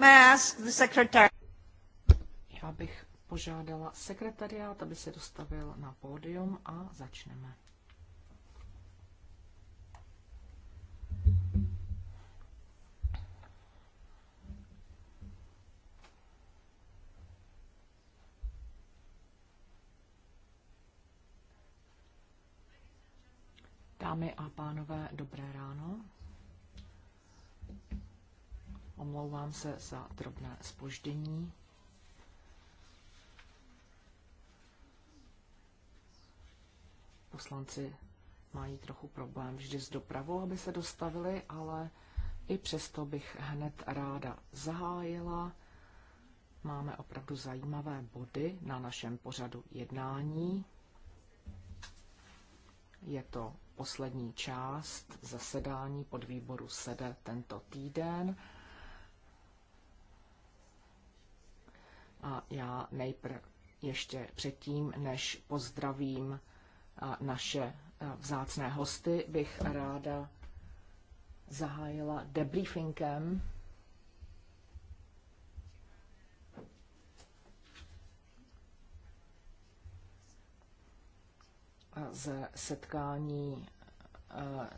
May I Já bych požádala sekretariát, aby se dostavil na pódium a začneme. Dámy a pánové, dobré ráno. Omlouvám se za drobné spoždění. Poslanci mají trochu problém vždy s dopravou, aby se dostavili, ale i přesto bych hned ráda zahájila. Máme opravdu zajímavé body na našem pořadu jednání. Je to poslední část zasedání pod výboru SEDE tento týden. A já nejprve ještě předtím, než pozdravím naše vzácné hosty, bych ráda zahájila debriefingem ze setkání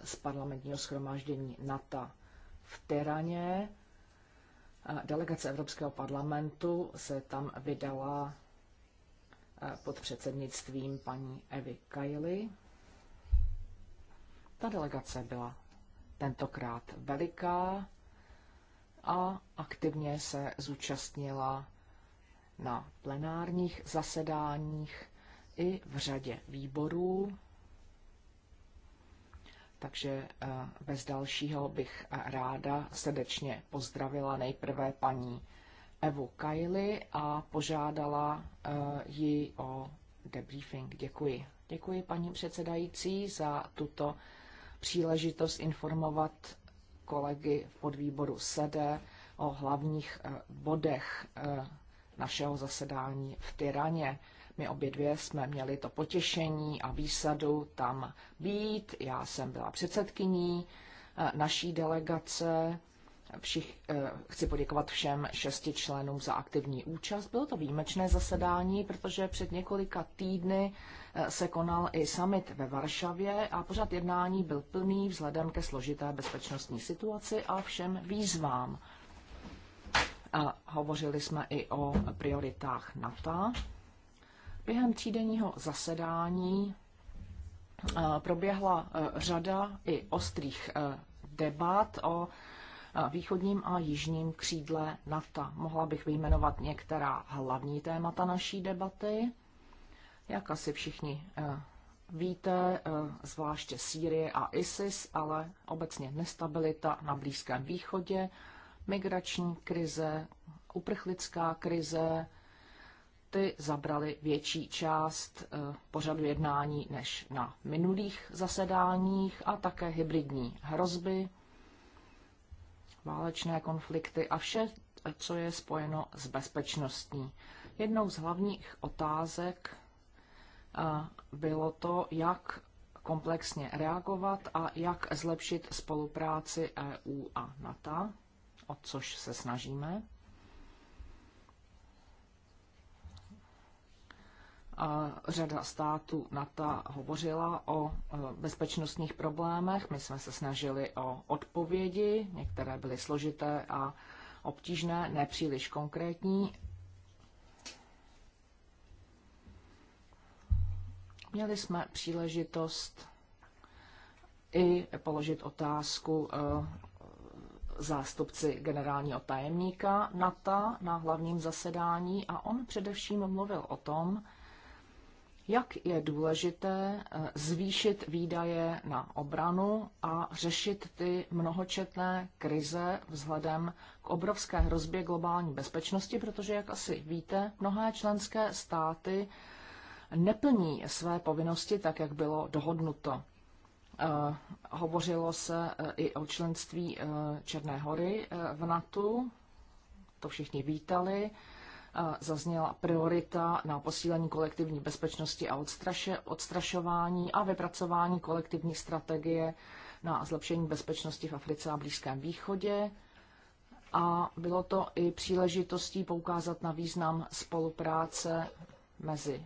z parlamentního schromáždění NATO v Teraně Delegace Evropského parlamentu se tam vydala eh, pod předsednictvím paní Evy Kajly. Ta delegace byla tentokrát veliká a aktivně se zúčastnila na plenárních zasedáních i v řadě výborů, takže eh, bez dalšího bych eh, ráda srdečně pozdravila nejprve paní Evu Kajli a požádala eh, ji o debriefing. Děkuji. Děkuji paní předsedající za tuto příležitost informovat kolegy v podvýboru SEDE o hlavních bodech našeho zasedání v Tyraně. My obě dvě jsme měli to potěšení a výsadu tam být. Já jsem byla předsedkyní eh, naší delegace. Všich, eh, chci poděkovat všem šesti členům za aktivní účast. Bylo to výjimečné zasedání, protože před několika týdny eh, se konal i summit ve Varšavě a pořad jednání byl plný vzhledem ke složité bezpečnostní situaci a všem výzvám. A hovořili jsme i o prioritách NATO Během třídenního zasedání eh, proběhla eh, řada i ostrých eh, debat o východním a jižním křídle NATO. Mohla bych vyjmenovat některá hlavní témata naší debaty. Jak asi všichni víte, zvláště Sýrie a ISIS, ale obecně nestabilita na Blízkém východě, migrační krize, uprchlická krize, ty zabraly větší část eh, pořadu jednání než na minulých zasedáních a také hybridní hrozby, válečné konflikty a vše, co je spojeno s bezpečností. Jednou z hlavních otázek eh, bylo to, jak komplexně reagovat a jak zlepšit spolupráci EU a NATO, o což se snažíme. řada států NATO hovořila o e, bezpečnostních problémech. My jsme se snažili o odpovědi, některé byly složité a obtížné, nepříliš konkrétní. Měli jsme příležitost i položit otázku e, zástupci generálního tajemníka NATO na hlavním zasedání a on především mluvil o tom, jak je důležité eh, zvýšit výdaje na obranu a řešit ty mnohočetné krize vzhledem k obrovské hrozbě globální bezpečnosti, protože, jak asi víte, mnohé členské státy neplní své povinnosti tak, jak bylo dohodnuto. Eh, hovořilo se eh, i o členství Černé hory v NATO, to všichni vítali zazněla priorita na posílení kolektivní bezpečnosti a odstraše, odstrašování a vypracování kolektivní strategie na zlepšení bezpečnosti v Africe a Blízkém východě. A bylo to i příležitostí poukázat na význam spolupráce mezi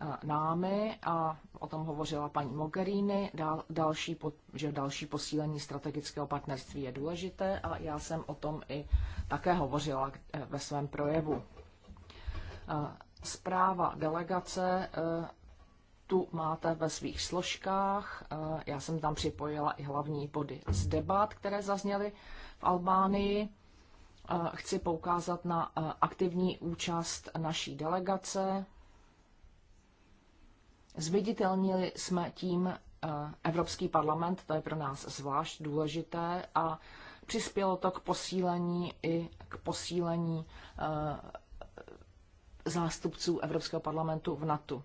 Eh, námi a o tom hovořila paní Mogherini, dal, další, pod, že další posílení strategického partnerství je důležité a já jsem o tom i také hovořila eh, ve svém projevu. Eh, zpráva delegace tu máte ve svých složkách. Já jsem tam připojila i hlavní body z debat, které zazněly v Albánii. Chci poukázat na aktivní účast naší delegace Zviditelnili jsme tím eh, Evropský parlament, to je pro nás zvlášť důležité a přispělo to k posílení i k posílení eh, zástupců Evropského parlamentu v NATO.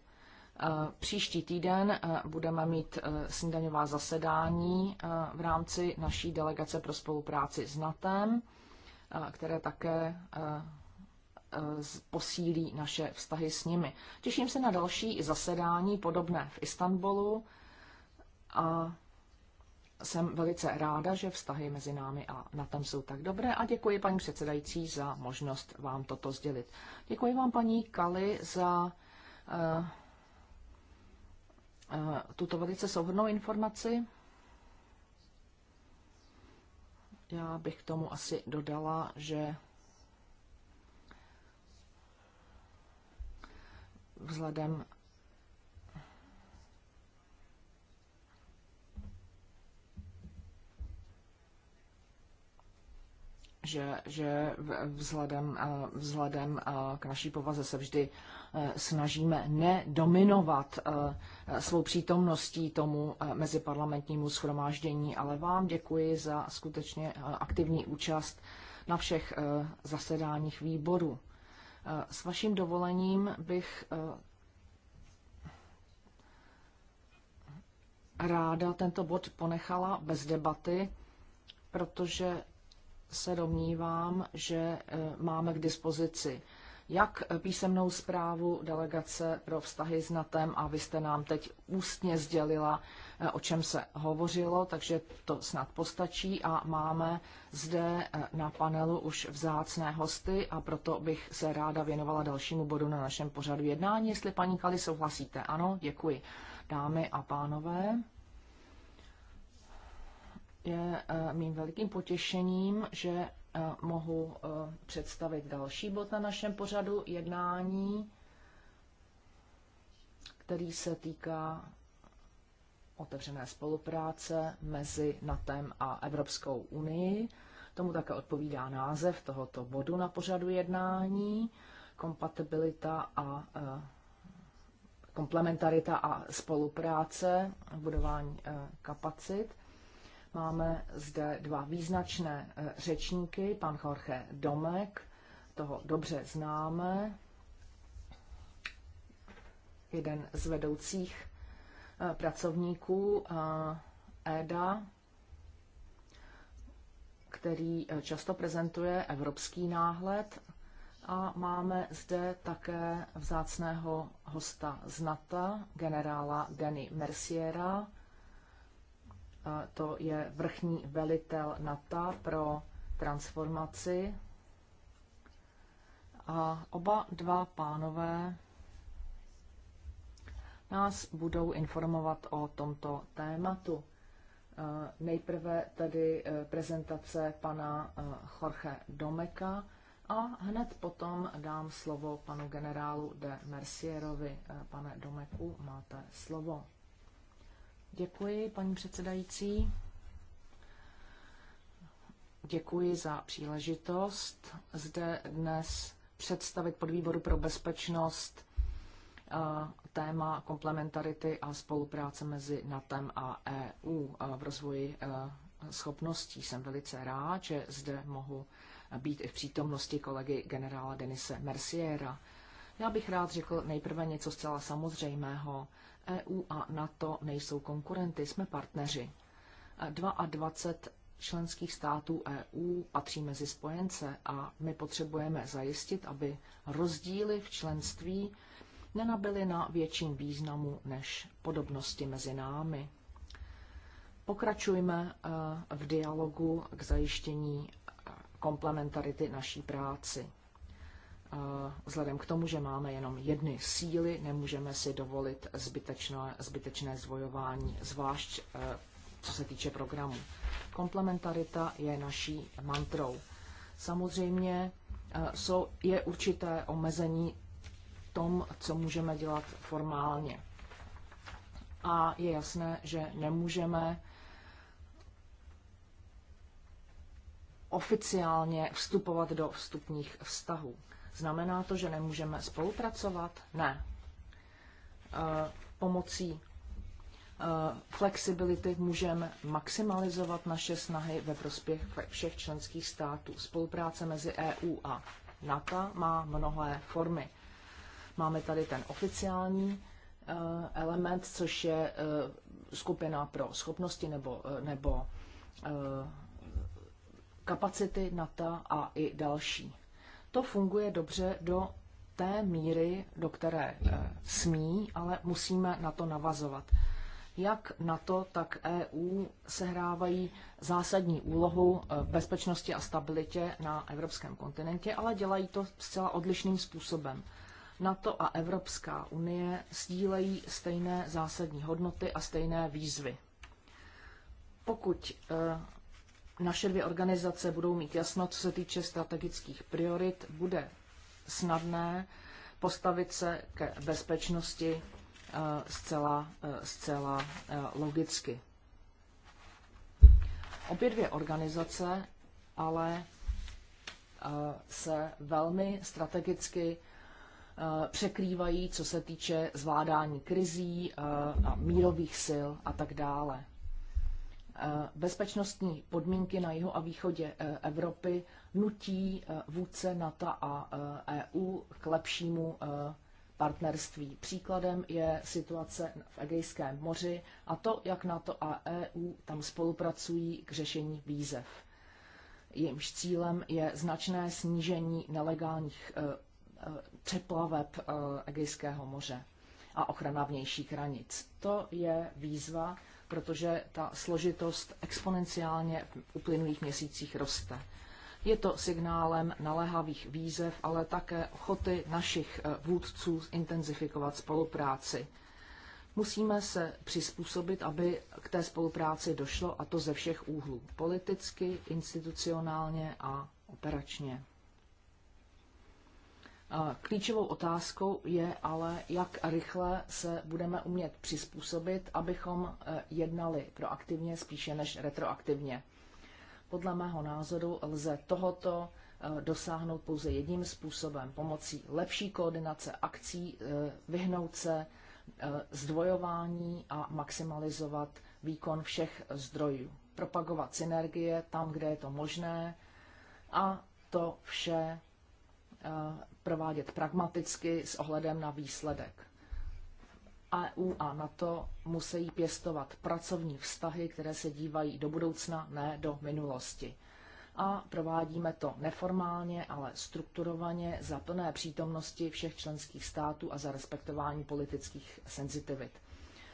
Eh, příští týden budeme mít snídaňová zasedání v rámci naší delegace pro spolupráci s NATO, které také posílí naše vztahy s nimi. Těším se na další zasedání podobné v Istanbulu a jsem velice ráda, že vztahy mezi námi a na tom jsou tak dobré a děkuji paní předsedající za možnost vám toto sdělit. Děkuji vám paní Kali za uh, uh, tuto velice souhodnou informaci. Já bych k tomu asi dodala, že vzhledem že, že vzhledem, vzhledem k naší povaze se vždy e, snažíme nedominovat e, e, svou přítomností tomu meziparlamentnímu schromáždění, ale vám děkuji za skutečně aktivní účast na všech zasedáních výboru. S vaším dovolením bych eh, ráda tento bod ponechala bez debaty, protože se domnívám, že eh, máme k dispozici jak písemnou zprávu delegace pro vztahy s NATEM a vy jste nám teď ústně sdělila, Eh, o čem se hovořilo, takže to snad postačí a máme zde eh, na panelu už vzácné hosty a proto bych se ráda věnovala dalšímu bodu na našem pořadu jednání. Jestli paní Kali souhlasíte, ano, děkuji. Dámy a pánové, je eh, mým velikým potěšením, že mohu představit další bod na našem pořadu jednání, který se týká otevřené spolupráce mezi NATEM a Evropskou unii. Tomu také odpovídá název tohoto bodu na pořadu jednání, kompatibilita a eh, komplementarita a spolupráce, budování eh, kapacit. Máme zde dva význačné eh, řečníky, pan Jorge Domek, toho dobře známe, jeden z vedoucích Eh, pracovníků EDA, eh, e který eh, často prezentuje evropský náhled. A máme zde také vzácného hosta z NATO, generála Denny Merciera. To je vrchní velitel NATO pro transformaci. A oba dva pánové nás budou informovat o tomto tématu. Eh, nejprve tedy eh, prezentace pana eh, Jorge Domeka a hned potom dám slovo panu generálu de Mercierovi. Pane Domeku, máte slovo. Děkuji, paní předsedající. Děkuji za příležitost zde dnes představit podvýboru pro bezpečnost téma komplementarity a spolupráce mezi NATEM a EU v rozvoji e, schopností. Jsem velice rád, že zde mohu být i v přítomnosti kolegy generála Denise Merciera. Já bych rád řekl nejprve něco zcela samozřejmého. EU a NATO nejsou konkurenty, jsme partneři. 22 členských států EU patří mezi spojence a my potřebujeme zajistit, aby rozdíly v členství nenabyly na větším významu než podobnosti mezi námi. Pokračujme eh, v dialogu k zajištění eh, komplementarity naší práci. Eh, vzhledem k tomu, že máme jenom jedny síly, nemůžeme si dovolit zbytečné, zbytečné zvojování zvlášť co se týče programu. Komplementarita je naší mantrou. Samozřejmě jsou, je určité omezení tom, co můžeme dělat formálně. A je jasné, že nemůžeme oficiálně vstupovat do vstupních vztahů. Znamená to, že nemůžeme spolupracovat? Ne. Eh, pomocí eh, flexibility můžeme maximalizovat naše snahy ve prospěch všech členských států. Spolupráce mezi EU a NATO má mnohé formy. Máme tady ten oficiální eh, element, což je eh, skupina pro schopnosti nebo, eh, nebo kapacity NATO a i další. To funguje dobře do té míry, do které smí, ale musíme na to navazovat. Jak NATO, tak EU sehrávají zásadní úlohu v bezpečnosti a stabilitě na evropském kontinentě, ale dělají to zcela odlišným způsobem. NATO a Evropská unie sdílejí stejné zásadní hodnoty a stejné výzvy. Pokud eh, naše dvě organizace budou mít jasno, co se týče strategických priorit, bude snadné postavit se ke bezpečnosti eh, zcela, eh, zcela logicky. Obě dvě organizace ale se velmi strategicky Eh, překrývají, co se týče zvládání krizí eh, a mírových sil a tak dále. Eh, bezpečnostní podmínky na jihu a východě Evropy nutí vůdce NATO a EU e k lepšímu partnerství. Příkladem je situace v Egejském moři a to, jak NATO a EU tam spolupracují k řešení výzev. Jejímž cílem je značné snížení nelegálních přeplaveb eh, Egejského moře a ochrana vnějších hranic. To je výzva, protože ta složitost exponenciálně v uplynulých měsících roste. Je to signálem naléhavých výzev, ale také ochoty našich eh, vůdců intenzifikovat spolupráci. Musíme se přizpůsobit, aby k té spolupráci došlo, a to ze všech úhlů. Politicky, institucionálně a operačně. Klíčovou otázkou je ale, jak rychle se budeme umět přizpůsobit, abychom e, jednali proaktivně spíše než retroaktivně. Podle mého názoru lze tohoto e, dosáhnout pouze jedním způsobem pomocí lepší koordinace akcí, e, vyhnout se zdvojování a maximalizovat výkon všech zdrojů, propagovat synergie tam, kde je to možné a to vše Eh, provádět pragmaticky s ohledem na výsledek. EU a NATO musí pěstovat pracovní vztahy, které se dívají do budoucna, ne do minulosti. A provádíme to neformálně, ale strukturovaně za plné přítomnosti všech členských států a za respektování politických senzitivit.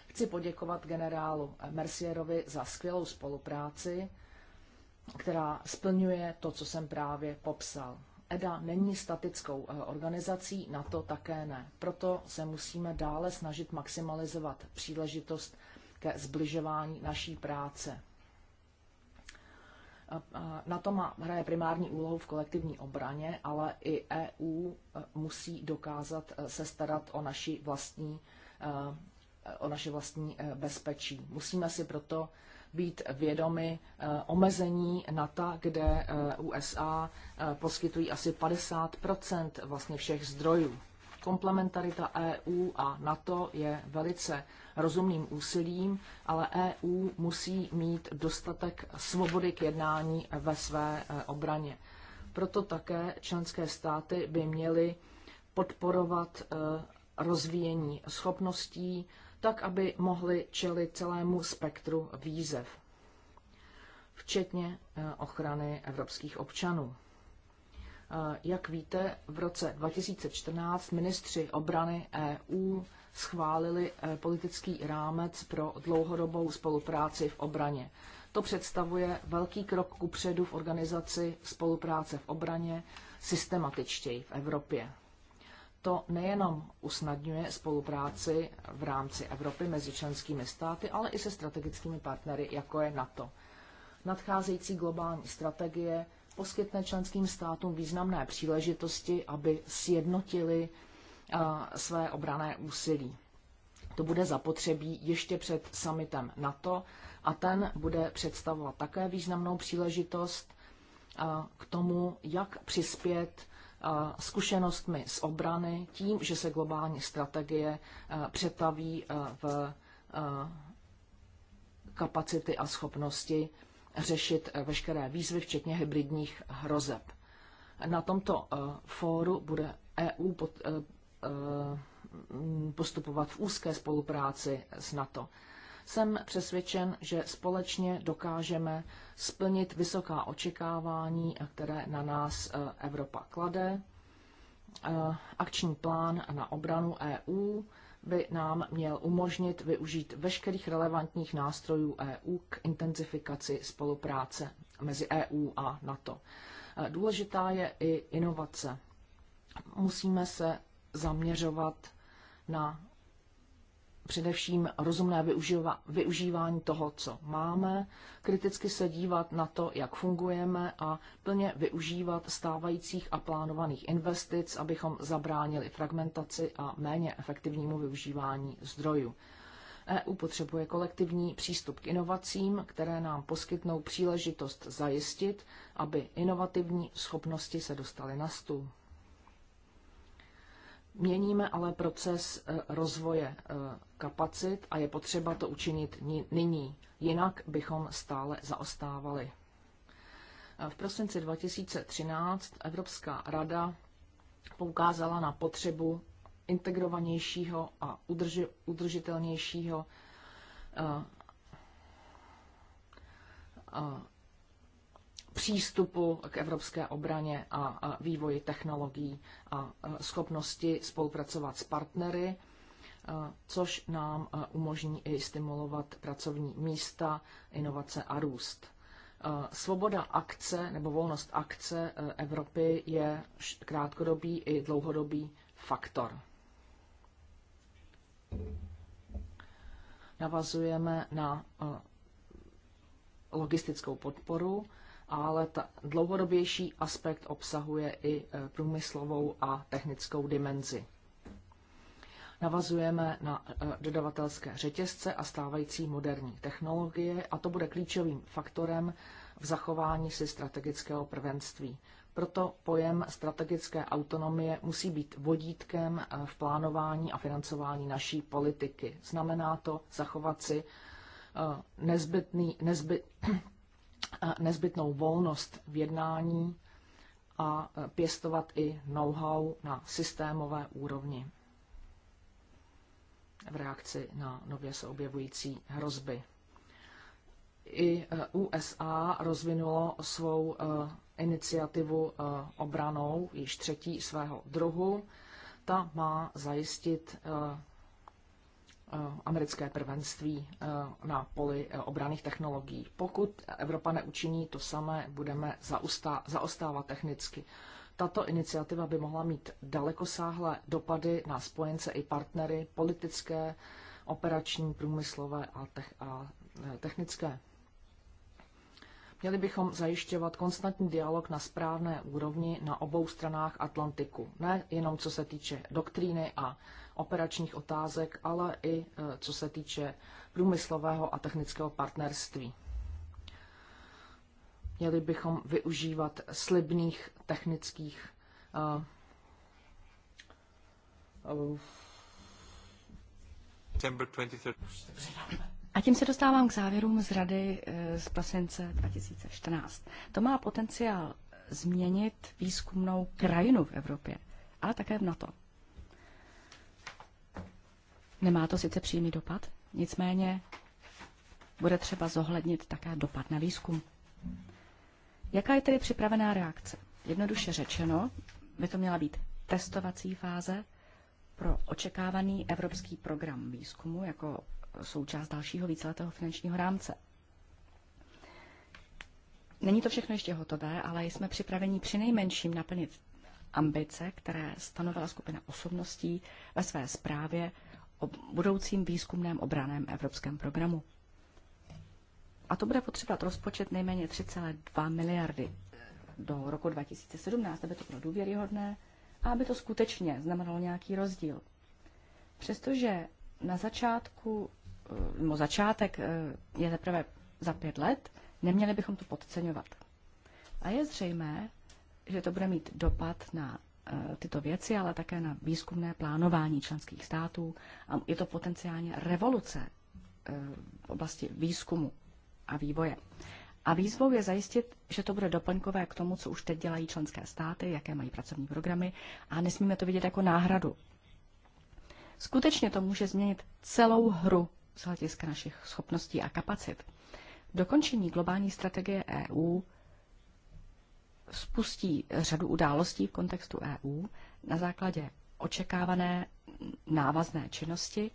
Chci poděkovat generálu Mercierovi za skvělou spolupráci, která splňuje to, co jsem právě popsal. EDA není statickou e, organizací, na to také ne. Proto se musíme dále snažit maximalizovat příležitost ke zbližování naší práce. E, e, na to má, hraje primární úlohu v kolektivní obraně, ale i EU musí dokázat se starat o naši vlastní, o naše vlastní bezpečí. Musíme si proto být vědomi eh, omezení NATO, kde eh, USA eh, poskytují asi 50 vlastně všech zdrojů. Komplementarita EU a NATO je velice rozumným úsilím, ale EU musí mít dostatek svobody k jednání ve své obraně. Proto také členské státy by měly podporovat rozvíjení schopností, tak aby mohli čelit celému spektru výzev, včetně eh, ochrany evropských občanů. Eh, jak víte, v roce 2014 ministři obrany EU schválili eh, politický rámec pro dlouhodobou spolupráci v obraně. To představuje velký krok kupředu v organizaci spolupráce v obraně systematičtěji v Evropě. To nejenom usnadňuje spolupráci v rámci Evropy mezi členskými státy, ale i se strategickými partnery, jako je NATO. Nadcházející globální strategie poskytne členským státům významné příležitosti, aby sjednotili své obrané úsilí. To bude zapotřebí ještě před summitem NATO a ten bude představovat také významnou příležitost k tomu, jak přispět zkušenostmi z obrany, tím, že se globální strategie e, přetaví e, v e, kapacity a schopnosti řešit veškeré výzvy, včetně hybridních hrozeb. Na tomto fóru bude EU pod, postupovat v úzké spolupráci s NATO. Jsem přesvědčen, že společně dokážeme splnit vysoká očekávání, eh, které na nás eh, Evropa klade. Eh, akční plán na obranu EU by nám měl umožnit využít veškerých relevantních nástrojů EU k intenzifikaci spolupráce mezi EU a NATO. Důležitá je i inovace. Musíme se zaměřovat na především rozumné využívání toho, co máme, kriticky se dívat na to, jak fungujeme a plně využívat stávajících a plánovaných investic, abychom zabránili fragmentaci a méně efektivnímu využívání zdrojů. EU potřebuje kolektivní přístup k inovacím, které nám poskytnou příležitost zajistit, aby inovativní schopnosti se dostaly na stůl. Měníme ale proces eh, rozvoje eh, kapacit a je potřeba to učinit nyní, jinak bychom stále zaostávali. Eh, v prosinci 2013 Evropská rada poukázala na potřebu integrovanějšího a udržitelnějšího přístupu k evropské obraně a vývoji technologií a schopnosti spolupracovat s partnery, což nám umožní i stimulovat pracovní místa, inovace a růst. Svoboda akce nebo volnost akce e, Evropy je krátkodobý i dlouhodobý faktor. Navazujeme na e, logistickou podporu ale ta dlouhodobější aspekt obsahuje i e, průmyslovou a technickou dimenzi. Navazujeme na e, dodavatelské řetězce a stávající moderní technologie a to bude klíčovým faktorem v zachování si strategického prvenství. Proto pojem strategické autonomie musí být vodítkem e, v plánování a financování naší politiky. Znamená to zachovat si nezbytný, nezbyt, nezbytnou volnost v jednání a pěstovat i know-how na systémové úrovni v reakci na nově se objevující hrozby. I eh, USA rozvinulo svou eh, iniciativu eh, obranou již třetí svého druhu. Ta má zajistit Eh, americké prvenství eh, na poli eh, obraných technologií. Pokud Evropa neučiní to samé, budeme zaostávat technicky. Tato iniciativa by mohla mít dalekosáhlé dopady na spojence i partnery politické, operační, průmyslové a, a technické. Měli bychom zajišťovat konstantní dialog na správné úrovni na obou stranách Atlantiku, ne jenom co se týče doktríny a operačních otázek, ale i e, co se týče průmyslového a technického partnerství. Měli bychom využívat slibných technických e, a tím se dostávám k závěrům z rady e, z prosince 2014. To má potenciál změnit výzkumnou krajinu v Evropě, ale také v NATO. Nemá to sice přímý dopad, nicméně bude třeba zohlednit také dopad na výzkum. Jaká je tedy připravená reakce? Jednoduše řečeno, by to měla být testovací fáze pro očekávaný evropský program výzkumu jako součást dalšího víceletého finančního rámce. Není to všechno ještě hotové, ale jsme připraveni při nejmenším naplnit ambice, které stanovila skupina osobností ve své zprávě o budoucím výzkumném obraném evropském programu. A to bude potřebovat rozpočet nejméně 3,2 miliardy do roku 2017, aby to bylo důvěryhodné a aby to skutečně znamenalo nějaký rozdíl. Přestože na začátku, no začátek eh, je teprve za pět let, neměli bychom to podceňovat. A je zřejmé, že to bude mít dopad na Eh, tyto věci, ale také na výzkumné plánování členských států. A je to potenciálně revoluce eh, v oblasti výzkumu a vývoje. A výzvou je zajistit, že to bude doplňkové k tomu, co už teď dělají členské státy, jaké mají pracovní programy a nesmíme to vidět jako náhradu. Skutečně to může změnit celou hru z hlediska našich schopností a kapacit. Dokončení globální strategie EU spustí řadu událostí v kontextu EU na základě očekávané návazné činnosti.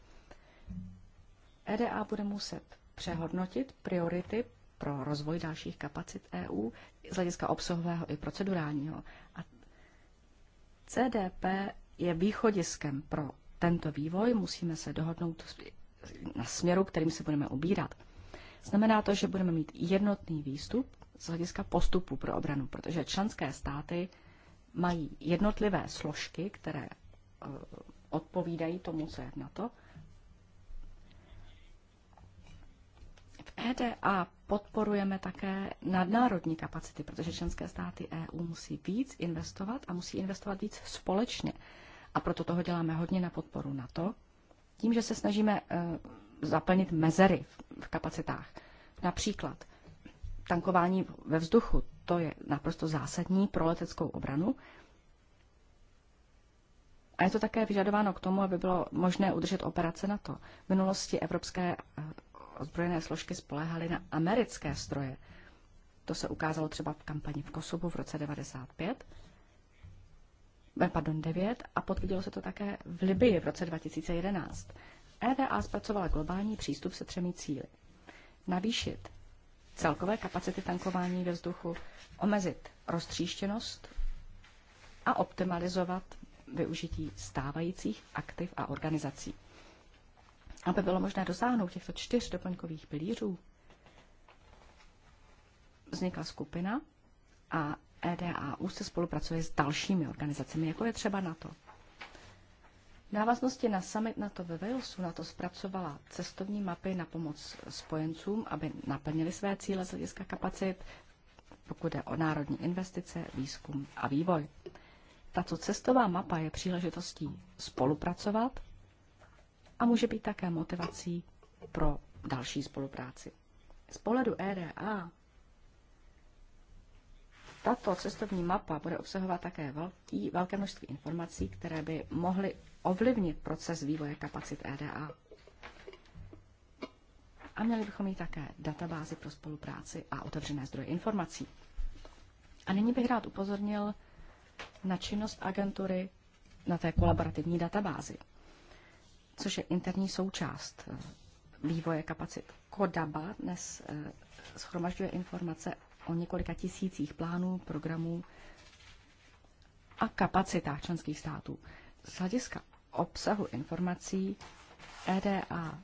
EDA bude muset přehodnotit priority pro rozvoj dalších kapacit EU z hlediska obsahového i procedurálního. A CDP je východiskem pro tento vývoj, musíme se dohodnout na směru, kterým se budeme ubírat. Znamená to, že budeme mít jednotný výstup, z hlediska postupu pro obranu, protože členské státy mají jednotlivé složky, které eh, odpovídají tomu, co je na to. V EDA podporujeme také nadnárodní kapacity, protože členské státy EU musí víc investovat a musí investovat víc společně. A proto toho děláme hodně na podporu NATO, tím, že se snažíme eh, zaplnit mezery v kapacitách. Například tankování ve vzduchu. To je naprosto zásadní pro leteckou obranu. A je to také vyžadováno k tomu, aby bylo možné udržet operace na to. V minulosti evropské eh, ozbrojené složky spoléhaly na americké stroje. To se ukázalo třeba v kampani v Kosovu v roce 95, eh, pardon, 9 a potvrdilo se to také v Libii v roce 2011. EDA zpracovala globální přístup se třemi cíly. Navýšit celkové kapacity tankování ve vzduchu, omezit roztříštěnost a optimalizovat využití stávajících aktiv a organizací. Aby bylo možné dosáhnout těchto čtyř doplňkových pilířů, vznikla skupina a EDA úzce spolupracuje s dalšími organizacemi, jako je třeba NATO návaznosti na summit NATO ve Walesu na to zpracovala cestovní mapy na pomoc spojencům, aby naplnili své cíle z hlediska kapacit, pokud jde o národní investice, výzkum a vývoj. Tato cestová mapa je příležitostí spolupracovat a může být také motivací pro další spolupráci. Z pohledu EDA tato cestovní mapa bude obsahovat také velký, velké množství informací, které by mohly ovlivnit proces vývoje kapacit EDA. A měli bychom mít také databázy pro spolupráci a otevřené zdroje informací. A nyní bych rád upozornil na činnost agentury na té kolaborativní databázi, což je interní součást eh, vývoje kapacit. Kodaba dnes eh, schromažďuje informace o několika tisících plánů, programů a kapacitách členských států. Z hlediska obsahu informací EDA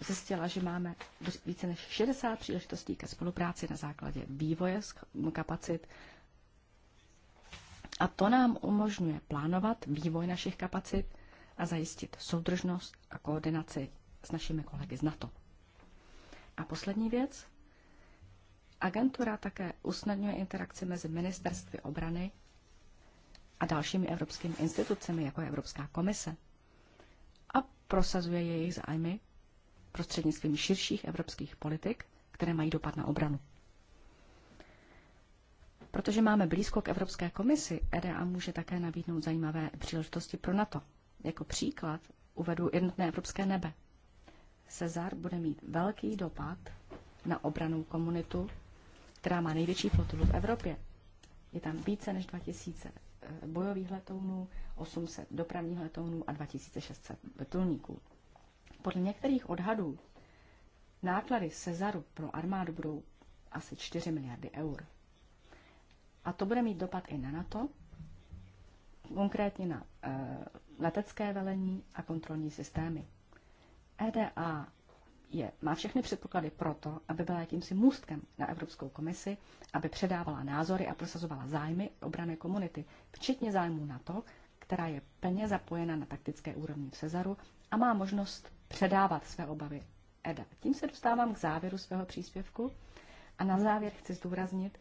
zjistila, že máme více než 60 příležitostí ke spolupráci na základě vývoje kapacit. A to nám umožňuje plánovat vývoj našich kapacit a zajistit soudržnost a koordinaci s našimi kolegy z NATO. A poslední věc. Agentura také usnadňuje interakci mezi ministerstvy obrany a dalšími evropskými institucemi, jako je Evropská komise, a prosazuje jejich zájmy prostřednictvím širších evropských politik, které mají dopad na obranu. Protože máme blízko k Evropské komisi, EDA může také nabídnout zajímavé příležitosti pro NATO. Jako příklad uvedu jednotné evropské nebe. Cezar bude mít velký dopad na obranou komunitu, která má největší flotilu v Evropě. Je tam více než 2000 bojových letounů, 800 dopravních letounů a 2600 vrtulníků. Podle některých odhadů náklady Cezaru pro armádu budou asi 4 miliardy eur. A to bude mít dopad i na NATO, konkrétně na e, letecké velení a kontrolní systémy. EDA je, má všechny předpoklady pro to, aby byla jakýmsi můstkem na Evropskou komisi, aby předávala názory a prosazovala zájmy obrané komunity, včetně zájmů NATO, která je plně zapojena na taktické úrovni v Cezaru a má možnost předávat své obavy EDA. Tím se dostávám k závěru svého příspěvku a na závěr chci zdůraznit,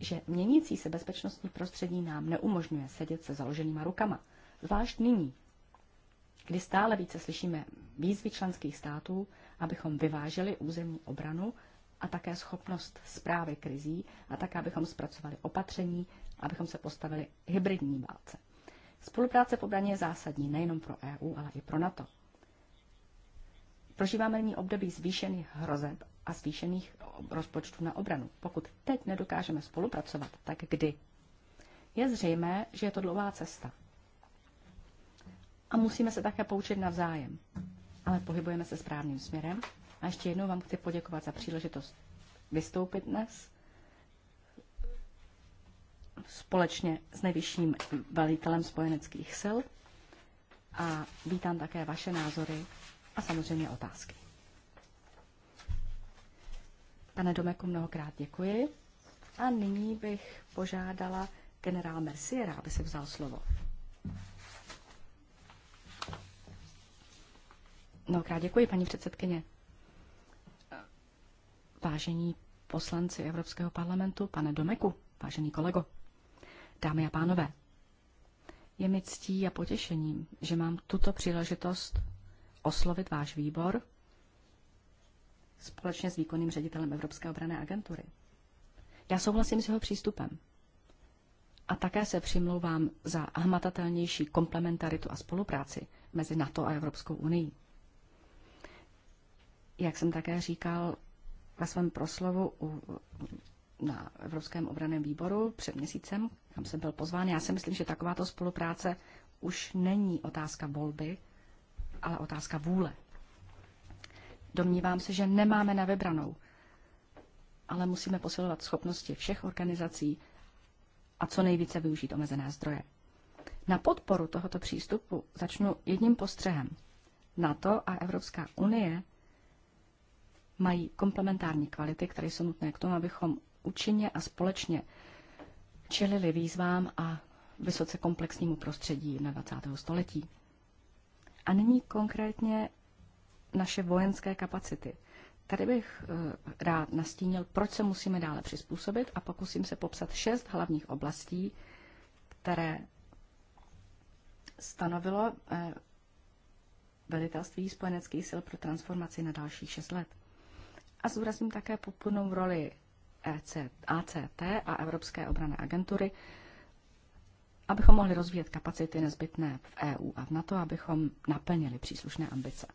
že měnící se bezpečnostní prostředí nám neumožňuje sedět se založenýma rukama. Zvlášť nyní, kdy stále více slyšíme výzvy členských států, abychom vyváželi územní obranu a také schopnost zprávy krizí a tak, abychom zpracovali opatření, abychom se postavili hybridní válce. Spolupráce v obraně je zásadní nejenom pro EU, ale i pro NATO. Prožíváme nyní období zvýšených hrozeb a zvýšených rozpočtů na obranu. Pokud teď nedokážeme spolupracovat, tak kdy? Je zřejmé, že je to dlouhá cesta. A musíme se také poučit navzájem ale pohybujeme se správným směrem. A ještě jednou vám chci poděkovat za příležitost vystoupit dnes společně s nejvyšším velitelem spojeneckých sil a vítám také vaše názory a samozřejmě otázky. Pane Domeku, mnohokrát děkuji. A nyní bych požádala generál Merciera, aby si vzal slovo. Mnohokrát děkuji, paní předsedkyně. Vážení poslanci Evropského parlamentu, pane Domeku, vážený kolego, dámy a pánové, je mi ctí a potěšením, že mám tuto příležitost oslovit váš výbor společně s výkonným ředitelem Evropské obrané agentury. Já souhlasím s jeho přístupem. A také se přimlouvám za hmatatelnější komplementaritu a spolupráci mezi NATO a Evropskou unii. Jak jsem také říkal ve svém proslovu u, na Evropském obraném výboru před měsícem, kam jsem byl pozván, já si myslím, že takováto spolupráce už není otázka volby, ale otázka vůle. Domnívám se, že nemáme na vybranou, ale musíme posilovat schopnosti všech organizací a co nejvíce využít omezené zdroje. Na podporu tohoto přístupu začnu jedním postřehem. NATO a Evropská unie mají komplementární kvality, které jsou nutné k tomu, abychom účinně a společně čelili výzvám a vysoce komplexnímu prostředí na 20. století. A nyní konkrétně naše vojenské kapacity. Tady bych eh, rád nastínil, proč se musíme dále přizpůsobit a pokusím se popsat šest hlavních oblastí, které stanovilo eh, velitelství spojeneckých sil pro transformaci na dalších šest let. A zúrazním také podpůrnou roli e ACT a Evropské obrané agentury, abychom mohli rozvíjet kapacity nezbytné v EU a v NATO, abychom naplnili příslušné ambice.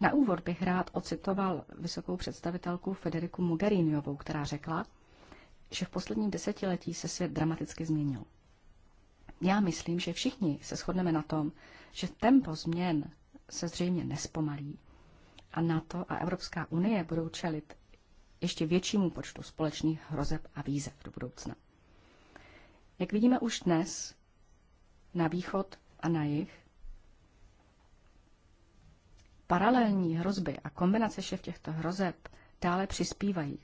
Na úvod bych rád ocitoval vysokou představitelku Federiku Mogheriniovou, která řekla, že v posledním desetiletí se svět dramaticky změnil. Já myslím, že všichni se shodneme na tom, že tempo změn se zřejmě nespomalí a NATO a Evropská unie budou čelit ještě většímu počtu společných hrozeb a výzev do budoucna. Jak vidíme už dnes, na východ a na jih, paralelní hrozby a kombinace všech těchto hrozeb dále přispívají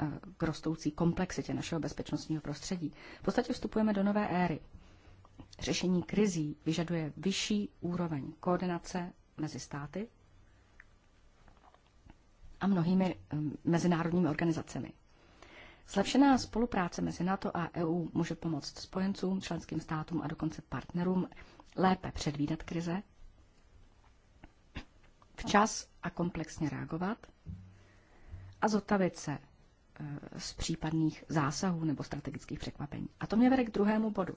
eh, k rostoucí komplexitě našeho bezpečnostního prostředí. V podstatě vstupujeme do nové éry. Řešení krizí vyžaduje vyšší úroveň koordinace mezi státy a mnohými eh, mezinárodními organizacemi. Zlepšená spolupráce mezi NATO a EU může pomoct spojencům, členským státům a dokonce partnerům lépe předvídat krize, včas a komplexně reagovat a zotavit se eh, z případných zásahů nebo strategických překvapení. A to mě vede k druhému bodu.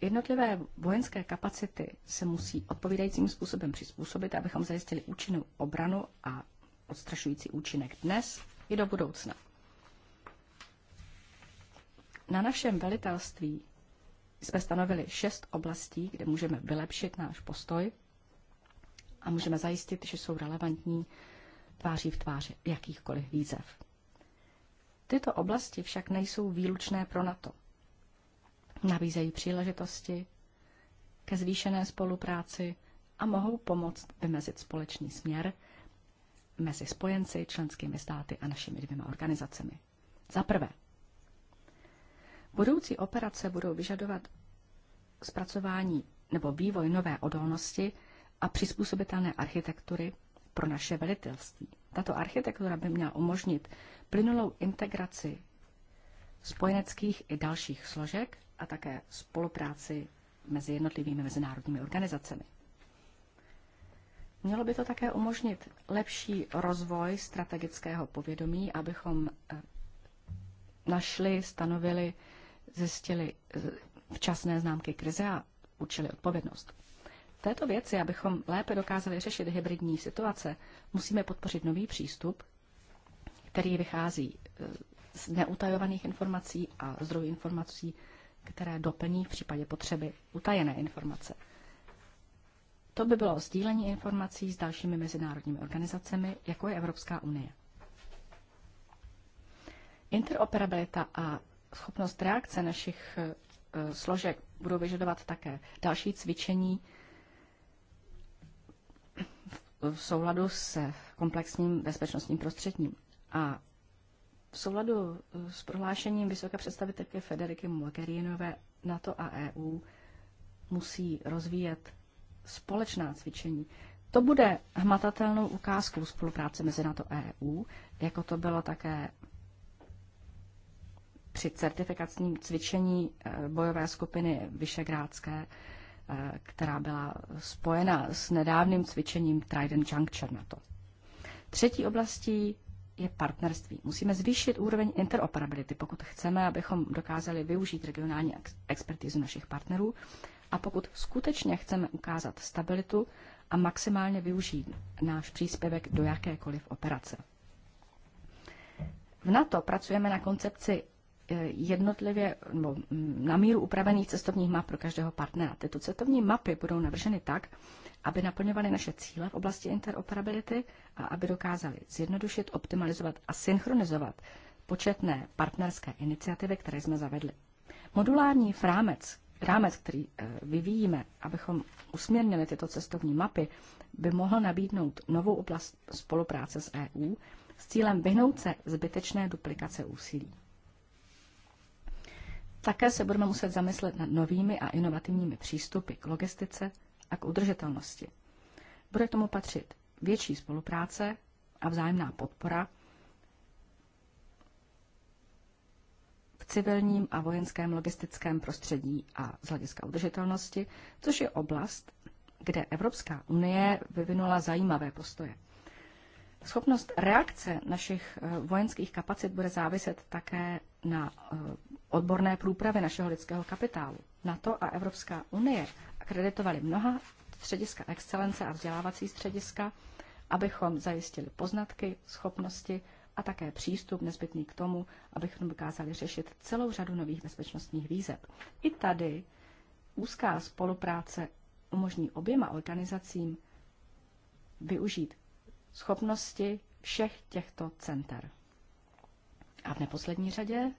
Jednotlivé vojenské kapacity se musí odpovídajícím způsobem přizpůsobit, abychom zajistili účinnou obranu a odstrašující účinek dnes i do budoucna. Na našem velitelství jsme stanovili šest oblastí, kde můžeme vylepšit náš postoj a můžeme zajistit, že jsou relevantní tváří v tváři jakýchkoliv výzev. Tyto oblasti však nejsou výlučné pro NATO. Nabízejí příležitosti ke zvýšené spolupráci a mohou pomoct vymezit společný směr, mezi spojenci, členskými státy a našimi dvěma organizacemi. Za prvé, budoucí operace budou vyžadovat zpracování nebo vývoj nové odolnosti a přizpůsobitelné architektury pro naše velitelství. Tato architektura by měla umožnit plynulou integraci spojeneckých i dalších složek a také spolupráci mezi jednotlivými mezinárodními organizacemi. Mělo by to také umožnit lepší rozvoj strategického povědomí, abychom eh, našli, stanovili, zjistili včasné známky krize a učili odpovědnost. V této věci, abychom lépe dokázali řešit hybridní situace, musíme podpořit nový přístup, který vychází eh, z neutajovaných informací a zdrojů informací, které doplní v případě potřeby utajené informace. To by bylo sdílení informací s dalšími mezinárodními organizacemi, jako je Evropská unie. Interoperabilita a schopnost reakce našich e, složek budou vyžadovat také další cvičení v souladu s komplexním bezpečnostním prostředím. A v souladu e, s prohlášením vysoké představitelky Federiky Mogherinové NATO a EU musí rozvíjet společná cvičení. To bude hmatatelnou ukázkou spolupráce mezi NATO a EU, jako to bylo také při certifikačním cvičení eh, bojové skupiny Vyšegrádské, eh, která byla spojena s nedávným cvičením Trident Juncture NATO. Třetí oblastí je partnerství. Musíme zvýšit úroveň interoperability, pokud chceme, abychom dokázali využít regionální expertizu našich partnerů a pokud skutečně chceme ukázat stabilitu a maximálně využít náš příspěvek do jakékoliv operace. V NATO pracujeme na koncepci eh, jednotlivě nebo mm, na míru upravených cestovních map pro každého partnera. Tyto cestovní mapy budou navrženy tak, aby naplňovaly naše cíle v oblasti interoperability a aby dokázaly zjednodušit, optimalizovat a synchronizovat početné partnerské iniciativy, které jsme zavedli. Modulární frámec, rámec, který eh, vyvíjíme, abychom usměrnili tyto cestovní mapy, by mohl nabídnout novou oblast spolupráce s EU s cílem vyhnout se zbytečné duplikace úsilí. Také se budeme muset zamyslet nad novými a inovativními přístupy k logistice a k udržitelnosti. Bude tomu patřit větší spolupráce a vzájemná podpora civilním a vojenském logistickém prostředí a z hlediska udržitelnosti, což je oblast, kde Evropská unie vyvinula zajímavé postoje. Schopnost reakce našich eh, vojenských kapacit bude záviset také na eh, odborné průpravě našeho lidského kapitálu. NATO a Evropská unie akreditovali mnoha střediska excelence a vzdělávací střediska, abychom zajistili poznatky, schopnosti a také přístup nezbytný k tomu, abychom dokázali řešit celou řadu nových bezpečnostních výzev. I tady úzká spolupráce umožní oběma organizacím využít schopnosti všech těchto center. A v neposlední řadě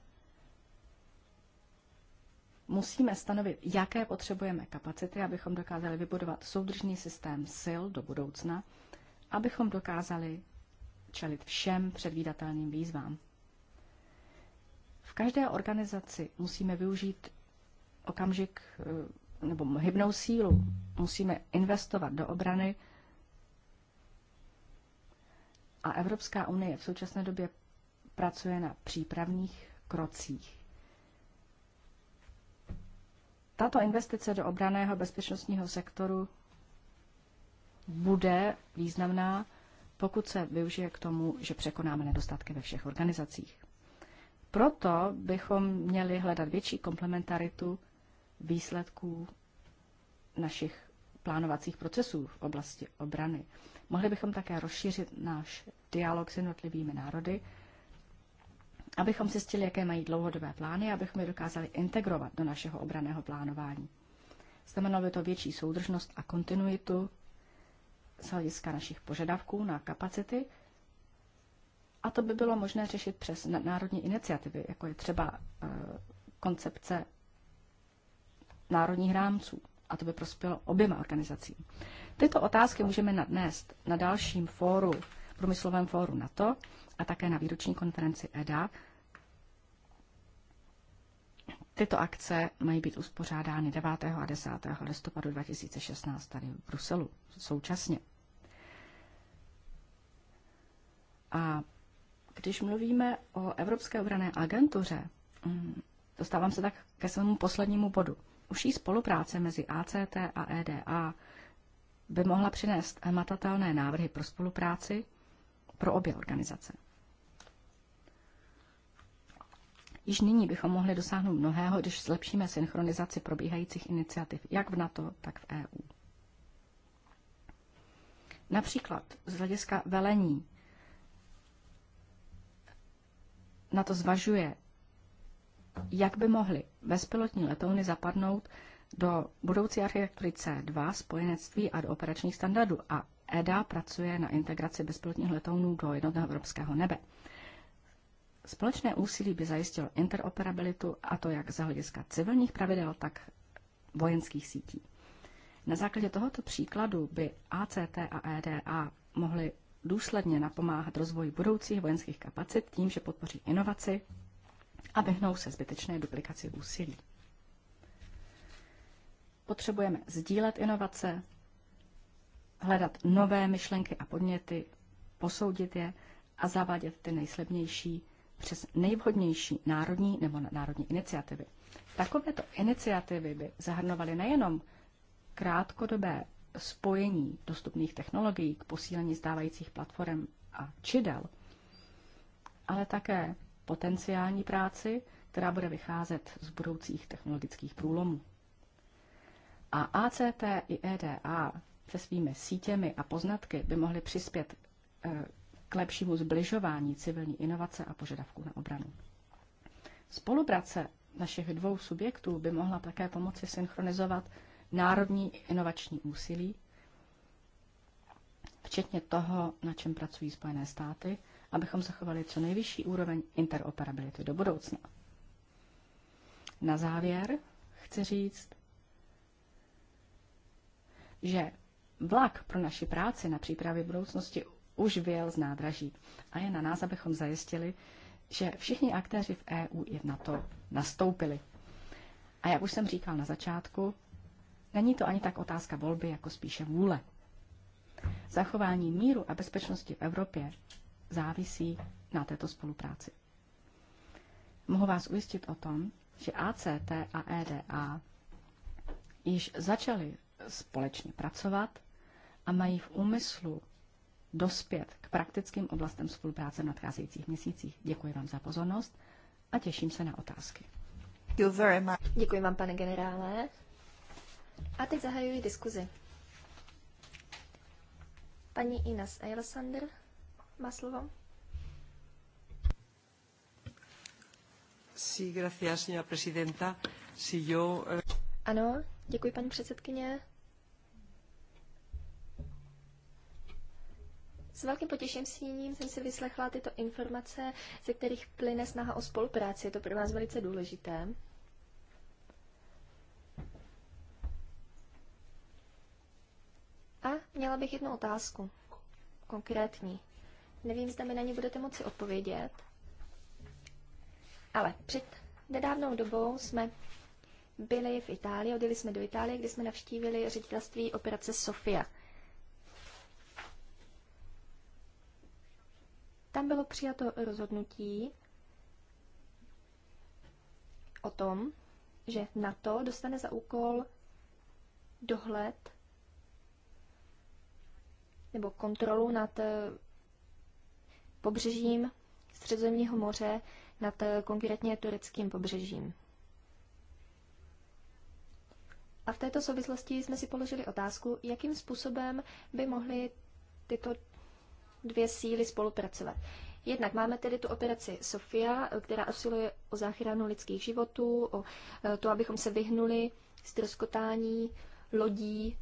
musíme stanovit, jaké potřebujeme kapacity, abychom dokázali vybudovat soudržný systém sil do budoucna, abychom dokázali čelit všem předvídatelným výzvám. V každé organizaci musíme využít okamžik eh, nebo hybnou sílu. Musíme investovat do obrany. A Evropská unie v současné době pracuje na přípravných krocích. Tato investice do obraného bezpečnostního sektoru bude významná pokud se využije k tomu, že překonáme nedostatky ve všech organizacích. Proto bychom měli hledat větší komplementaritu výsledků našich plánovacích procesů v oblasti obrany. Mohli bychom také rozšířit náš dialog s jednotlivými národy, abychom zjistili, jaké mají dlouhodobé plány, abychom je dokázali integrovat do našeho obraného plánování. Znamenalo by to větší soudržnost a kontinuitu z hlediska našich požadavků na kapacity. A to by bylo možné řešit přes národní iniciativy, jako je třeba eh, koncepce národních rámců. A to by prospělo oběma organizacím. Tyto otázky můžeme nadnést na dalším fóru, průmyslovém fóru NATO a také na výroční konferenci EDA. Tyto akce mají být uspořádány 9. a 10. listopadu 2016 tady v Bruselu současně. A když mluvíme o Evropské obrané agentuře, mm, dostávám se tak ke svému poslednímu bodu. Užší spolupráce mezi ACT a EDA e by mohla přinést matatelné návrhy pro spolupráci pro obě organizace. Již nyní bychom mohli dosáhnout mnohého, když zlepšíme synchronizaci probíhajících iniciativ jak v NATO, tak v EU. Například z hlediska velení na to zvažuje, jak by mohly bezpilotní letouny zapadnout do budoucí architektury C2 spojenectví a do operačních standardů a EDA pracuje na integraci bezpilotních letounů do jednotného evropského nebe. Společné úsilí by zajistilo interoperabilitu a to jak z hlediska civilních pravidel, tak vojenských sítí. Na základě tohoto příkladu by ACT a EDA e mohly důsledně napomáhat rozvoji budoucích vojenských kapacit tím, že podpoří inovaci a vyhnou se zbytečné duplikaci úsilí. Potřebujeme sdílet inovace, hledat nové myšlenky a podněty, posoudit je a zavádět ty nejslibnější přes nejvhodnější národní nebo národní iniciativy. Takovéto iniciativy by zahrnovaly nejenom krátkodobé spojení dostupných technologií k posílení stávajících platform a čidel, ale také potenciální práci, která bude vycházet z budoucích technologických průlomů. A ACT i EDA se svými sítěmi a poznatky by mohly přispět eh, k lepšímu zbližování civilní inovace a požadavků na obranu. Spolupráce našich dvou subjektů by mohla také pomoci synchronizovat národní inovační úsilí, včetně toho, na čem pracují Spojené státy, abychom zachovali co nejvyšší úroveň interoperability do budoucna. Na závěr chci říct, že vlak pro naši práci na přípravě budoucnosti už vyjel z nádraží a je na nás, abychom zajistili, že všichni aktéři v EU i v NATO nastoupili. A jak už jsem říkal na začátku, Není to ani tak otázka volby, jako spíše vůle. Zachování míru a bezpečnosti v Evropě závisí na této spolupráci. Mohu vás ujistit o tom, že ACT a EDA e již začaly společně pracovat a mají v úmyslu dospět k praktickým oblastem spolupráce v nadcházejících měsících. Děkuji vám za pozornost a těším se na otázky. Děkuji vám, pane generále. A teď zahajuji diskuzi. Paní Ines Eilsander má slovo. Sí, gracias, señora presidenta. Sí, yo... Eh, ano, děkuji, paní předsedkyně. S velkým potěšením jsem si vyslechla tyto informace, ze kterých plyne snaha o spolupráci. Je to pro vás velice důležité. A měla bych jednu otázku. Konkrétní. Nevím, zda mi na ní budete moci odpovědět, ale před nedávnou dobou jsme byli v Itálii, odjeli jsme do Itálie, kde jsme navštívili ředitelství operace Sofia. Tam bylo přijato rozhodnutí o tom, že NATO dostane za úkol dohled nebo kontrolu nad eh, pobřežím Středozemního moře, nad eh, konkrétně tureckým pobřežím. A v této souvislosti jsme si položili otázku, jakým způsobem by mohly tyto dvě síly spolupracovat. Jednak máme tedy tu operaci Sofia, která osiluje o záchranu lidských životů, o eh, to, abychom se vyhnuli stroskotání lodí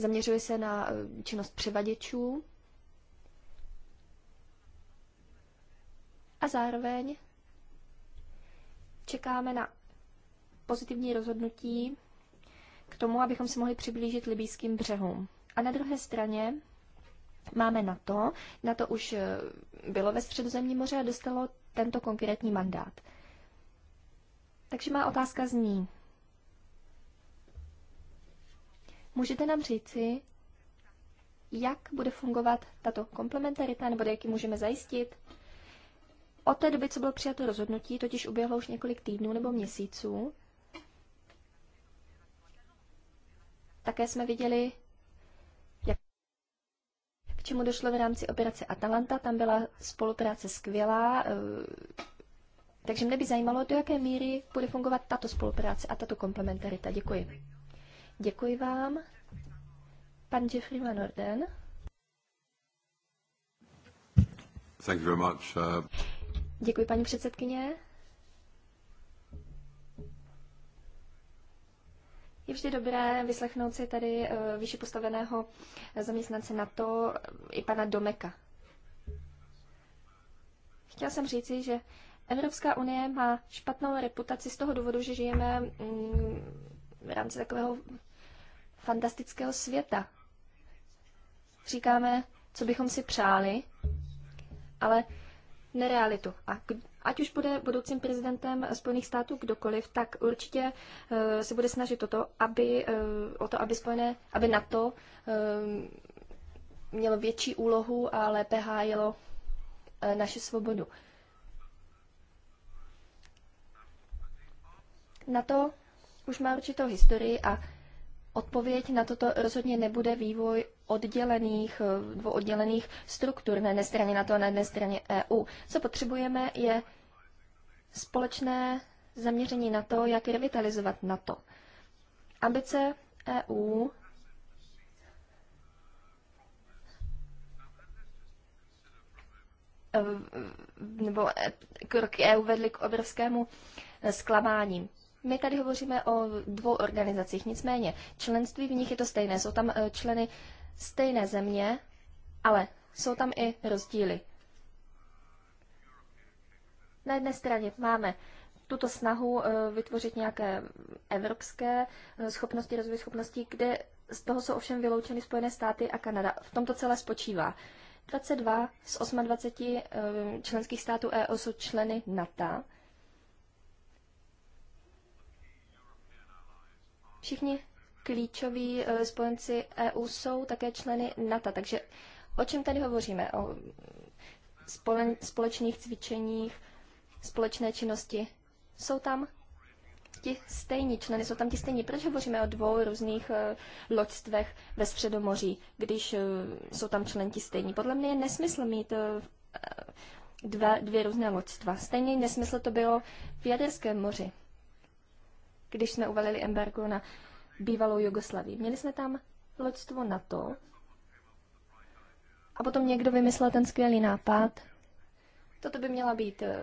Zaměřuje se na eh, činnost převaděčů a zároveň čekáme na pozitivní rozhodnutí k tomu, abychom se mohli přiblížit libýským břehům. A na druhé straně máme na to, na to už eh, bylo ve Středozemním moře a dostalo tento konkrétní mandát. Takže má otázka zní, Můžete nám říci, jak bude fungovat tato komplementarita, nebo jak ji můžeme zajistit? Od té doby, co bylo přijato rozhodnutí, totiž uběhlo už několik týdnů nebo měsíců. Také jsme viděli, jak k čemu došlo v rámci operace Atalanta. Tam byla spolupráce skvělá, eh, takže mě by zajímalo, do jaké míry bude fungovat tato spolupráce a tato komplementarita. Děkuji. Děkuji vám. Pan Jeffrey Van Orden. Thank you very much. Uh... Děkuji, paní předsedkyně. Je vždy dobré vyslechnout si tady uh, vyšší postaveného zaměstnance na to uh, i pana Domeka. Chtěla jsem říci, že Evropská unie má špatnou reputaci z toho důvodu, že žijeme mm, v rámci takového fantastického světa. Říkáme, co bychom si přáli, ale nerealitu. A ať už bude budoucím prezidentem Spojených států kdokoliv, tak určitě uh, se bude snažit o to, aby, uh, o to, aby, spojené, aby NATO uh, mělo větší úlohu a lépe hájilo uh, naši svobodu. NATO už má určitou historii a odpověď na toto rozhodně nebude vývoj oddělených, eh, dvou oddělených struktur, na jedné straně NATO a na jedné straně EU. Co potřebujeme, je společné zaměření na to, jak revitalizovat NATO. Ambice EU nebo e- krok EU vedly k obrovskému eh, zklamání. My tady hovoříme o dvou organizacích, nicméně členství v nich je to stejné. Jsou tam eh, členy stejné země, ale jsou tam i rozdíly. Na jedné straně máme tuto snahu eh, vytvořit nějaké evropské eh, schopnosti, rozvoj schopností, kde z toho jsou ovšem vyloučeny Spojené státy a Kanada. V tomto celé spočívá. 22 z 28 členských států EU jsou členy NATO Všichni klíčoví eh, spojenci EU jsou také členy NATO, takže o čem tady hovoříme? O společných cvičeních, společné činnosti. Jsou tam ti stejní členy, jsou tam ti stejní. Proč hovoříme o dvou různých eh, loďstvech ve Středomoří, když eh, jsou tam člen stejní? Podle mě je nesmysl mít dva, dvě různé loďstva. Stejně nesmysl to bylo v Jaderském moři když jsme uvalili embargo na bývalou Jugoslavii. Měli jsme tam loďstvo to? a potom někdo vymyslel ten skvělý nápad. Toto by měla být eh,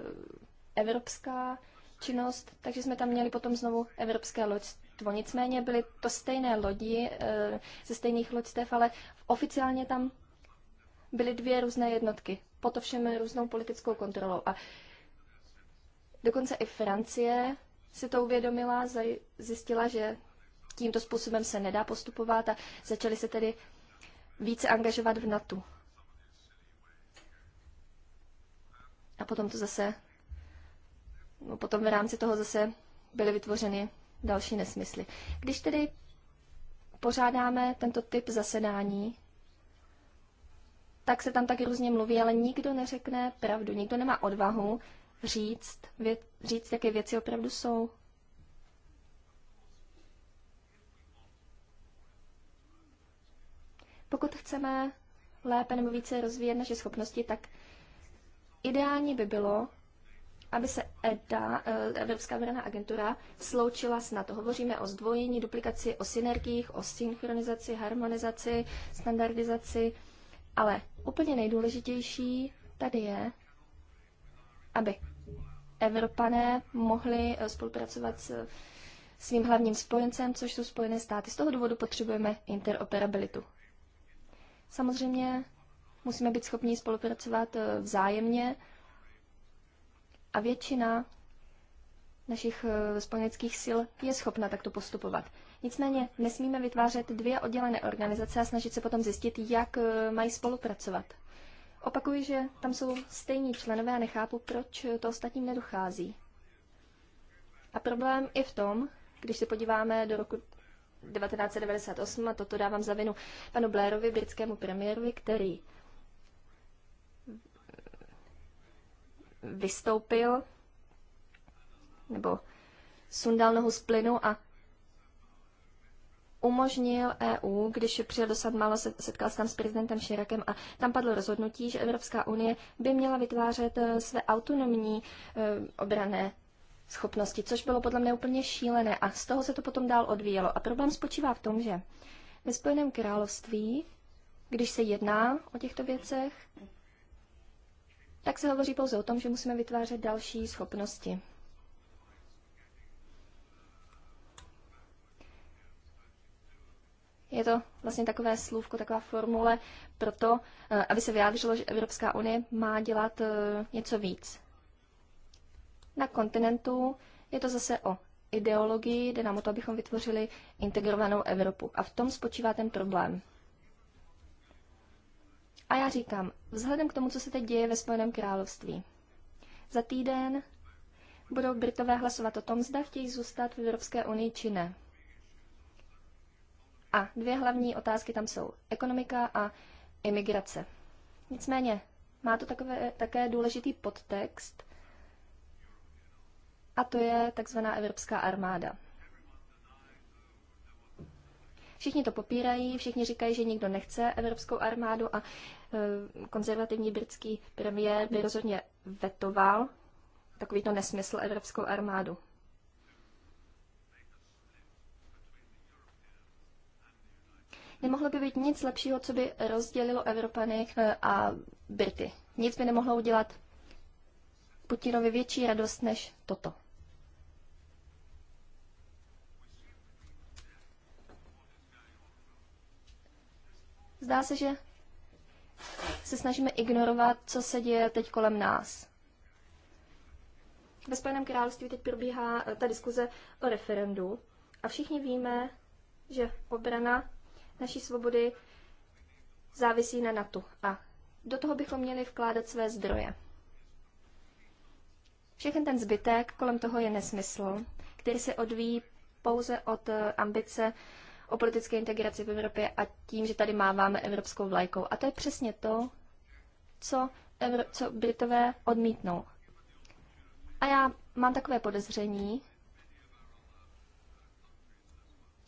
evropská činnost, takže jsme tam měli potom znovu evropské loďstvo. Nicméně byly to stejné lodi eh, ze stejných loďstev, ale oficiálně tam byly dvě různé jednotky, to všem různou politickou kontrolou. A dokonce i Francie si to uvědomila, zjistila, že tímto způsobem se nedá postupovat a začali se tedy více angažovat v NATO. A potom to zase, no potom v rámci toho zase byly vytvořeny další nesmysly. Když tedy pořádáme tento typ zasedání, tak se tam taky různě mluví, ale nikdo neřekne pravdu, nikdo nemá odvahu říct, vě, říct, jaké věci opravdu jsou. Pokud chceme lépe nebo více rozvíjet naše schopnosti, tak ideální by bylo, aby se EDA, eh, Evropská vedená agentura, sloučila s NATO. Hovoříme o zdvojení, duplikaci, o synergiích, o synchronizaci, harmonizaci, standardizaci, ale úplně nejdůležitější tady je, aby Evropané mohli eh, spolupracovat s eh, svým hlavním spojencem, což jsou Spojené státy. Z toho důvodu potřebujeme interoperabilitu. Samozřejmě musíme být schopni spolupracovat eh, vzájemně a většina našich spojeneckých sil je schopna takto postupovat. Nicméně nesmíme vytvářet dvě oddělené organizace a snažit se potom zjistit, jak mají spolupracovat. Opakuji, že tam jsou stejní členové a nechápu, proč to ostatním nedochází. A problém je v tom, když se podíváme do roku 1998, a toto dávám za vinu panu Blairovi, britskému premiérovi, který vystoupil nebo sundal nohu z plynu a umožnil EU, když přijel do Sadmala, setkal se tam s prezidentem Širakem a tam padlo rozhodnutí, že Evropská unie by měla vytvářet e, své autonomní e, obrané schopnosti, což bylo podle mě úplně šílené a z toho se to potom dál odvíjelo. A problém spočívá v tom, že ve Spojeném království, když se jedná o těchto věcech, tak se hovoří pouze o tom, že musíme vytvářet další schopnosti. Je to vlastně takové slůvko, taková formule pro to, eh, aby se vyjádřilo, že Evropská unie má dělat eh, něco víc. Na kontinentu je to zase o ideologii, jde nám o to, abychom vytvořili integrovanou Evropu. A v tom spočívá ten problém. A já říkám, vzhledem k tomu, co se teď děje ve Spojeném království, za týden budou Britové hlasovat o tom, zda chtějí zůstat v Evropské unii či ne. A dvě hlavní otázky tam jsou ekonomika a imigrace. Nicméně má to takové, také důležitý podtext, a to je takzvaná Evropská armáda. Všichni to popírají, všichni říkají, že nikdo nechce Evropskou armádu a e, konzervativní britský premiér by rozhodně vetoval takovýto nesmysl Evropskou armádu. Nemohlo by být nic lepšího, co by rozdělilo Evropany eh, a Brity. Nic by nemohlo udělat Putinovi větší radost než toto. Zdá se, že se snažíme ignorovat, co se děje teď kolem nás. Ve Spojeném království teď probíhá eh, ta diskuze o referendu a všichni víme, že obrana naší svobody závisí na NATO a do toho bychom měli vkládat své zdroje. Všechen ten zbytek kolem toho je nesmysl, který se odvíjí pouze od eh, ambice o politické integraci v Evropě a tím, že tady máváme evropskou vlajkou. A to je přesně to, co, Evro- co Britové odmítnou. A já mám takové podezření,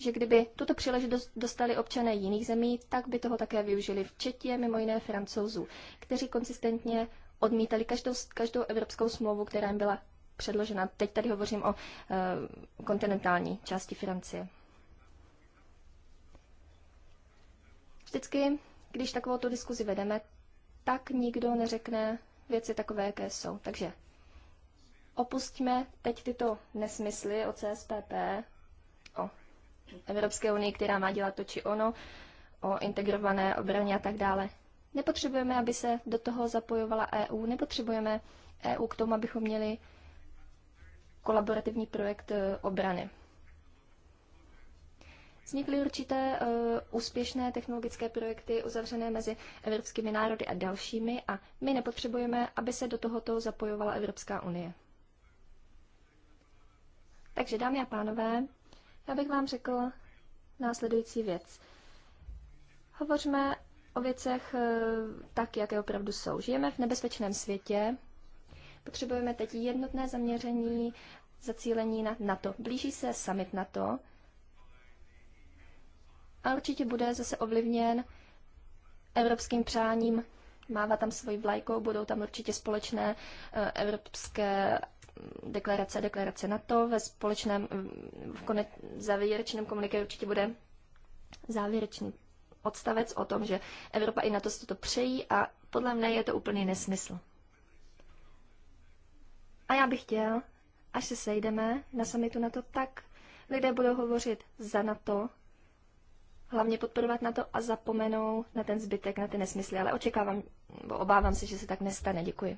že kdyby tuto příležitost dostali občané jiných zemí, tak by toho také využili, včetně mimo jiné francouzů, kteří konsistentně odmítali každou, každou evropskou smlouvu, která jim byla předložena. Teď tady hovořím o e, kontinentální části Francie. Vždycky, když takovou tu diskuzi vedeme, tak nikdo neřekne věci takové, jaké jsou. Takže opustíme teď tyto nesmysly o CSPP, Evropské unii, která má dělat to či ono, o integrované obraně a tak dále. Nepotřebujeme, aby se do toho zapojovala EU, nepotřebujeme EU k tomu, abychom měli kolaborativní projekt eh, obrany. Vznikly určité uh, úspěšné technologické projekty uzavřené mezi evropskými národy a dalšími a my nepotřebujeme, aby se do tohoto zapojovala Evropská unie. Takže dámy a pánové, já bych vám řekl následující věc. Hovořme o věcech eh, tak, jaké opravdu jsou. Žijeme v nebezpečném světě, potřebujeme teď jednotné zaměření, zacílení na NATO. Blíží se summit NATO, A určitě bude zase ovlivněn evropským přáním mává tam svoji vlajkou, budou tam určitě společné eh, evropské deklarace a deklarace NATO. Ve společném mm, v konec, závěrečném komuniké určitě bude závěrečný odstavec o tom, že Evropa i NATO se to přejí a podle mne je to úplný nesmysl. A já bych chtěl, až se sejdeme na samitu NATO, tak lidé budou hovořit za NATO, hlavně podporovat NATO a zapomenou na ten zbytek, na ty nesmysly. Ale očekávám, obávám se, že se tak nestane. Děkuji.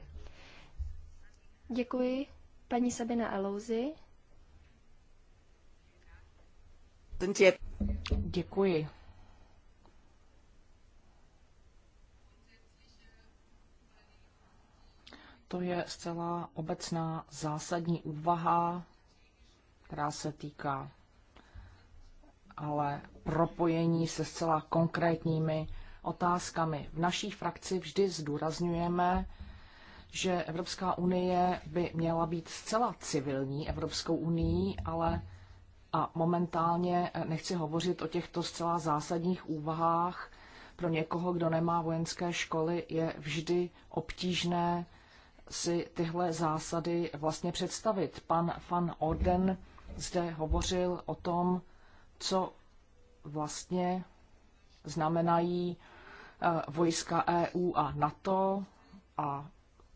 Děkuji. Paní Sabina Elouzi. Děkuji. To je zcela obecná zásadní úvaha, která se týká ale propojení se zcela konkrétními otázkami. V naší frakci vždy zdůrazňujeme, že Evropská unie by měla být zcela civilní Evropskou unii, ale a momentálně eh, nechci hovořit o těchto zcela zásadních úvahách. Pro někoho, kdo nemá vojenské školy, je vždy obtížné si tyhle zásady vlastně představit. Pan Van Orden zde hovořil o tom, co vlastně znamenají eh, vojska EU a NATO a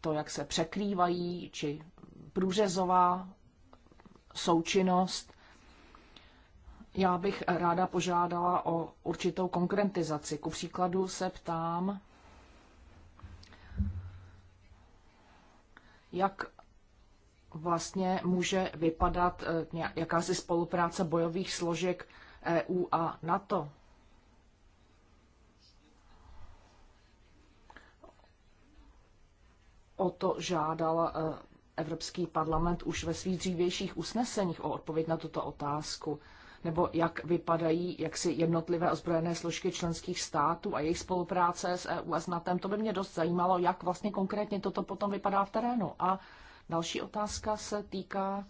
to, jak se překrývají, či průřezová součinnost. Já bych ráda požádala o určitou konkretizaci. Ku příkladu se ptám, jak vlastně může vypadat eh, jakási spolupráce bojových složek EU a NATO o to žádal eh, Evropský parlament už ve svých dřívějších usneseních o odpověď na tuto otázku, nebo jak vypadají jaksi jednotlivé ozbrojené složky členských států a jejich spolupráce s EU a s NATO. To by mě dost zajímalo, jak vlastně konkrétně toto potom vypadá v terénu. A další otázka se týká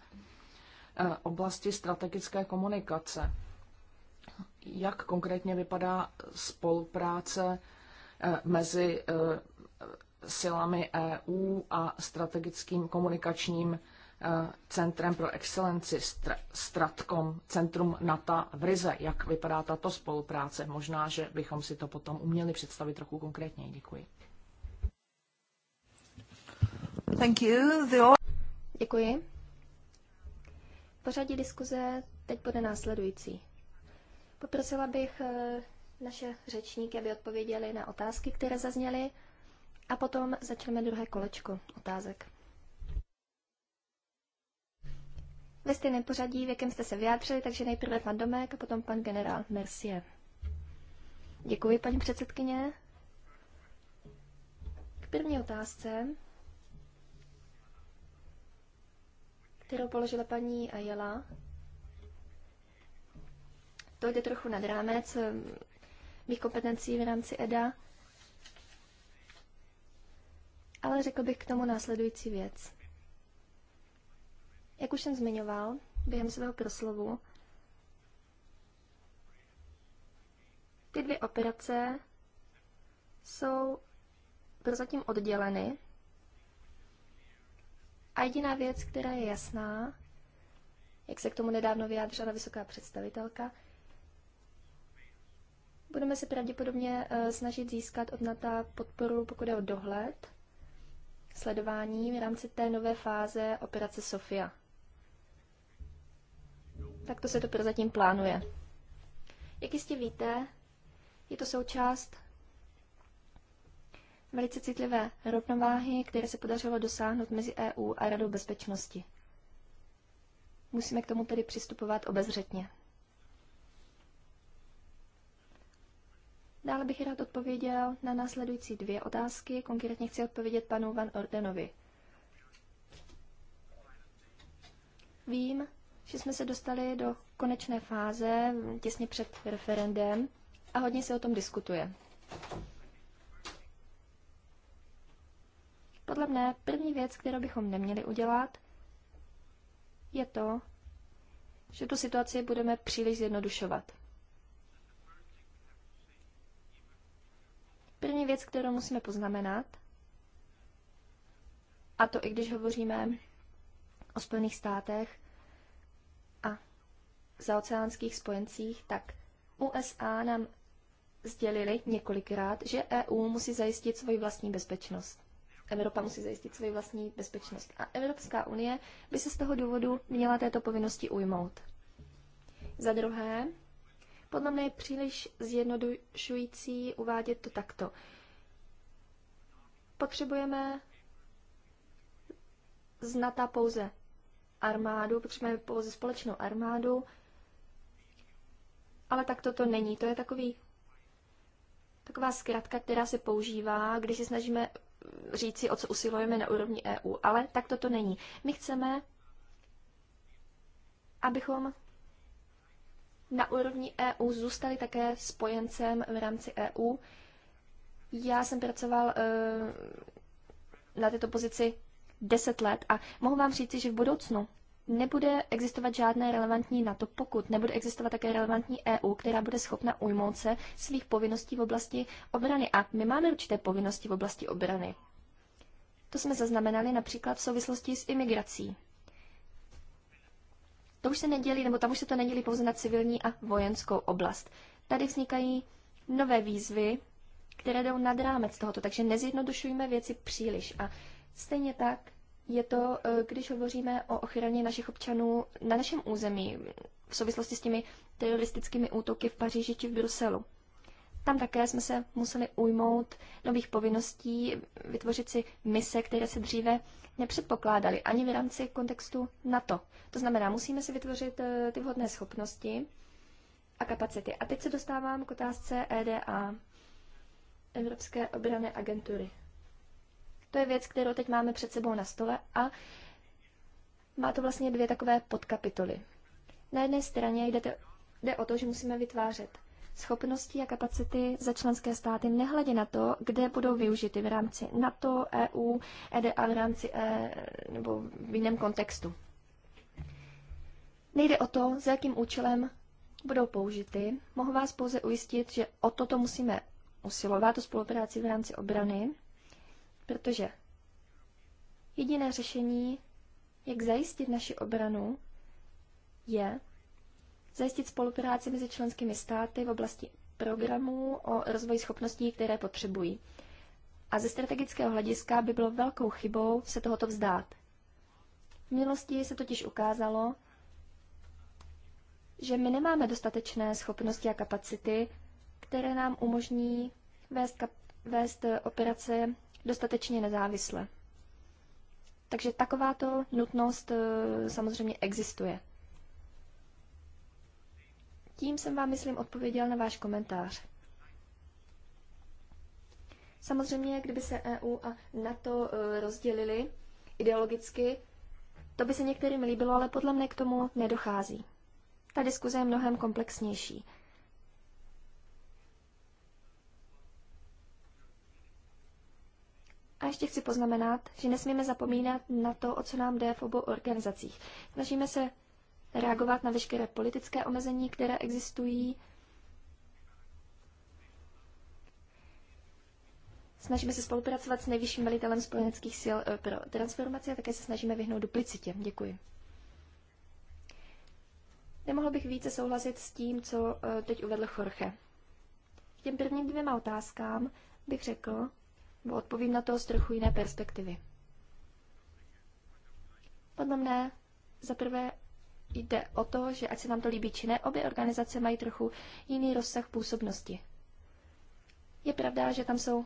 eh, oblasti strategické komunikace. Jak konkrétně vypadá spolupráce eh, mezi silami EU a strategickým komunikačním e, Centrem pro excelenci Stratcom, Centrum NATO v Rize. Jak vypadá tato spolupráce? Možná, že bychom si to potom uměli představit trochu konkrétněji. Děkuji. Thank you. The... Děkuji. Pořadí diskuze teď bude následující. Poprosila bych e, naše řečníky, aby odpověděli na otázky, které zazněly. A potom začneme druhé kolečko otázek. Ve stejném pořadí, v jakém jste se vyjádřili, takže nejprve pan Domek a potom pan generál Mercier. Děkuji, paní předsedkyně. K první otázce, kterou položila paní Ajela, to jde trochu nad rámec mých kompetencí v rámci EDA ale řekl bych k tomu následující věc. Jak už jsem zmiňoval během svého proslovu, ty dvě operace jsou prozatím odděleny. A jediná věc, která je jasná, jak se k tomu nedávno vyjádřila vysoká představitelka, budeme se pravděpodobně eh, snažit získat od NATO podporu, pokud je o dohled sledování v rámci té nové fáze operace Sofia. Takto se to prozatím plánuje. Jak jistě víte, je to součást velice citlivé rovnováhy, které se podařilo dosáhnout mezi EU a Radou bezpečnosti. Musíme k tomu tedy přistupovat obezřetně. Dále bych rád odpověděl na následující dvě otázky. Konkrétně chci odpovědět panu Van Ordenovi. Vím, že jsme se dostali do konečné fáze těsně před referendem a hodně se o tom diskutuje. Podle mne první věc, kterou bychom neměli udělat, je to, že tu situaci budeme příliš zjednodušovat. První věc, kterou musíme poznamenat, a to i když hovoříme o Spojených státech a zaoceánských spojencích, tak USA nám sdělili několikrát, že EU musí zajistit svoji vlastní bezpečnost. Evropa musí zajistit svoji vlastní bezpečnost. A Evropská unie by se z toho důvodu měla této povinnosti ujmout. Za druhé, podle mě je příliš zjednodušující uvádět to takto. Potřebujeme znata pouze armádu, potřebujeme pouze společnou armádu, ale tak toto není. To je takový, taková zkratka, která se používá, když se snažíme říci, o co usilujeme na úrovni EU, ale tak toto není. My chceme, abychom na úrovni EU zůstali také spojencem v rámci EU. Já jsem pracoval eh, na této pozici 10 let a mohu vám říct, že v budoucnu nebude existovat žádné relevantní NATO, pokud nebude existovat také relevantní EU, která bude schopna ujmout se svých povinností v oblasti obrany. A my máme určité povinnosti v oblasti obrany. To jsme zaznamenali například v souvislosti s imigrací to už se nedělí, nebo tam už se to nedělí pouze na civilní a vojenskou oblast. Tady vznikají nové výzvy, které jdou nad rámec tohoto, takže nezjednodušujme věci příliš. A stejně tak je to, eh, když hovoříme o ochraně našich občanů na našem území v souvislosti s těmi teroristickými útoky v Paříži či v Bruselu. Tam také jsme se museli ujmout nových povinností, vytvořit si mise, které se dříve nepředpokládali ani v rámci kontextu NATO. To znamená, musíme si vytvořit eh, ty vhodné schopnosti a kapacity. A teď se dostávám k otázce EDA, Evropské obrané agentury. To je věc, kterou teď máme před sebou na stole a má to vlastně dvě takové podkapitoly. Na jedné straně jde, jde o to, že musíme vytvářet schopnosti a kapacity za členské státy, nehledě na to, kde budou využity v rámci NATO, EU, EDA v rámci e, nebo v jiném kontextu. Nejde o to, za jakým účelem budou použity. Mohu vás pouze ujistit, že o toto musíme usilovat, o spolupráci v rámci obrany, protože jediné řešení, jak zajistit naši obranu, je zajistit spolupráci mezi členskými státy v oblasti programů o rozvoji schopností, které potřebují. A ze strategického hlediska by bylo velkou chybou se tohoto vzdát. V minulosti se totiž ukázalo, že my nemáme dostatečné schopnosti a kapacity, které nám umožní vést, kap- vést eh, operace dostatečně nezávisle. Takže takováto nutnost eh, samozřejmě existuje. Tím jsem vám, myslím, odpověděl na váš komentář. Samozřejmě, kdyby se EU a NATO e, rozdělili ideologicky, to by se některým líbilo, ale podle mne k tomu nedochází. Ta diskuze je mnohem komplexnější. A ještě chci poznamenat, že nesmíme zapomínat na to, o co nám jde v obou organizacích. Snažíme se reagovat na veškeré politické omezení, které existují. Snažíme se spolupracovat s nejvyšším velitelem spojeneckých sil eh, pro transformaci a také se snažíme vyhnout duplicitě. Děkuji. Nemohl bych více souhlasit s tím, co eh, teď uvedl Jorge. K těm prvním dvěma otázkám bych řekl, bo odpovím na to z trochu jiné perspektivy. Podle mne za prvé jde o to, že ať se nám to líbí či ne, obě organizace mají trochu jiný rozsah působnosti. Je pravda, že tam jsou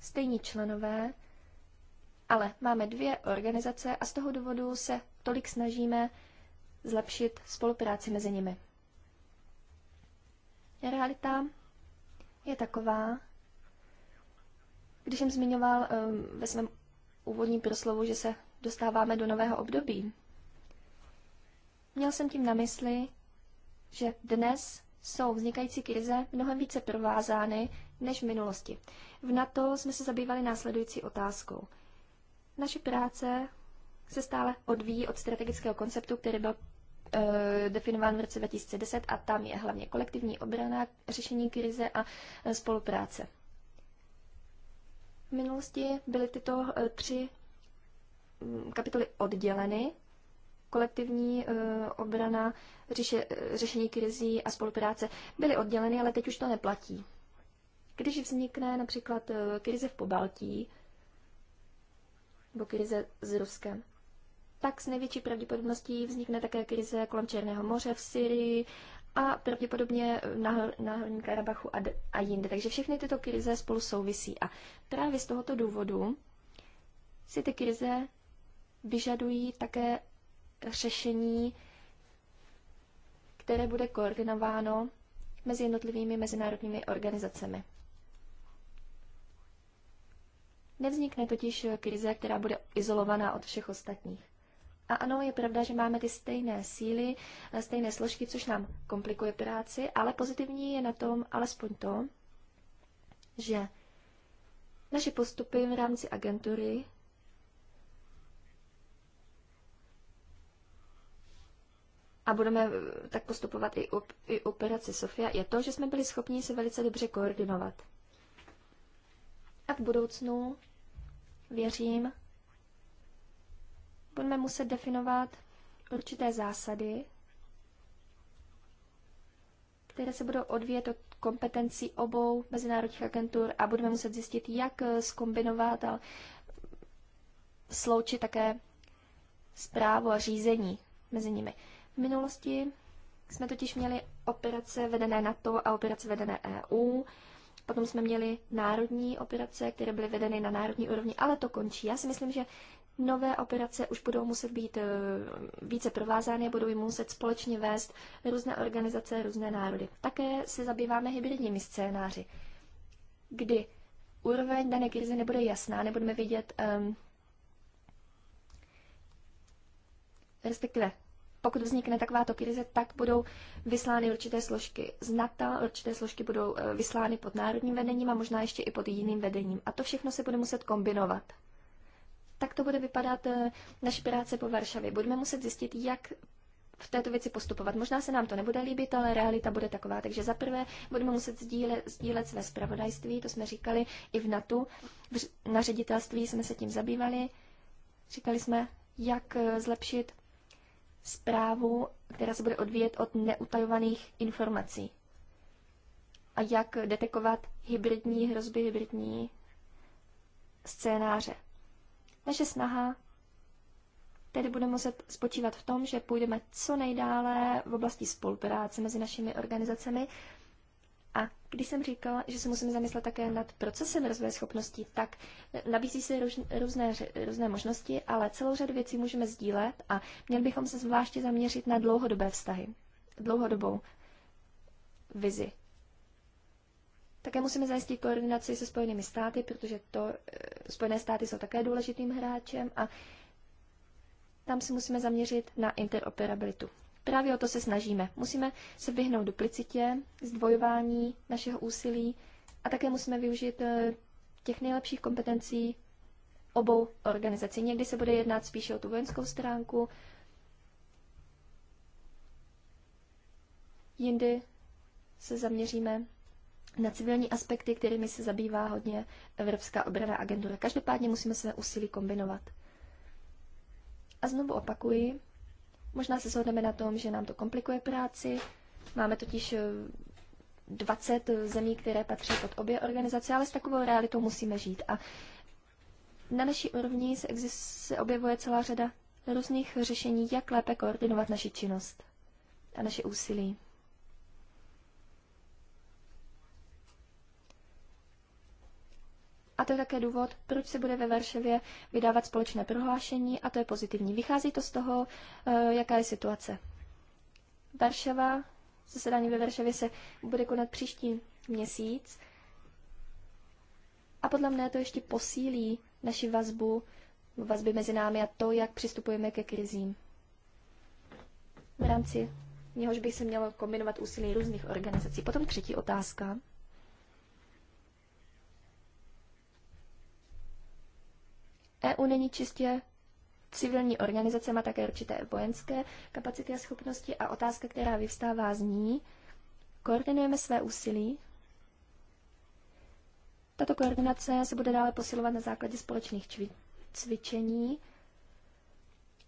stejní členové, ale máme dvě organizace a z toho důvodu se tolik snažíme zlepšit spolupráci mezi nimi. Realita je taková, když jsem zmiňoval um, ve svém úvodním proslovu, že se dostáváme do nového období, Měl jsem tím na mysli, že dnes jsou vznikající krize mnohem více provázány než v minulosti. V NATO jsme se zabývali následující otázkou. Naše práce se stále odvíjí od strategického konceptu, který byl e, definován v roce 2010 a tam je hlavně kolektivní obrana, řešení krize a e, spolupráce. V minulosti byly tyto e, tři kapitoly odděleny kolektivní eh, obrana, řeše, řešení krizí a spolupráce byly odděleny, ale teď už to neplatí. Když vznikne například eh, krize v Pobaltí nebo krize s Ruskem, tak s největší pravděpodobností vznikne také krize kolem Černého moře v Syrii a pravděpodobně na, na Horním Karabachu a, a jinde. Takže všechny tyto krize spolu souvisí a právě z tohoto důvodu si ty krize vyžadují také řešení, které bude koordinováno mezi jednotlivými mezinárodními organizacemi. Nevznikne totiž krize, která bude izolovaná od všech ostatních. A ano, je pravda, že máme ty stejné síly, stejné složky, což nám komplikuje práci, ale pozitivní je na tom alespoň to, že naše postupy v rámci agentury a budeme eh, tak postupovat i u, i operace Sofia, je to, že jsme byli schopni se velice dobře koordinovat. A v budoucnu, věřím, budeme muset definovat určité zásady, které se budou odvíjet od kompetencí obou mezinárodních agentur a budeme muset zjistit, jak skombinovat eh, a sloučit také zprávu a řízení mezi nimi. V minulosti jsme totiž měli operace vedené NATO a operace vedené EU. Potom jsme měli národní operace, které byly vedeny na národní úrovni, ale to končí. Já si myslím, že nové operace už budou muset být eh, více provázány, budou jim muset společně vést různé organizace, různé národy. Také se zabýváme hybridními scénáři, kdy úroveň dané krize nebude jasná, nebudeme vidět, um, respektive pokud vznikne takováto krize, tak budou vyslány určité složky z NATO, určité složky budou eh, vyslány pod národním vedením a možná ještě i pod jiným vedením. A to všechno se bude muset kombinovat. Tak to bude vypadat eh, naše práce po Varšavě. Budeme muset zjistit, jak v této věci postupovat. Možná se nám to nebude líbit, ale realita bude taková. Takže za prvé budeme muset sdílet, sdílet své zpravodajství, to jsme říkali i v NATO. Na ředitelství jsme se tím zabývali. Říkali jsme, jak eh, zlepšit zprávu, která se bude odvíjet od neutajovaných informací. A jak detekovat hybridní hrozby, hybridní scénáře. Naše snaha tedy bude muset spočívat v tom, že půjdeme co nejdále v oblasti spolupráce mezi našimi organizacemi, a když jsem říkala, že se musíme zamyslet také nad procesem rozvoje schopností, tak nabízí se růz, různé, různé možnosti, ale celou řadu věcí můžeme sdílet a měli bychom se zvláště zaměřit na dlouhodobé vztahy, dlouhodobou vizi. Také musíme zajistit koordinaci se Spojenými státy, protože to, eh, Spojené státy jsou také důležitým hráčem a tam se musíme zaměřit na interoperabilitu. Právě o to se snažíme. Musíme se vyhnout duplicitě, zdvojování našeho úsilí a také musíme využít eh, těch nejlepších kompetencí obou organizací. Někdy se bude jednat spíše o tu vojenskou stránku, jindy se zaměříme na civilní aspekty, kterými se zabývá hodně Evropská obrana agentura. Každopádně musíme své úsilí kombinovat. A znovu opakuji, Možná se shodneme na tom, že nám to komplikuje práci. Máme totiž 20 eh, eh, zemí, které patří pod obě organizace, ale s takovou realitou musíme žít. A na naší úrovni se, se objevuje celá řada různých řešení, jak lépe koordinovat naši činnost a naše úsilí. A to je také důvod, proč se bude ve Varšavě vydávat společné prohlášení a to je pozitivní. Vychází to z toho, eh, jaká je situace. Varšava, zasedání ve Varšavě se bude konat příští měsíc a podle mne to ještě posílí naši vazbu, vazby mezi námi a to, jak přistupujeme ke krizím. V rámci něhož by se mělo kombinovat úsilí různých organizací. Potom třetí otázka. EU není čistě civilní organizace, má také určité vojenské kapacity a schopnosti a otázka, která vyvstává z ní, koordinujeme své úsilí. Tato koordinace se bude dále posilovat na základě společných cvičení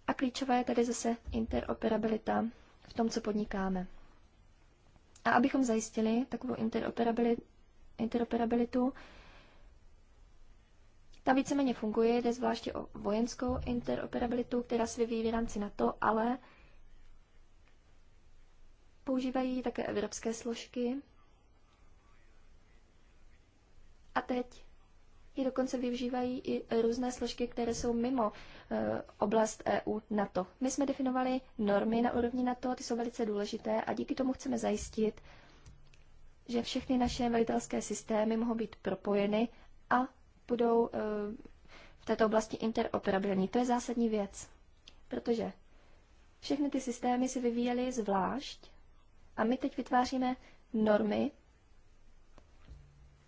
a klíčová je tady zase interoperabilita v tom, co podnikáme. A abychom zajistili takovou interoperabilitu, interoperabilitu ta víceméně funguje, jde zvláště o vojenskou interoperabilitu, která se vyvíjí v rámci NATO, ale používají také evropské složky. A teď ji dokonce využívají i různé složky, které jsou mimo eh, e, oblast EU NATO. My jsme definovali normy na úrovni NATO, ty jsou velice důležité a díky tomu chceme zajistit, že všechny naše velitelské systémy mohou být propojeny a budou eh, v této oblasti interoperabilní. To je zásadní věc, protože všechny ty systémy se vyvíjely zvlášť a my teď vytváříme normy,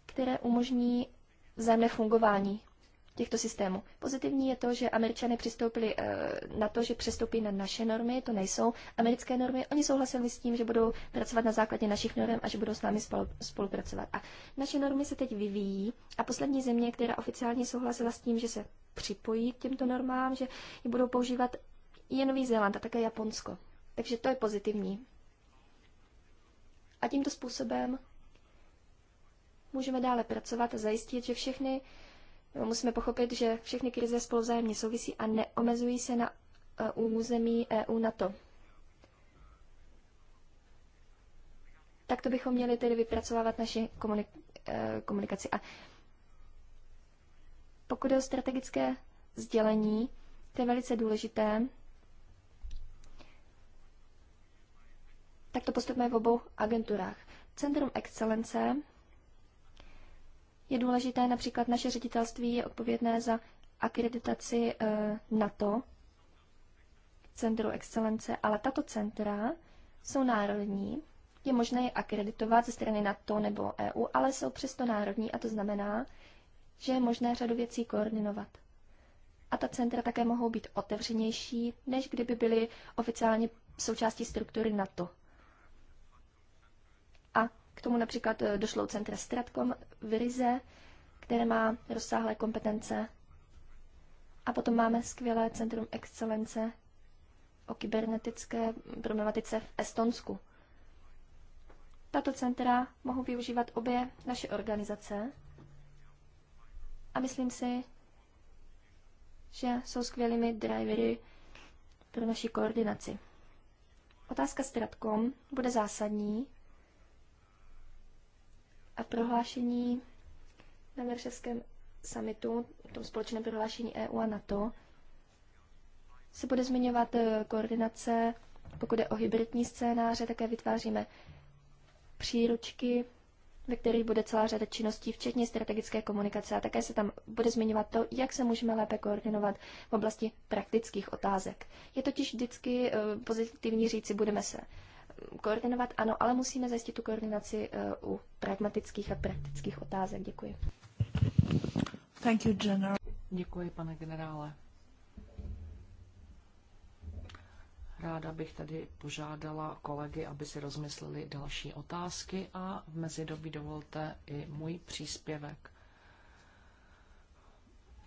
které umožní vzájemné fungování těchto systémů. Pozitivní je to, že američané přistoupili eh, na to, že přestoupí na naše normy, to nejsou americké normy. Oni souhlasili s tím, že budou pracovat na základě našich norm a že budou s námi spolupracovat. A naše normy se teď vyvíjí a poslední země, která oficiálně souhlasila s tím, že se připojí k těmto normám, že je budou používat je Nový Zéland a také Japonsko. Takže to je pozitivní. A tímto způsobem můžeme dále pracovat a zajistit, že všechny Musíme pochopit, že všechny krize spolu vzájemně souvisí a neomezují se na eh, území EU NATO. Takto bychom měli tedy vypracovávat naši komunik- eh, komunikaci. A pokud je o strategické sdělení, to je velice důležité. Tak to postupujeme v obou agenturách. Centrum excelence je důležité například naše ředitelství je odpovědné za akreditaci eh, NATO, Centru excelence, ale tato centra jsou národní, je možné je akreditovat ze strany NATO nebo EU, ale jsou přesto národní a to znamená, že je možné řadu věcí koordinovat. A ta centra také mohou být otevřenější, než kdyby byly oficiálně součástí struktury NATO. K tomu například eh, došlo u centra Stratcom v Rize, které má rozsáhlé kompetence. A potom máme skvělé centrum excelence o kybernetické problematice v Estonsku. Tato centra mohou využívat obě naše organizace a myslím si, že jsou skvělými drivery pro naši koordinaci. Otázka s Stratcom bude zásadní a prohlášení na Varšavském summitu, v tom společném prohlášení EU a NATO, se bude zmiňovat eh, koordinace, pokud je o hybridní scénáře, také vytváříme příručky, ve kterých bude celá řada činností, včetně strategické komunikace a také se tam bude zmiňovat to, jak se můžeme lépe koordinovat v oblasti praktických otázek. Je totiž vždycky eh, pozitivní říci, budeme se koordinovat, ano, ale musíme zajistit tu koordinaci eh, u pragmatických a praktických otázek. Děkuji. Thank you, General. Děkuji, pane generále. Ráda bych tady požádala kolegy, aby si rozmysleli další otázky a v mezidobí dovolte i můj příspěvek.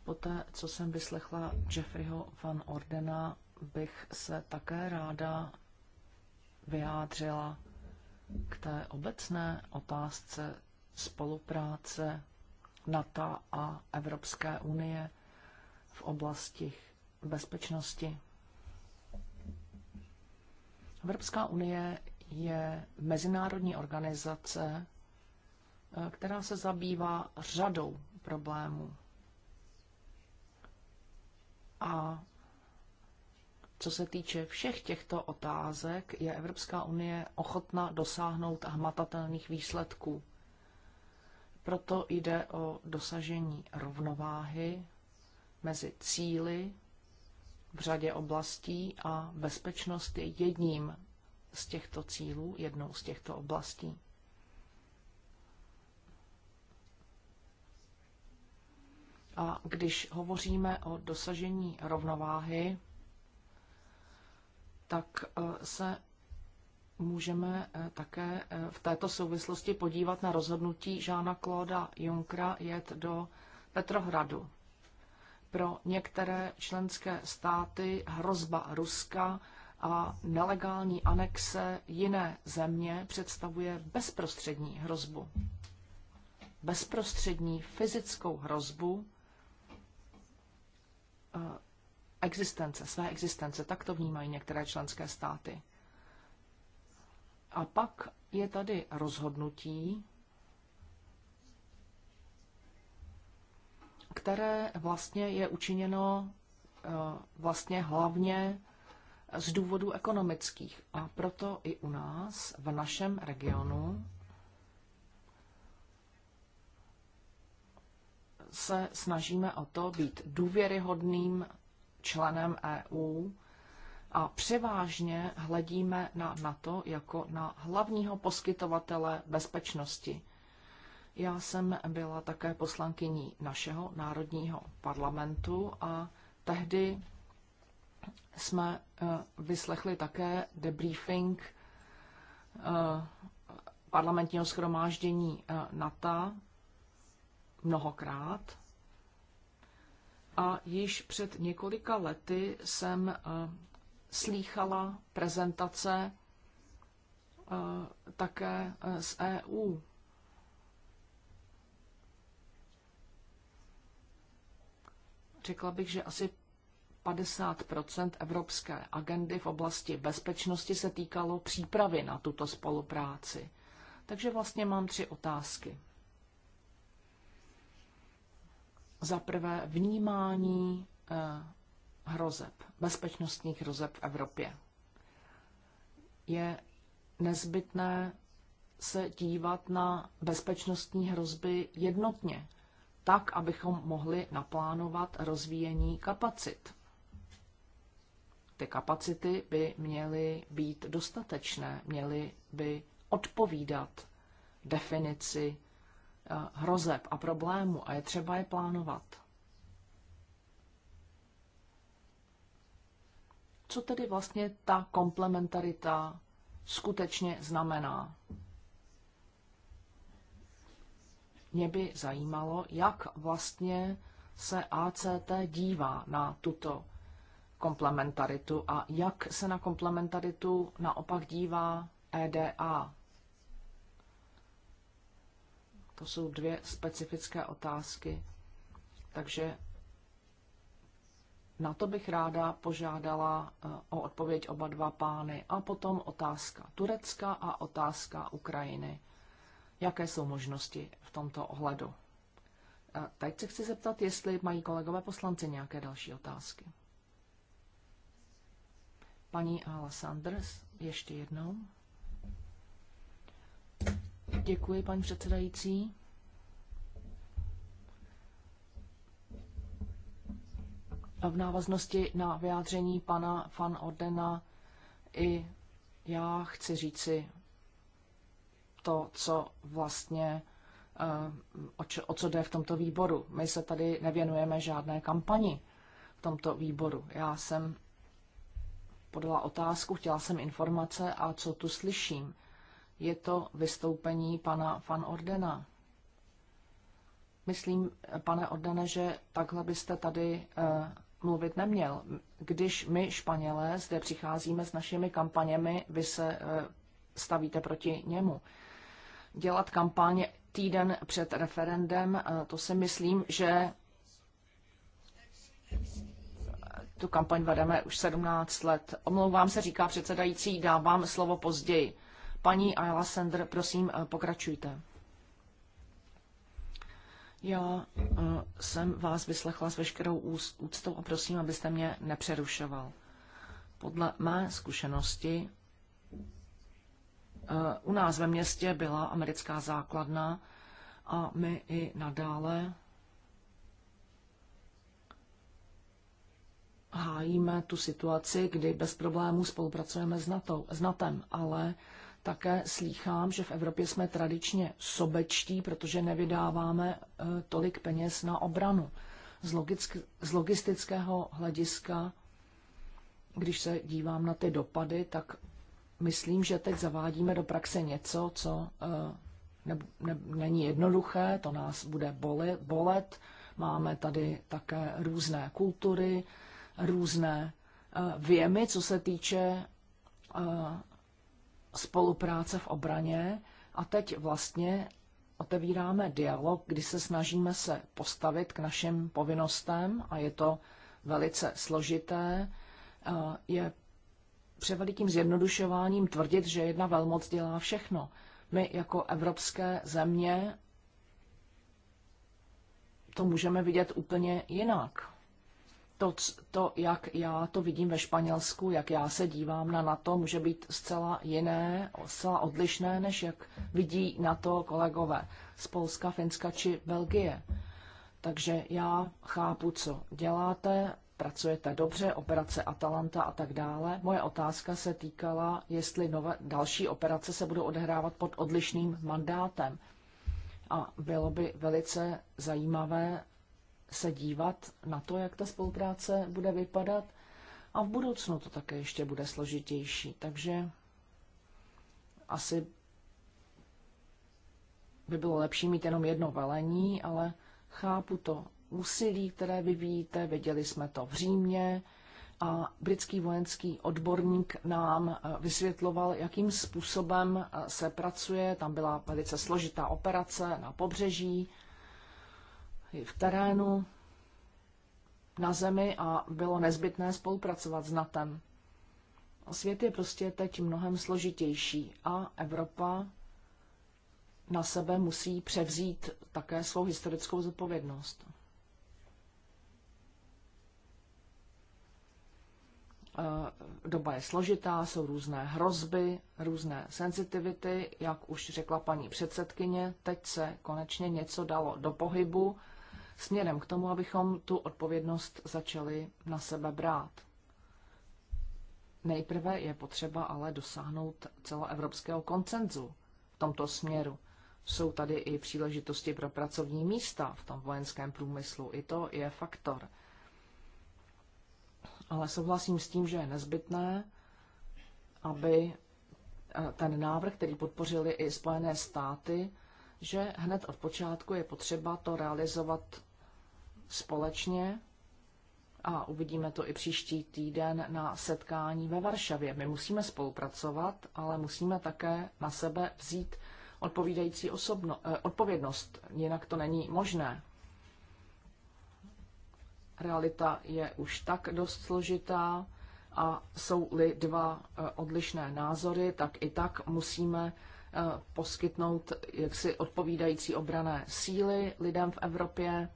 Poté, co jsem vyslechla Jeffreyho van Ordena, bych se také ráda vyjádřila k té obecné otázce spolupráce NATO a Evropské unie v oblasti bezpečnosti. Evropská unie je mezinárodní organizace, která se zabývá řadou problémů. A co se týče všech těchto otázek, je Evropská unie ochotna dosáhnout hmatatelných výsledků. Proto jde o dosažení rovnováhy mezi cíly v řadě oblastí a bezpečnost je jedním z těchto cílů, jednou z těchto oblastí. A když hovoříme o dosažení rovnováhy, tak eh, se můžeme eh, také eh, v této souvislosti podívat na rozhodnutí Žána Klóda Junkra jet do Petrohradu. Pro některé členské státy hrozba Ruska a nelegální anexe jiné země představuje bezprostřední hrozbu. Bezprostřední fyzickou hrozbu existence, své existence. Tak to vnímají některé členské státy. A pak je tady rozhodnutí, které vlastně je učiněno eh, vlastně hlavně z důvodů ekonomických. A proto i u nás, v našem regionu, se snažíme o to být důvěryhodným členem EU a převážně hledíme na NATO jako na hlavního poskytovatele bezpečnosti. Já jsem byla také poslankyní našeho národního parlamentu a tehdy jsme eh, vyslechli také debriefing eh, parlamentního schromáždění eh, NATO mnohokrát a již před několika lety jsem eh, slýchala prezentace eh, také eh, z EU. Řekla bych, že asi 50 evropské agendy v oblasti bezpečnosti se týkalo přípravy na tuto spolupráci. Takže vlastně mám tři otázky. Za prvé vnímání eh, hrozeb, bezpečnostních hrozeb v Evropě. Je nezbytné se dívat na bezpečnostní hrozby jednotně, tak, abychom mohli naplánovat rozvíjení kapacit. Ty kapacity by měly být dostatečné, měly by odpovídat definici Eh, hrozeb a problémů a je třeba je plánovat. Co tedy vlastně ta komplementarita skutečně znamená? Mě by zajímalo, jak vlastně se ACT dívá na tuto komplementaritu a jak se na komplementaritu naopak dívá EDA. To jsou dvě specifické otázky, takže na to bych ráda požádala eh, o odpověď oba dva pány. A potom otázka Turecka a otázka Ukrajiny. Jaké jsou možnosti v tomto ohledu? A eh, teď se chci zeptat, jestli mají kolegové poslanci nějaké další otázky. Paní Ala Sanders, ještě jednou. Děkuji, paní předsedající. V návaznosti na vyjádření pana Van Ordena i já chci říci to, co vlastně eh, o, o co jde v tomto výboru. My se tady nevěnujeme žádné kampani v tomto výboru. Já jsem podala otázku, chtěla jsem informace a co tu slyším je to vystoupení pana Van Ordena. Myslím, pane Ordene, že takhle byste tady eh, mluvit neměl. Když my, Španělé, zde přicházíme s našimi kampaněmi, vy se eh, stavíte proti němu. Dělat kampaně týden před referendem, eh, to si myslím, že tu kampaň vedeme už 17 let. Omlouvám se, říká předsedající, dávám slovo později. Paní Ayla Sender, prosím, eh, pokračujte. Já eh, jsem vás vyslechla s veškerou úctou a prosím, abyste mě nepřerušoval. Podle mé zkušenosti eh, u nás ve městě byla americká základna a my i nadále hájíme tu situaci, kdy bez problémů spolupracujeme s, NATO, s NATO ale také slýchám, že v Evropě jsme tradičně sobečtí, protože nevydáváme e, tolik peněz na obranu. Z, logick- z logistického hlediska, když se dívám na ty dopady, tak myslím, že teď zavádíme do praxe něco, co e, ne, ne, není jednoduché, to nás bude boli, bolet. Máme tady také různé kultury, různé e, věmy, co se týče spolupráce v obraně a teď vlastně otevíráme dialog, kdy se snažíme se postavit k našim povinnostem a je to velice složité. Je převelikým zjednodušováním tvrdit, že jedna velmoc dělá všechno. My jako evropské země to můžeme vidět úplně jinak to, to, jak já to vidím ve Španělsku, jak já se dívám na NATO, může být zcela jiné, zcela odlišné, než jak vidí na to kolegové z Polska, Finska či Belgie. Takže já chápu, co děláte, pracujete dobře, operace Atalanta a tak dále. Moje otázka se týkala, jestli nové, další operace se budou odehrávat pod odlišným mandátem. A bylo by velice zajímavé se dívat na to, jak ta spolupráce bude vypadat a v budoucnu to také ještě bude složitější. Takže asi by bylo lepší mít jenom jedno velení, ale chápu to úsilí, které vyvíjíte, viděli jsme to v Římě a britský vojenský odborník nám eh, vysvětloval, jakým způsobem eh, se pracuje. Tam byla velice složitá operace na pobřeží v terénu, na zemi a bylo nezbytné spolupracovat s NATEM. Svět je prostě teď mnohem složitější a Evropa na sebe musí převzít také svou historickou zodpovědnost. Eh, doba je složitá, jsou různé hrozby, různé senzitivity, jak už řekla paní předsedkyně, teď se konečně něco dalo do pohybu směrem k tomu, abychom tu odpovědnost začali na sebe brát. Nejprve je potřeba ale dosáhnout celoevropského koncenzu v tomto směru. Jsou tady i příležitosti pro pracovní místa v tom vojenském průmyslu. I to je faktor. Ale souhlasím s tím, že je nezbytné, aby eh, ten návrh, který podpořili i Spojené státy, že hned od počátku je potřeba to realizovat společně a uvidíme to i příští týden na setkání ve Varšavě. My musíme spolupracovat, ale musíme také na sebe vzít odpovídající osobno, eh, odpovědnost, jinak to není možné. Realita je už tak dost složitá a jsou-li dva eh, odlišné názory, tak i tak musíme eh, poskytnout jaksi odpovídající obrané síly lidem v Evropě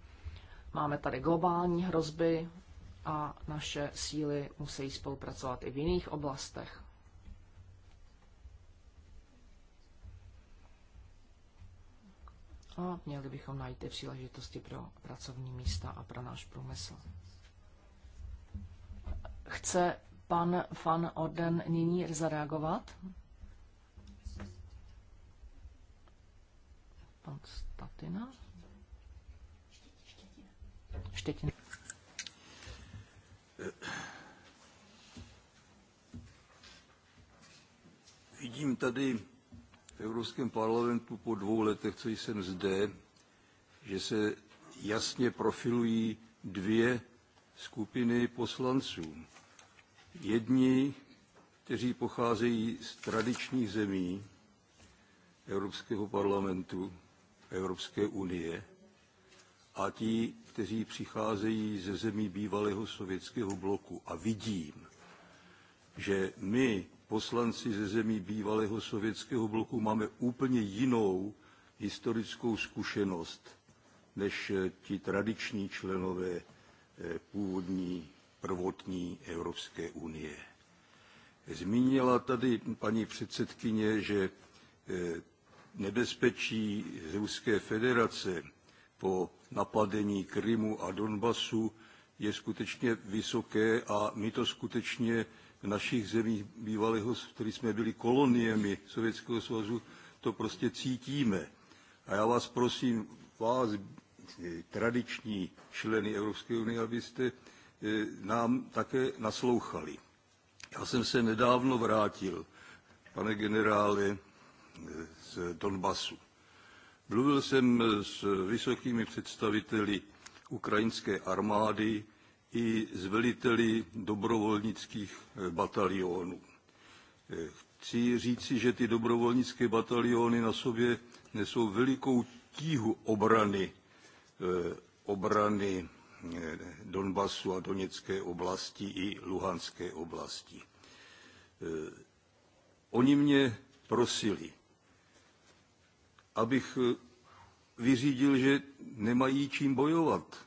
Máme tady globální hrozby a naše síly musí spolupracovat i v jiných oblastech. A měli bychom najít ty příležitosti pro pracovní místa a pro náš průmysl. Chce pan Van Orden nyní zareagovat? Pan Statina? Štětin. Vidím tady v Evropském parlamentu po dvou letech, co jsem zde, že se jasně profilují dvě skupiny poslanců. Jedni, kteří pocházejí z tradičních zemí Evropského parlamentu, Evropské unie, a ti kteří přicházejí ze zemí bývalého sovětského bloku a vidím, že my, poslanci ze zemí bývalého sovětského bloku, máme úplně jinou historickou zkušenost než eh, ti tradiční členové eh, původní prvotní Evropské unie. Zmínila tady paní předsedkyně, že eh, nebezpečí Ruské federace po napadení Krymu a Donbasu je skutečně vysoké a my to skutečně v našich zemích bývalého, který jsme byli koloniemi Sovětského svazu, to prostě cítíme. A já vás prosím, vás, eh, tradiční členy Evropské unie, abyste eh, nám také naslouchali. Já jsem se nedávno vrátil, pane generále, eh, z Donbasu. Mluvil jsem s vysokými představiteli ukrajinské armády i s veliteli dobrovolnických batalionů. Chci říci, že ty dobrovolnické bataliony na sobě nesou velikou tíhu obrany, eh, obrany eh, Donbasu a Doněcké oblasti i Luhanské oblasti. Eh, oni mě prosili, abych eh, vyřídil, že nemají čím bojovat.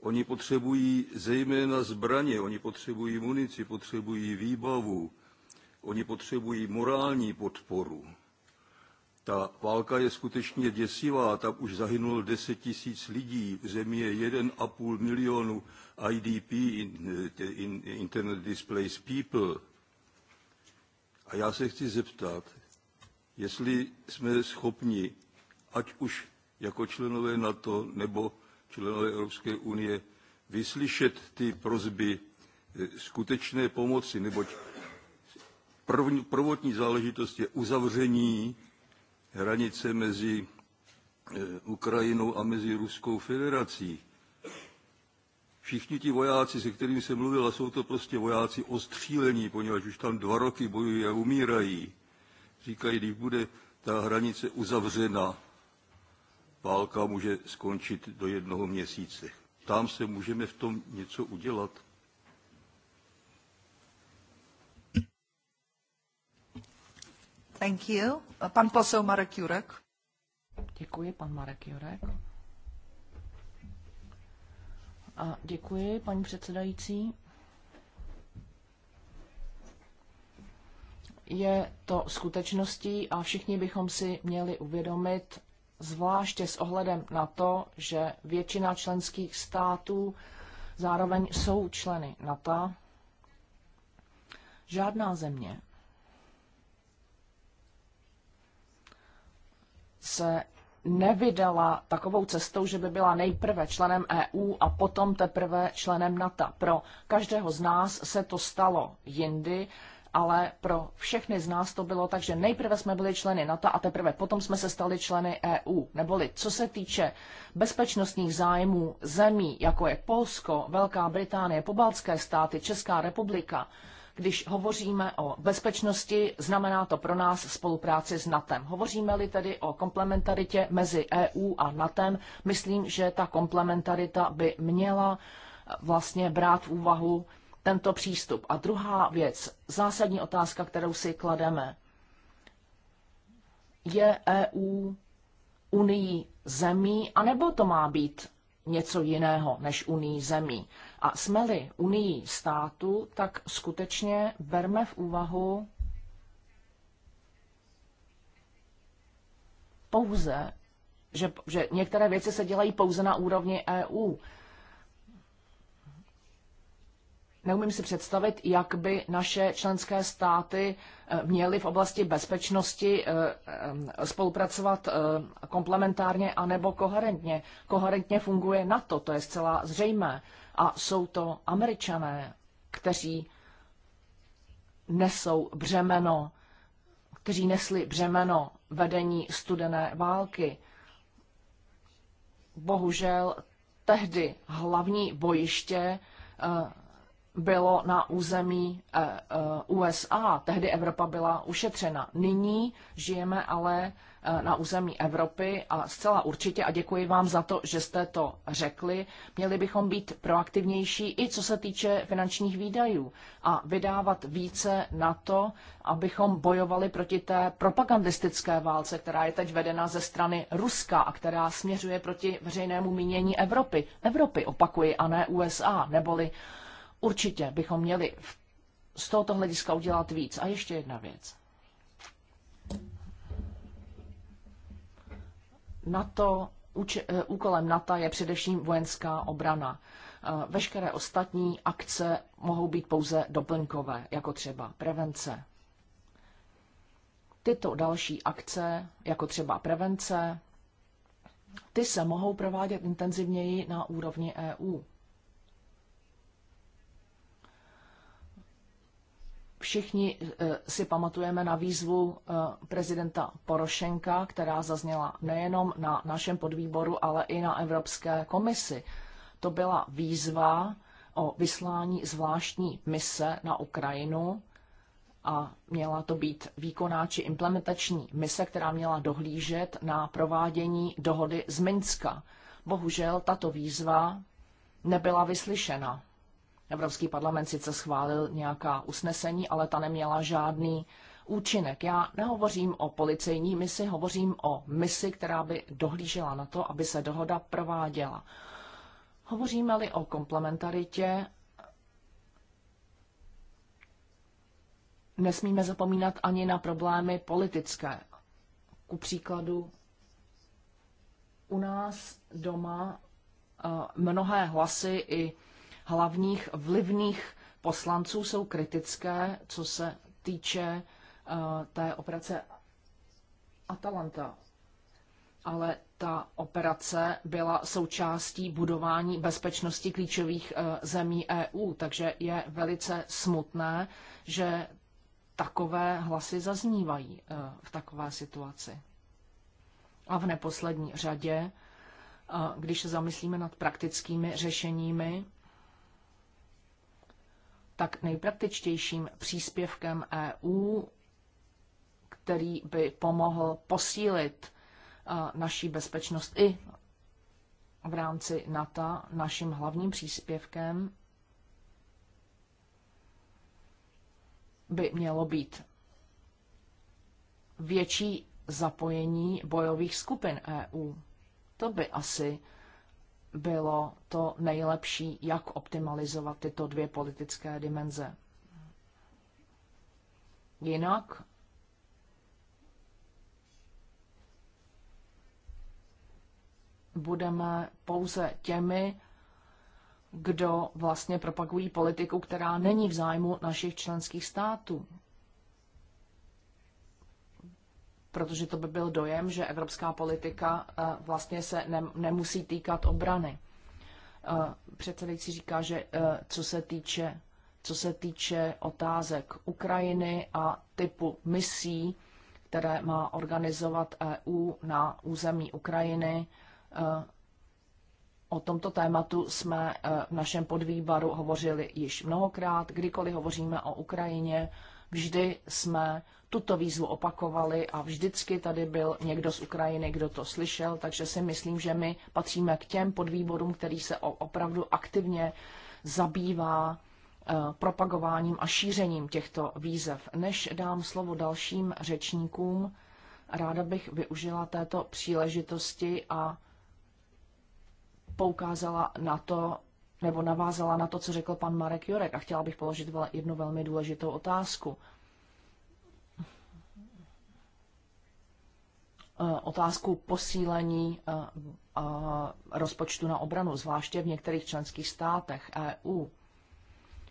Oni potřebují zejména zbraně, oni potřebují munici, potřebují výbavu, oni potřebují morální podporu. Ta válka je skutečně děsivá, tam už zahynulo 10 tisíc lidí, v zemi je 1,5 milionu IDP, eh, Internet Displaced People. A já se chci zeptat, jestli jsme schopni, ať už jako členové NATO nebo členové Evropské unie, vyslyšet ty prozby e, skutečné pomoci, neboť první, prvotní záležitost je uzavření hranice mezi e, Ukrajinou a mezi Ruskou federací. Všichni ti vojáci, se kterými jsem mluvila, jsou to prostě vojáci ostřílení, poněvadž už tam dva roky bojují a umírají říkají, když bude ta hranice uzavřena, válka může skončit do jednoho měsíce. Tam se můžeme v tom něco udělat. Thank you. Pan posel Marek Jurek. Děkuji, pan Marek Jurek. A děkuji, paní předsedající. je to skutečností a všichni bychom si měli uvědomit, zvláště s ohledem na to, že většina členských států zároveň jsou členy NATO, žádná země se nevydala takovou cestou, že by byla nejprve členem EU a potom teprve členem NATO. Pro každého z nás se to stalo jindy ale pro všechny z nás to bylo tak, že nejprve jsme byli členy NATO a teprve potom jsme se stali členy EU. Neboli co se týče bezpečnostních zájmů zemí, jako je Polsko, Velká Británie, Pobaltské státy, Česká republika, když hovoříme o bezpečnosti, znamená to pro nás spolupráci s NATEM. Hovoříme-li tedy o komplementaritě mezi EU a NATEM, myslím, že ta komplementarita by měla vlastně brát v úvahu tento přístup. A druhá věc, zásadní otázka, kterou si klademe, je EU unii zemí, anebo to má být něco jiného než unii zemí. A jsme-li unii státu, tak skutečně berme v úvahu pouze, že, že některé věci se dělají pouze na úrovni EU neumím si představit, jak by naše členské státy eh, měly v oblasti bezpečnosti eh, eh, spolupracovat komplementárně anebo koherentně. Koherentně funguje NATO, to je zcela zřejmé. A jsou to američané, kteří nesou břemeno, kteří nesli břemeno vedení studené války. Bohužel tehdy hlavní bojiště bylo na území eh, eh, USA. Tehdy Evropa byla ušetřena. Nyní žijeme ale eh, na území Evropy a zcela určitě, a děkuji vám za to, že jste to řekli, měli bychom být proaktivnější i co se týče finančních výdajů a vydávat více na to, abychom bojovali proti té propagandistické válce, která je teď vedena ze strany Ruska a která směřuje proti veřejnému mínění Evropy. Evropy, opakuji, a ne USA, neboli Určitě bychom měli z tohoto hlediska udělat víc. A ještě jedna věc. NATO, eh, úkolem NATO je především vojenská obrana. Eh, veškeré ostatní akce mohou být pouze doplňkové, jako třeba prevence. Tyto další akce, jako třeba prevence, ty se mohou provádět intenzivněji na úrovni EU. Všichni eh, si pamatujeme na výzvu eh, prezidenta Porošenka, která zazněla nejenom na našem podvýboru, ale i na Evropské komisi. To byla výzva o vyslání zvláštní mise na Ukrajinu a měla to být výkonná či implementační mise, která měla dohlížet na provádění dohody z Minska. Bohužel tato výzva nebyla vyslyšena Evropský parlament sice schválil nějaká usnesení, ale ta neměla žádný účinek. Já nehovořím o policejní misi, hovořím o misi, která by dohlížela na to, aby se dohoda prováděla. Hovoříme-li o komplementaritě, nesmíme zapomínat ani na problémy politické. Ku příkladu, u nás doma eh, mnohé hlasy i hlavních vlivných poslanců jsou kritické, co se týče eh, té operace Atalanta. Ale ta operace byla součástí budování bezpečnosti klíčových eh, zemí EU, takže je velice smutné, že takové hlasy zaznívají eh, v takové situaci. A v neposlední řadě, když se zamyslíme nad praktickými řešeními, tak nejpraktičtějším příspěvkem EU, který by pomohl posílit naší bezpečnost i v rámci NATO, naším hlavním příspěvkem by mělo být větší zapojení bojových skupin EU. To by asi bylo to nejlepší, jak optimalizovat tyto dvě politické dimenze. Jinak budeme pouze těmi, kdo vlastně propagují politiku, která není v zájmu našich členských států. protože to by byl dojem, že evropská politika eh, vlastně se nemusí týkat obrany. Eh, předsedající říká, že eh, co se týče co se týče otázek Ukrajiny a typu misí, které má organizovat EU na území Ukrajiny. O tomto tématu jsme v našem podvýboru hovořili již mnohokrát. Kdykoliv hovoříme o Ukrajině, vždy jsme tuto výzvu opakovali a vždycky tady byl někdo z Ukrajiny, kdo to slyšel, takže si myslím, že my patříme k těm podvýborům, který se opravdu aktivně zabývá eh, propagováním a šířením těchto výzev. Než dám slovo dalším řečníkům, ráda bych využila této příležitosti a poukázala na to, nebo navázala na to, co řekl pan Marek Jurek a chtěla bych položit jednu velmi důležitou otázku. Eh, otázku posílení eh, eh, rozpočtu na obranu, zvláště v některých členských státech EU.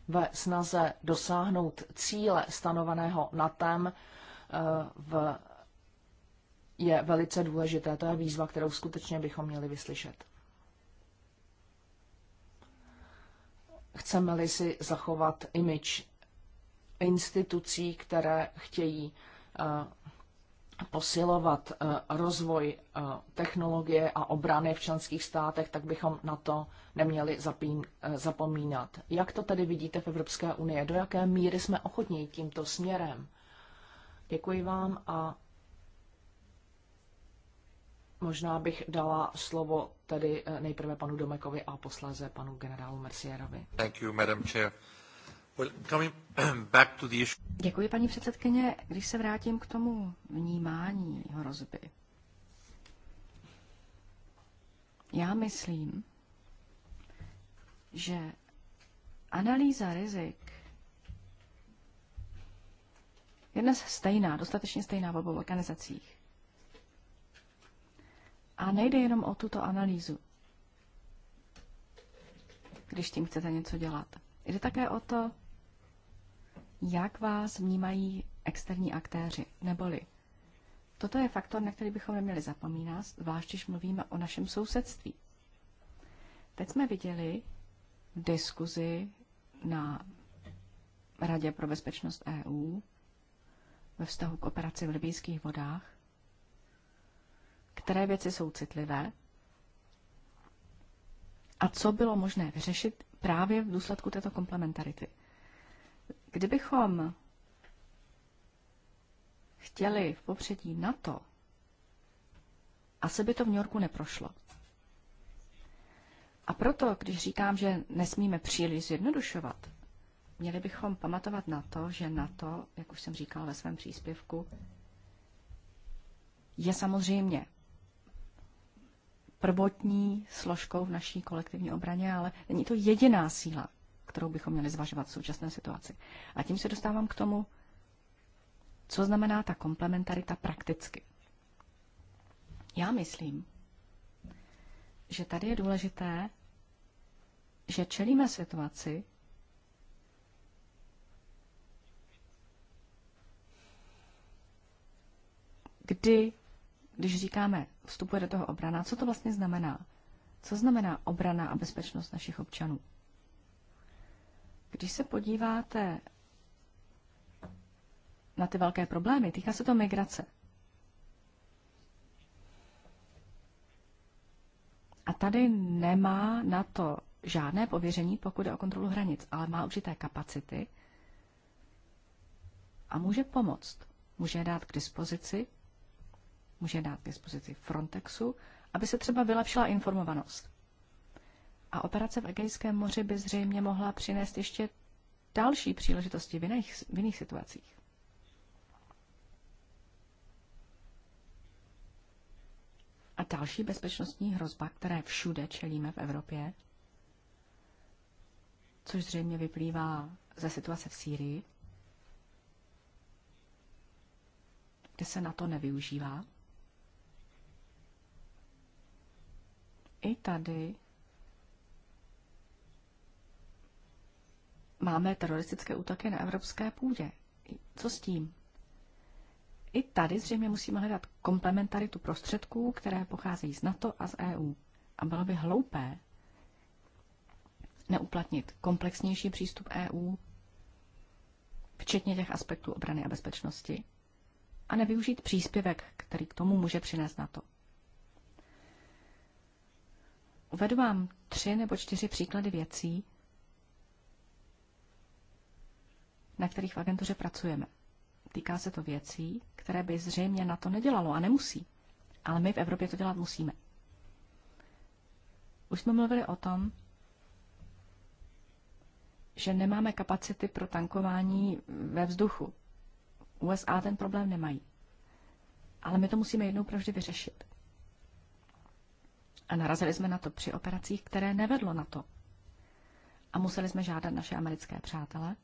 Ve snaze dosáhnout cíle stanoveného NATEM v je velice důležité. To je výzva, kterou skutečně bychom měli vyslyšet. Chceme-li si zachovat image institucí, které chtějí posilovat eh, rozvoj eh, technologie a obrany v členských státech, tak bychom na to neměli zapín, eh, zapomínat. Jak to tedy vidíte v Evropské unii? Do jaké míry jsme ochotní tímto směrem? Děkuji vám a možná bych dala slovo tedy nejprve panu Domekovi a posléze panu generálu Mercierovi. Thank you, Madam Chair. Děkuji, paní předsedkyně. Když se vrátím k tomu vnímání hrozby, já myslím, že analýza rizik je dnes stejná, dostatečně stejná v obou organizacích. A nejde jenom o tuto analýzu, když tím chcete něco dělat. Jde také o to, jak vás vnímají externí aktéři, neboli toto je faktor, na který bychom neměli zapomínat, zvlášť když mluvíme o našem sousedství. Teď jsme viděli v diskuzi na Radě pro bezpečnost EU ve vztahu k operaci v libijských vodách, které věci jsou citlivé a co bylo možné vyřešit právě v důsledku této komplementarity – Kdybychom chtěli v popředí NATO, asi by to v New Yorku neprošlo. A proto, když říkám, že nesmíme příliš zjednodušovat, měli bychom pamatovat na to, že NATO, jak už jsem říkal ve svém příspěvku, je samozřejmě prvotní složkou v naší kolektivní obraně, ale není to jediná síla kterou bychom měli zvažovat v současné situaci. A tím se dostávám k tomu, co znamená ta komplementarita prakticky. Já myslím, že tady je důležité, že čelíme situaci, kdy, když říkáme, vstupuje do toho obrana, co to vlastně znamená? Co znamená obrana a bezpečnost našich občanů? Když se podíváte na ty velké problémy, týká se to migrace. A tady nemá na to žádné pověření, pokud je o kontrolu hranic, ale má určité kapacity a může pomoct. Může dát k dispozici, může dát k dispozici Frontexu, aby se třeba vylepšila informovanost. A operace v Egejském moři by zřejmě mohla přinést ještě další příležitosti v jiných, v jiných situacích. A další bezpečnostní hrozba, které všude čelíme v Evropě, což zřejmě vyplývá ze situace v Sýrii, kde se na to nevyužívá. I tady máme teroristické útoky na evropské půdě. Co s tím? I tady zřejmě musíme hledat komplementaritu prostředků, které pocházejí z NATO a z EU. A bylo by hloupé neuplatnit komplexnější přístup EU, včetně těch aspektů obrany a bezpečnosti, a nevyužít příspěvek, který k tomu může přinést NATO. Uvedu vám tři nebo čtyři příklady věcí, na kterých v agentuře pracujeme. Týká se to věcí, které by zřejmě na to nedělalo a nemusí. Ale my v Evropě to dělat musíme. Už jsme mluvili o tom, že nemáme kapacity pro tankování ve vzduchu. USA ten problém nemají. Ale my to musíme jednou provždy vyřešit. A narazili jsme na to při operacích, které nevedlo na to. A museli jsme žádat naše americké přátele,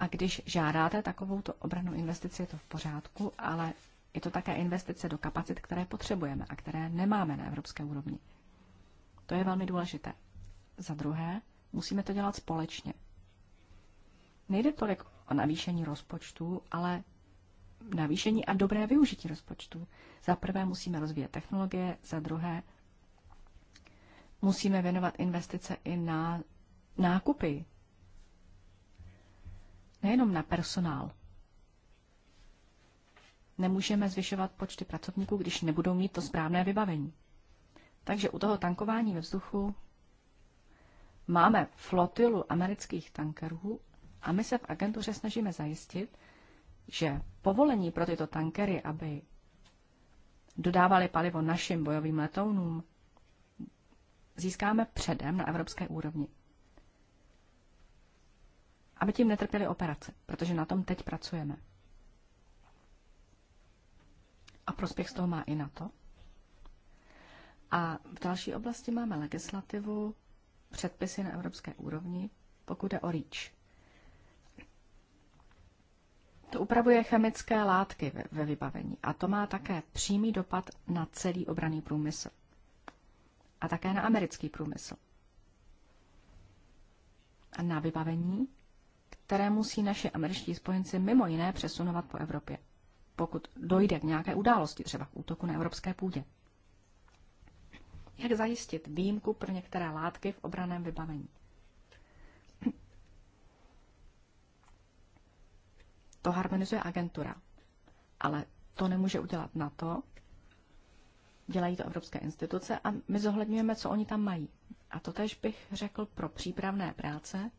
A když žádáte takovou obranu investici, je to v pořádku, ale je to také investice do kapacit, které potřebujeme a které nemáme na evropské úrovni. To je velmi důležité. Za druhé, musíme to dělat společně. Nejde tolik o navýšení rozpočtu, ale navýšení a dobré využití rozpočtu. Za prvé musíme rozvíjet technologie, za druhé musíme věnovat investice i na nákupy nejenom na personál. Nemůžeme zvyšovat počty pracovníků, když nebudou mít to správné vybavení. Takže u toho tankování ve vzduchu máme flotilu amerických tankerů a my se v agentuře snažíme zajistit, že povolení pro tyto tankery, aby dodávali palivo našim bojovým letounům, získáme předem na evropské úrovni aby tím netrpěly operace, protože na tom teď pracujeme. A prospěch z toho má i na to. A v další oblasti máme legislativu, předpisy na evropské úrovni, pokud je o REACH. To upravuje chemické látky ve, ve vybavení a to má také přímý dopad na celý obraný průmysl. A také na americký průmysl. A na vybavení které musí naši američtí spojenci mimo jiné přesunovat po Evropě, pokud dojde k nějaké události, třeba k útoku na evropské půdě. Jak zajistit výjimku pro některé látky v obraném vybavení? To harmonizuje agentura, ale to nemůže udělat na to. dělají to evropské instituce a my zohledňujeme, co oni tam mají. A to tež bych řekl pro přípravné práce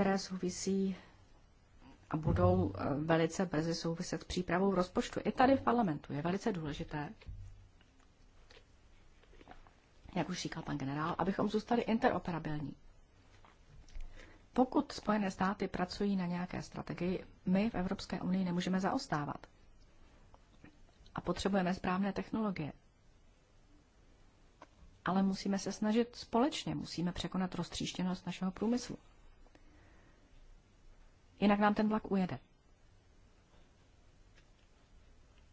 které souvisí a budou eh, velice brzy souviset s přípravou rozpočtu. I tady v parlamentu je velice důležité, jak už říkal pan generál, abychom zůstali interoperabilní. Pokud Spojené státy pracují na nějaké strategii, my v Evropské unii nemůžeme zaostávat. A potřebujeme správné technologie. Ale musíme se snažit společně, musíme překonat roztříštěnost našeho průmyslu. Jinak nám ten vlak ujede.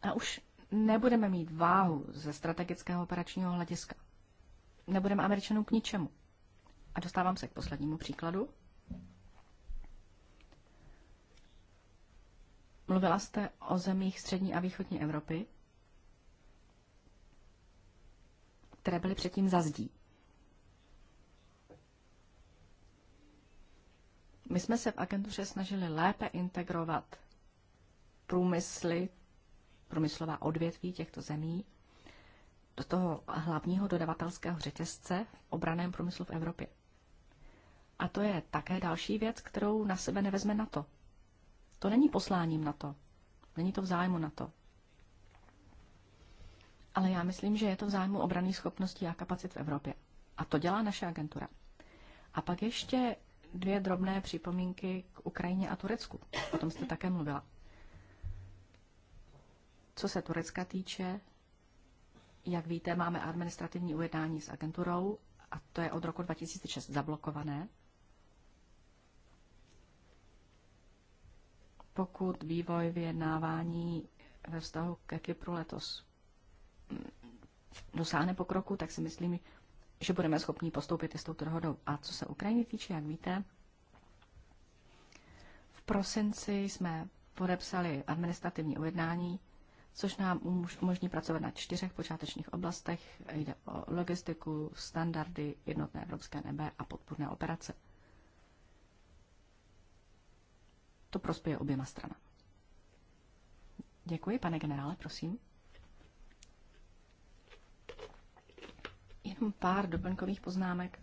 A už nebudeme mít váhu ze strategického operačního hlediska. Nebudeme američanům k ničemu. A dostávám se k poslednímu příkladu. Mluvila jste o zemích střední a východní Evropy, které byly předtím za zdí. My jsme se v agentuře snažili lépe integrovat průmysly, průmyslová odvětví těchto zemí do toho hlavního dodavatelského řetězce v obraném průmyslu v Evropě. A to je také další věc, kterou na sebe nevezme NATO. To není posláním NATO. Není to v zájmu NATO. Ale já myslím, že je to v zájmu obraných schopností a kapacit v Evropě. A to dělá naše agentura. A pak ještě dvě drobné připomínky k Ukrajině a Turecku. O tom jste také mluvila. Co se Turecka týče, jak víte, máme administrativní ujednání s agenturou a to je od roku 2006 zablokované. Pokud vývoj vyjednávání ve vztahu ke Kypru letos mm, dosáhne pokroku, tak si myslím, že budeme schopni postoupit i s touto dohodou. A co se Ukrajiny týče, jak víte, v prosinci jsme podepsali administrativní ujednání, což nám umožní pracovat na čtyřech počátečních oblastech. Jde o logistiku, standardy, jednotné evropské nebe a podpůrné operace. To prospěje oběma stranám. Děkuji, pane generále, prosím. Jenom pár doplňkových poznámek.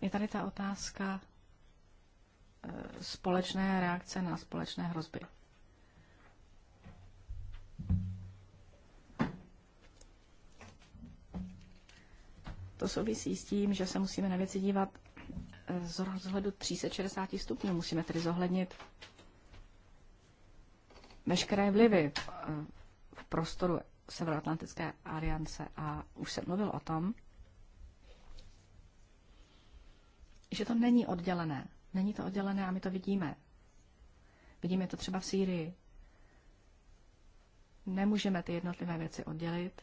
Je tady ta otázka e, společné reakce na společné hrozby. To souvisí s tím, že se musíme na věci dívat e, z rozhledu 360 stupňů. Musíme tedy zohlednit veškeré vlivy e, v prostoru Severoatlantické aliance a už se mluvil o tom, že to není oddělené. Není to oddělené a my to vidíme. Vidíme to třeba v Sýrii. Nemůžeme ty jednotlivé věci oddělit.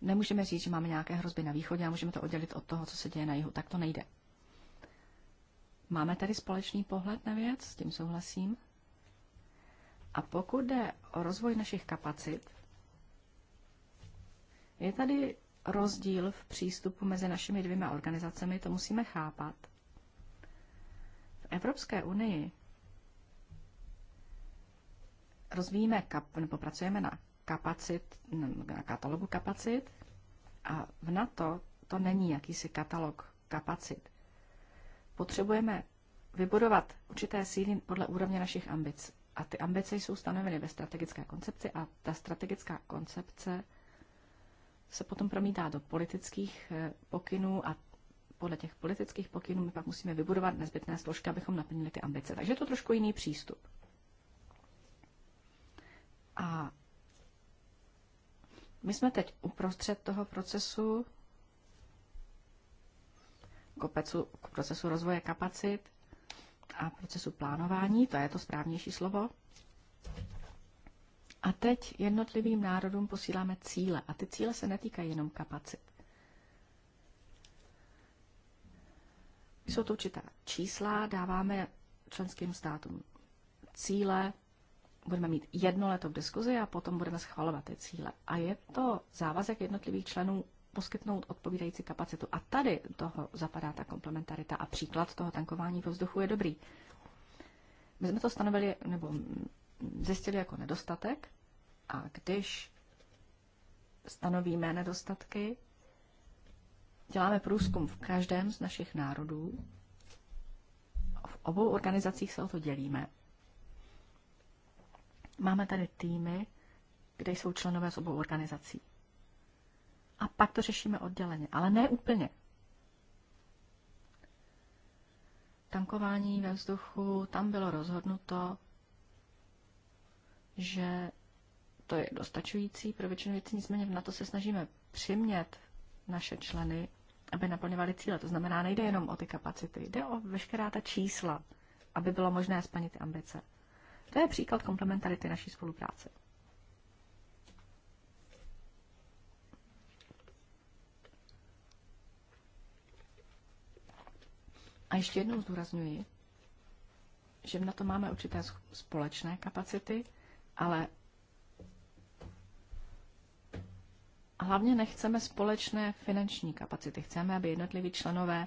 Nemůžeme říct, že máme nějaké hrozby na východě a můžeme to oddělit od toho, co se děje na jihu. Tak to nejde. Máme tady společný pohled na věc, s tím souhlasím. A pokud jde o rozvoj našich kapacit, je tady rozdíl v přístupu mezi našimi dvěma organizacemi, to musíme chápat. V Evropské unii rozvíjíme kap, nebo pracujeme na kapacit, na katalogu kapacit a v NATO to není jakýsi katalog kapacit. Potřebujeme vybudovat určité síly podle úrovně našich ambic. A ty ambice jsou stanoveny ve strategické koncepci a ta strategická koncepce se potom promítá do politických eh, pokynů a podle těch politických pokynů my pak musíme vybudovat nezbytné složky, abychom naplnili ty ambice. Takže je to trošku jiný přístup. A my jsme teď uprostřed toho procesu, k, k procesu rozvoje kapacit a procesu plánování, to je to správnější slovo. A teď jednotlivým národům posíláme cíle. A ty cíle se netýkají jenom kapacit. Jsou to určitá čísla, dáváme členským státům cíle, budeme mít jedno leto v diskuzi a potom budeme schvalovat ty cíle. A je to závazek jednotlivých členů poskytnout odpovídající kapacitu. A tady toho zapadá ta komplementarita a příklad toho tankování ve vzduchu je dobrý. My jsme to stanovili nebo zjistili jako nedostatek a když stanovíme nedostatky, děláme průzkum v každém z našich národů, v obou organizacích se o to dělíme. Máme tady týmy, kde jsou členové z obou organizací a pak to řešíme odděleně, ale ne úplně. Tankování ve vzduchu, tam bylo rozhodnuto, že to je dostačující pro většinu věcí, nicméně na to se snažíme přimět naše členy, aby naplňovali cíle. To znamená, nejde jenom o ty kapacity, jde o veškerá ta čísla, aby bylo možné splnit ambice. To je příklad komplementarity naší spolupráce. A ještě jednou zdůraznuju, že na to máme určité společné kapacity, ale hlavně nechceme společné finanční kapacity. Chceme, aby jednotliví členové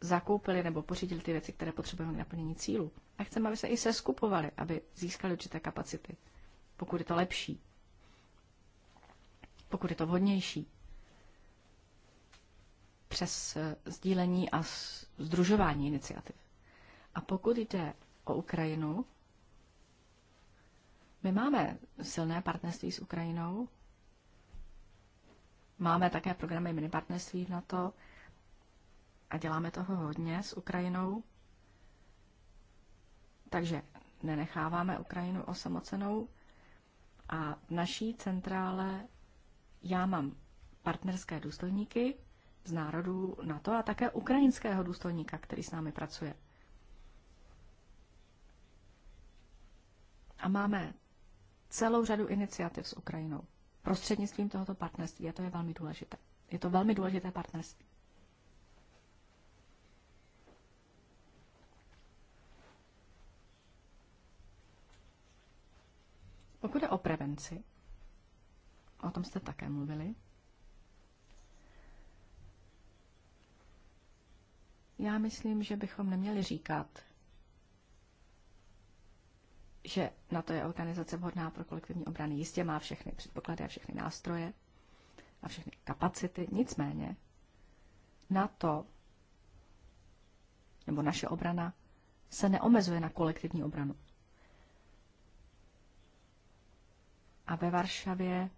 zakoupili nebo pořídili ty věci, které potřebujeme k naplnění cílu. A chceme, aby se i seskupovali, aby získali určité kapacity, pokud je to lepší, pokud je to vhodnější přes eh, sdílení a združování iniciativ. A pokud jde o Ukrajinu, my máme silné partnerství s Ukrajinou, máme také programy partnerství v NATO a děláme toho hodně s Ukrajinou. Takže nenecháváme Ukrajinu osamocenou a v naší centrále já mám partnerské důstojníky, z národů NATO a také ukrajinského důstojníka, který s námi pracuje. A máme celou řadu iniciativ s Ukrajinou prostřednictvím tohoto partnerství a to je velmi důležité. Je to velmi důležité partnerství. Pokud je o prevenci, o tom jste také mluvili, Já myslím, že bychom neměli říkat, že na to je organizace vhodná pro kolektivní obrany. Jistě má všechny předpoklady a všechny nástroje a všechny kapacity. Nicméně na to, nebo naše obrana, se neomezuje na kolektivní obranu. A ve Varšavě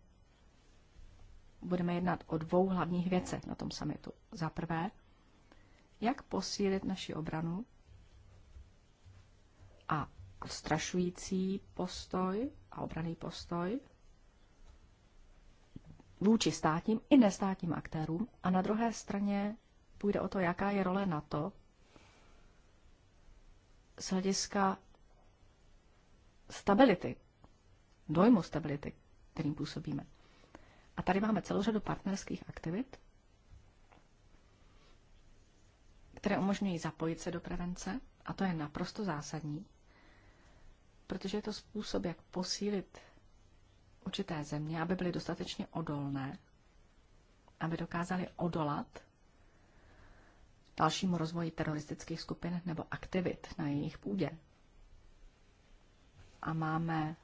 budeme jednat o dvou hlavních věcech na tom samitu. Za prvé, jak posílit naši obranu a strašující postoj a obraný postoj vůči státním i nestátním aktérům a na druhé straně půjde o to, jaká je role NATO z hlediska stability, dojmu stability, kterým působíme. A tady máme celou řadu partnerských aktivit, které umožňují zapojit se do prevence, a to je naprosto zásadní, protože je to způsob, jak posílit určité země, aby byly dostatečně odolné, aby dokázali odolat dalšímu rozvoji teroristických skupin nebo aktivit na jejich půdě. A máme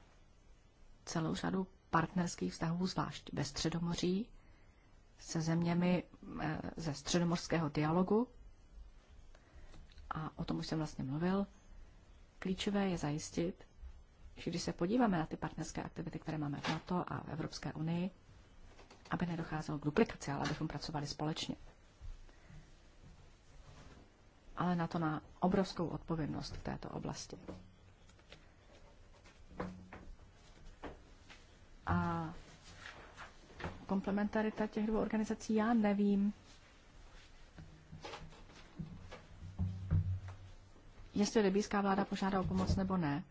celou řadu partnerských vztahů, zvlášť ve Středomoří, se zeměmi eh, ze středomorského dialogu, a o tom už jsem vlastně mluvil, klíčové je zajistit, že když se podíváme na ty partnerské aktivity, které máme v NATO a v Evropské unii, aby nedocházelo k duplikaci, ale abychom pracovali společně. Ale na to na obrovskou odpovědnost v této oblasti. A komplementarita těch dvou organizací já nevím, jestli libijská vláda požádá o pomoc nebo ne.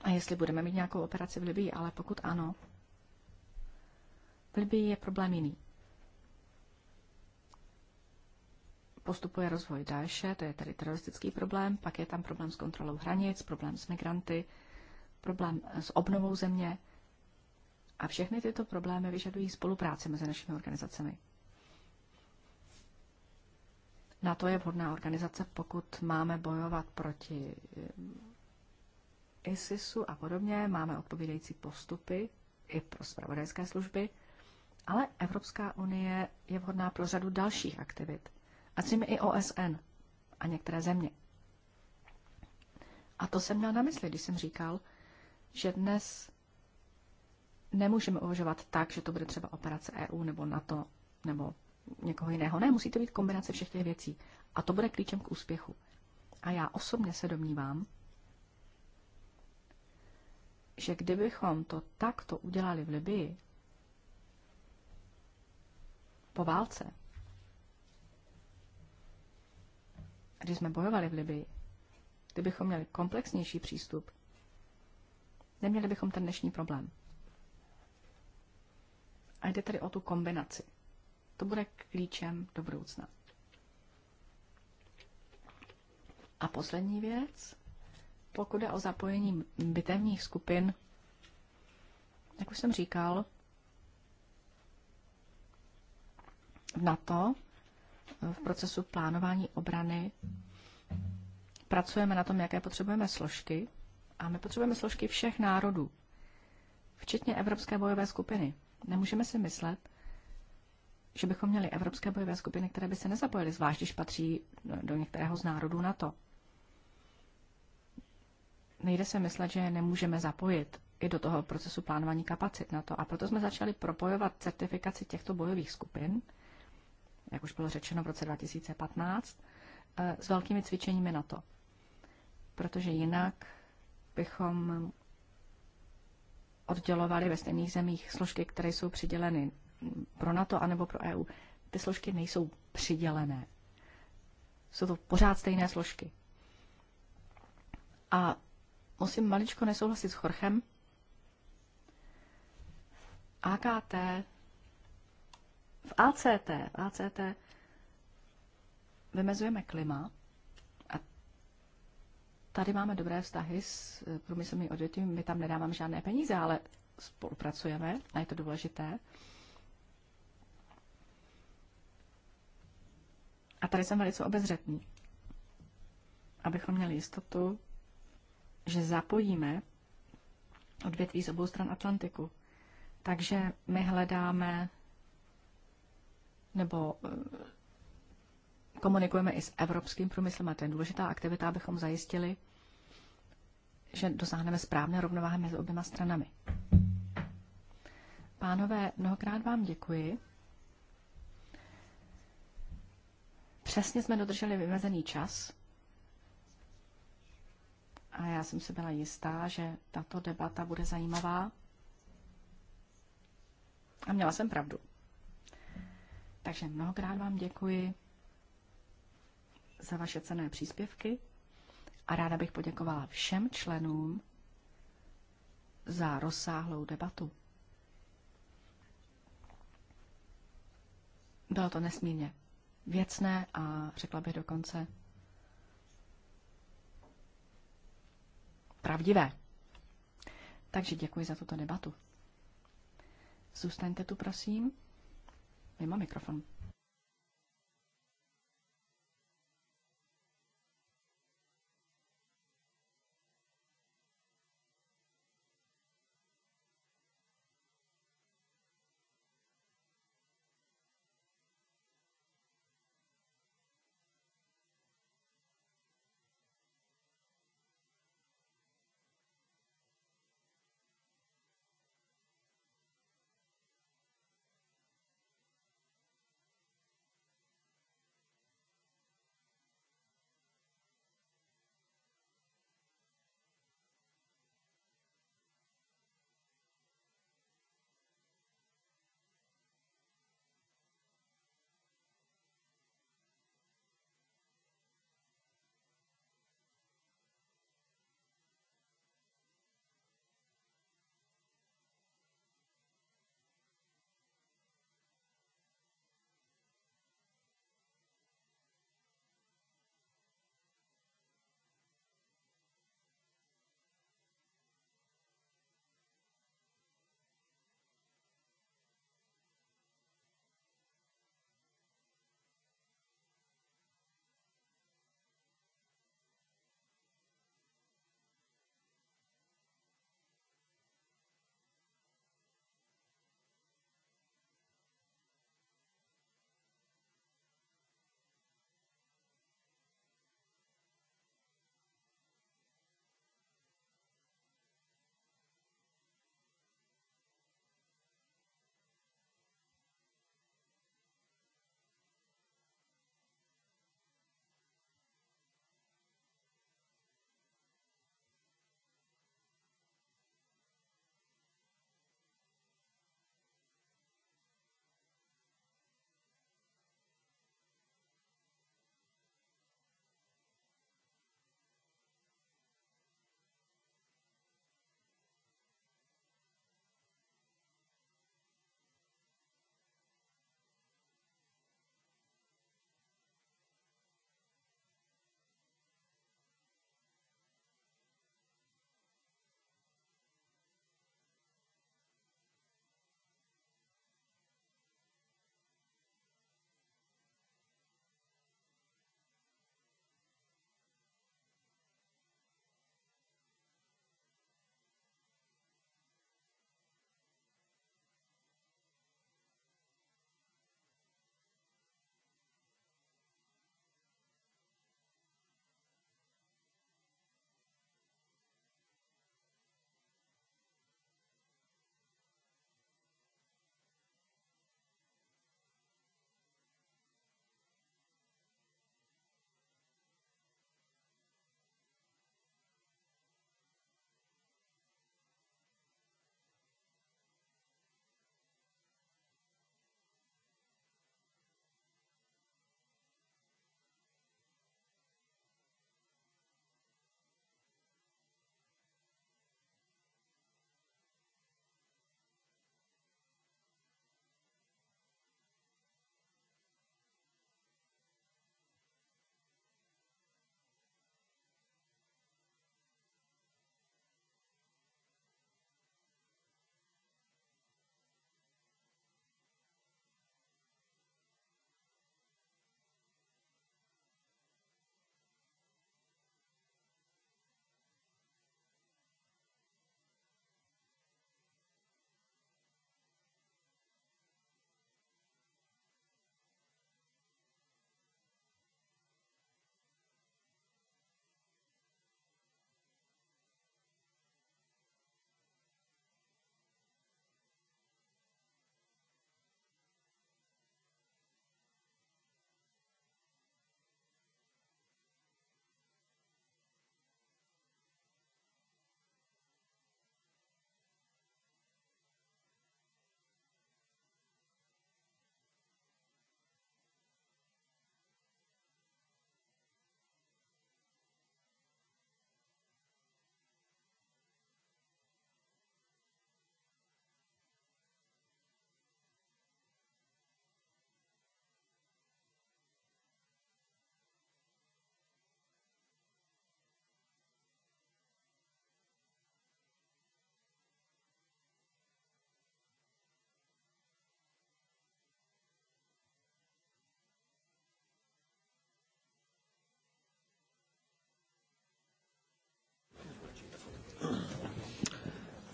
A jestli budeme mít nějakou operaci v Libii, ale pokud ano, v Libii je problém jiný. Postupuje rozvoj Daeše, to je tedy teroristický problém, pak je tam problém s kontrolou hranic, problém s migranty, problém s obnovou země. A všechny tyto problémy vyžadují spolupráci mezi našimi organizacemi. Na to je vhodná organizace, pokud máme bojovat proti eh, ISISu a podobně. Máme odpovídající postupy i pro spravodajské služby, ale Evropská unie je vhodná pro řadu dalších aktivit. A s i OSN a některé země. A to jsem měl na mysli, když jsem říkal, že dnes nemůžeme uvažovat tak, že to bude třeba operace EU nebo NATO nebo někoho jiného. Ne, musí to být kombinace všech těch věcí. A to bude klíčem k úspěchu. A já osobně se domnívám, že kdybychom to takto udělali v Libii, po válce, když jsme bojovali v Libii, kdybychom měli komplexnější přístup, neměli bychom ten dnešní problém. A jde tedy o tu kombinaci. To bude klíčem do budoucna. A poslední věc, pokud je o zapojení bitevních skupin, jak už jsem říkal, v NATO v procesu plánování obrany pracujeme na tom, jaké potřebujeme složky. A my potřebujeme složky všech národů, včetně Evropské bojové skupiny. Nemůžeme si myslet, že bychom měli evropské bojové skupiny, které by se nezapojily, zvlášť když patří no, do některého z národů NATO. Nejde se myslet, že nemůžeme zapojit i do toho procesu plánování kapacit na to. A proto jsme začali propojovat certifikaci těchto bojových skupin, jak už bylo řečeno v roce 2015, eh, s velkými cvičeními na to. Protože jinak bychom oddělovali ve stejných zemích složky, které jsou přiděleny pro NATO anebo pro EU, ty složky nejsou přidělené. Jsou to pořád stejné složky. A musím maličko nesouhlasit s Chorchem. AKT v ACT, v ACT vymezujeme klima a tady máme dobré vztahy s průmyslovými odvětvím. my tam nedáváme žádné peníze, ale spolupracujeme a je to důležité. A tady jsem velice obezřetný, abychom měli jistotu, že zapojíme odvětví z obou stran Atlantiku. Takže my hledáme nebo eh, komunikujeme i s evropským průmyslem a to je důležitá aktivita, abychom zajistili, že dosáhneme správné rovnováhy mezi oběma stranami. Pánové, mnohokrát vám děkuji. Přesně jsme dodrželi vymezený čas. A já jsem se byla jistá, že tato debata bude zajímavá. A měla jsem pravdu. Takže mnohokrát vám děkuji za vaše cené příspěvky a ráda bych poděkovala všem členům za rozsáhlou debatu. Bylo to nesmírně věcné a řekla bych dokonce pravdivé. Takže děkuji za tuto debatu. Zůstaňte tu, prosím, mimo mikrofon.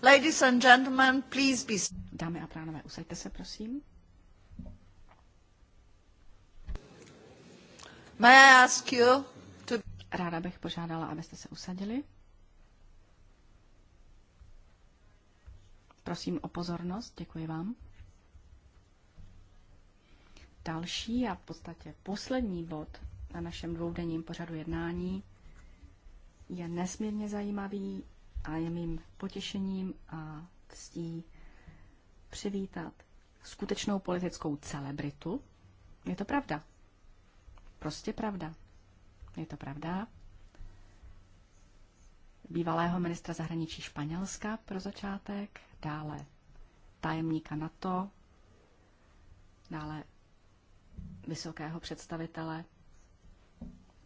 Ladies and gentlemen, please be... Dámy a pánové, usaďte se, prosím. May I ask you to... Ráda bych požádala, abyste se usadili. Prosím o pozornost, děkuji vám. Další a v podstatě poslední bod na našem dvoudenním pořadu jednání je nesmírně zajímavý, a je mým potěšením a ctí přivítat skutečnou politickou celebritu. Je to pravda. Prostě pravda. Je to pravda. Bývalého ministra zahraničí Španělska pro začátek, dále tajemníka NATO, dále vysokého představitele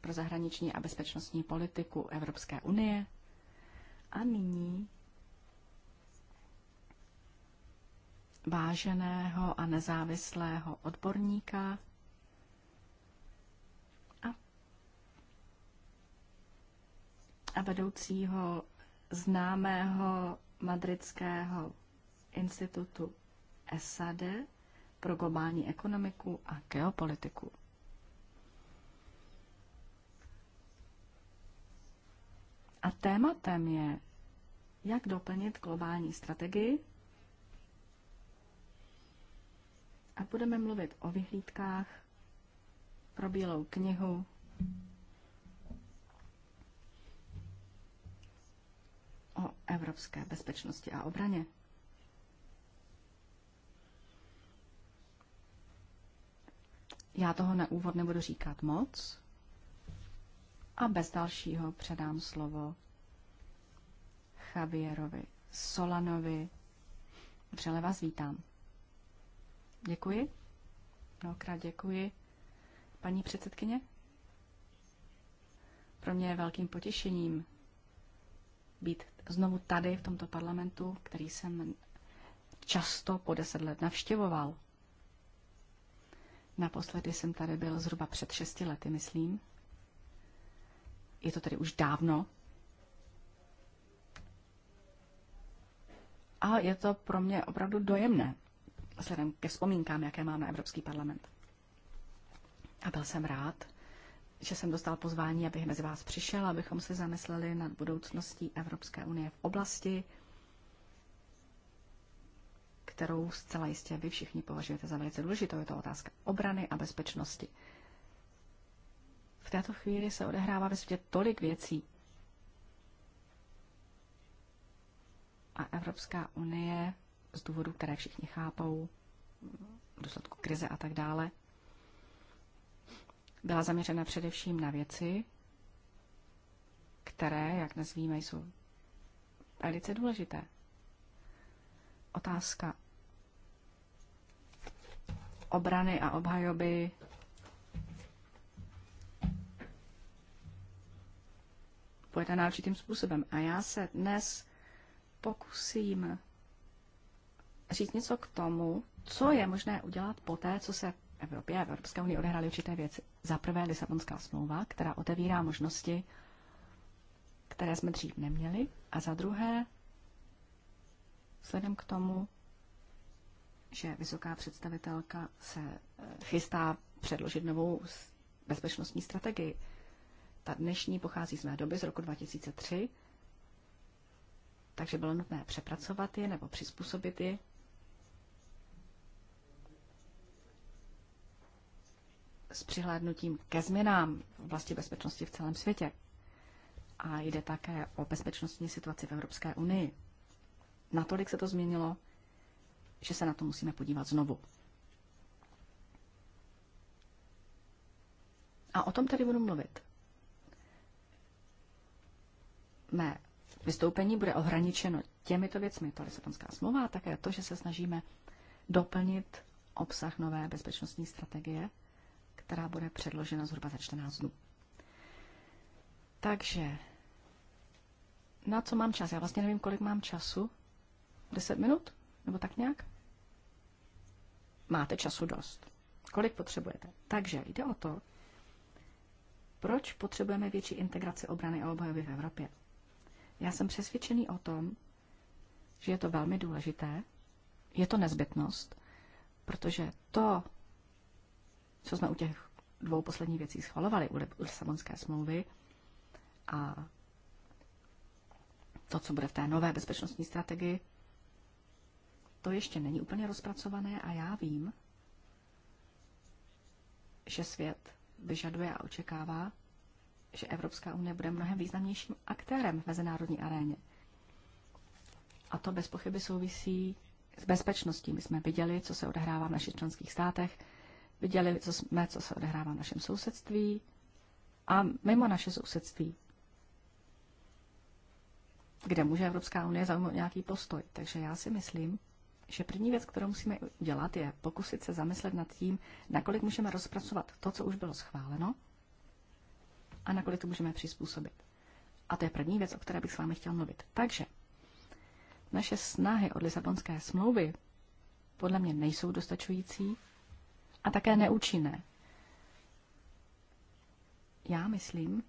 pro zahraniční a bezpečnostní politiku Evropské unie, a nyní váženého a nezávislého odborníka a, a vedoucího známého madridského institutu ESADE pro globální ekonomiku a geopolitiku. A tématem je, jak doplnit globální strategii. A budeme mluvit o vyhlídkách pro Bílou knihu, o evropské bezpečnosti a obraně. Já toho na úvod nebudu říkat moc, a bez dalšího předám slovo Javierovi Solanovi. Vřele vás vítám. Děkuji. Mnohokrát děkuji. Paní předsedkyně? Pro mě je velkým potěšením být znovu tady v tomto parlamentu, který jsem často po deset let navštěvoval. Naposledy jsem tady byl zhruba před šesti lety, myslím. Je to tedy už dávno. A je to pro mě opravdu dojemné, vzhledem ke vzpomínkám, jaké máme Evropský parlament. A byl jsem rád, že jsem dostal pozvání, abych mezi vás přišel, abychom se zamysleli nad budoucností Evropské unie v oblasti, kterou zcela jistě vy všichni považujete za velice důležitou. Je to otázka obrany a bezpečnosti. V této chvíli se odehrává ve světě tolik věcí. A Evropská unie z důvodu, které všichni chápou, v důsledku krize a tak dále, byla zaměřena především na věci, které, jak dnes víme, jsou velice důležité. Otázka obrany a obhajoby odpovědaná určitým způsobem. A já se dnes pokusím říct něco k tomu, co je možné udělat po té, co se v Evropě a Evropské unii odehrály určité věci. Za prvé Lisabonská smlouva, která otevírá možnosti, které jsme dřív neměli. A za druhé, vzhledem k tomu, že vysoká představitelka se eh, chystá předložit novou bezpečnostní strategii, ta dnešní pochází z mé doby, z roku 2003, takže bylo nutné přepracovat je nebo přizpůsobit je. s přihlédnutím ke změnám v oblasti bezpečnosti v celém světě. A jde také o bezpečnostní situaci v Evropské unii. Natolik se to změnilo, že se na to musíme podívat znovu. A o tom tady budu mluvit mé vystoupení bude ohraničeno těmito věcmi, to Lisabonská smlouva a také to, že se snažíme doplnit obsah nové bezpečnostní strategie, která bude předložena zhruba za 14 dnů. Takže, na co mám čas? Já vlastně nevím, kolik mám času. 10 minut? Nebo tak nějak? Máte času dost. Kolik potřebujete? Takže jde o to, proč potřebujeme větší integraci obrany a obhajoby v Evropě. Já jsem přesvědčený o tom, že je to velmi důležité, je to nezbytnost, protože to, co jsme u těch dvou posledních věcí schvalovali, u Lisabonské smlouvy a to, co bude v té nové bezpečnostní strategii, to ještě není úplně rozpracované a já vím, že svět vyžaduje a očekává, že Evropská unie bude mnohem významnějším aktérem v mezinárodní aréně. A to bez pochyby souvisí s bezpečností. My jsme viděli, co se odehrává v našich členských státech, viděli co jsme, co se odehrává v našem sousedství a mimo naše sousedství, kde může Evropská unie zaujmout nějaký postoj. Takže já si myslím, že první věc, kterou musíme dělat, je pokusit se zamyslet nad tím, nakolik můžeme rozpracovat to, co už bylo schváleno, a nakolik to můžeme přizpůsobit. A to je první věc, o které bych s vámi chtěl mluvit. Takže naše snahy od Lisabonské smlouvy podle mě nejsou dostačující a také neúčinné. Já myslím,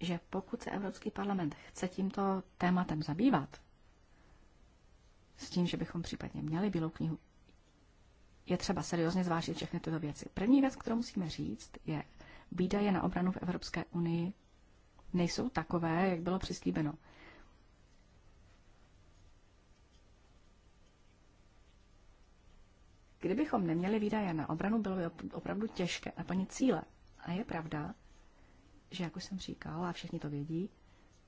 že pokud se Evropský parlament chce tímto tématem zabývat, s tím, že bychom případně měli bílou knihu, je třeba seriózně zvážit všechny tyto věci. První věc, kterou musíme říct, je výdaje na obranu v Evropské unii nejsou takové, jak bylo přislíbeno. Kdybychom neměli výdaje na obranu, bylo by opravdu těžké naplnit cíle. A je pravda, že, jak už jsem říkal, a všichni to vědí,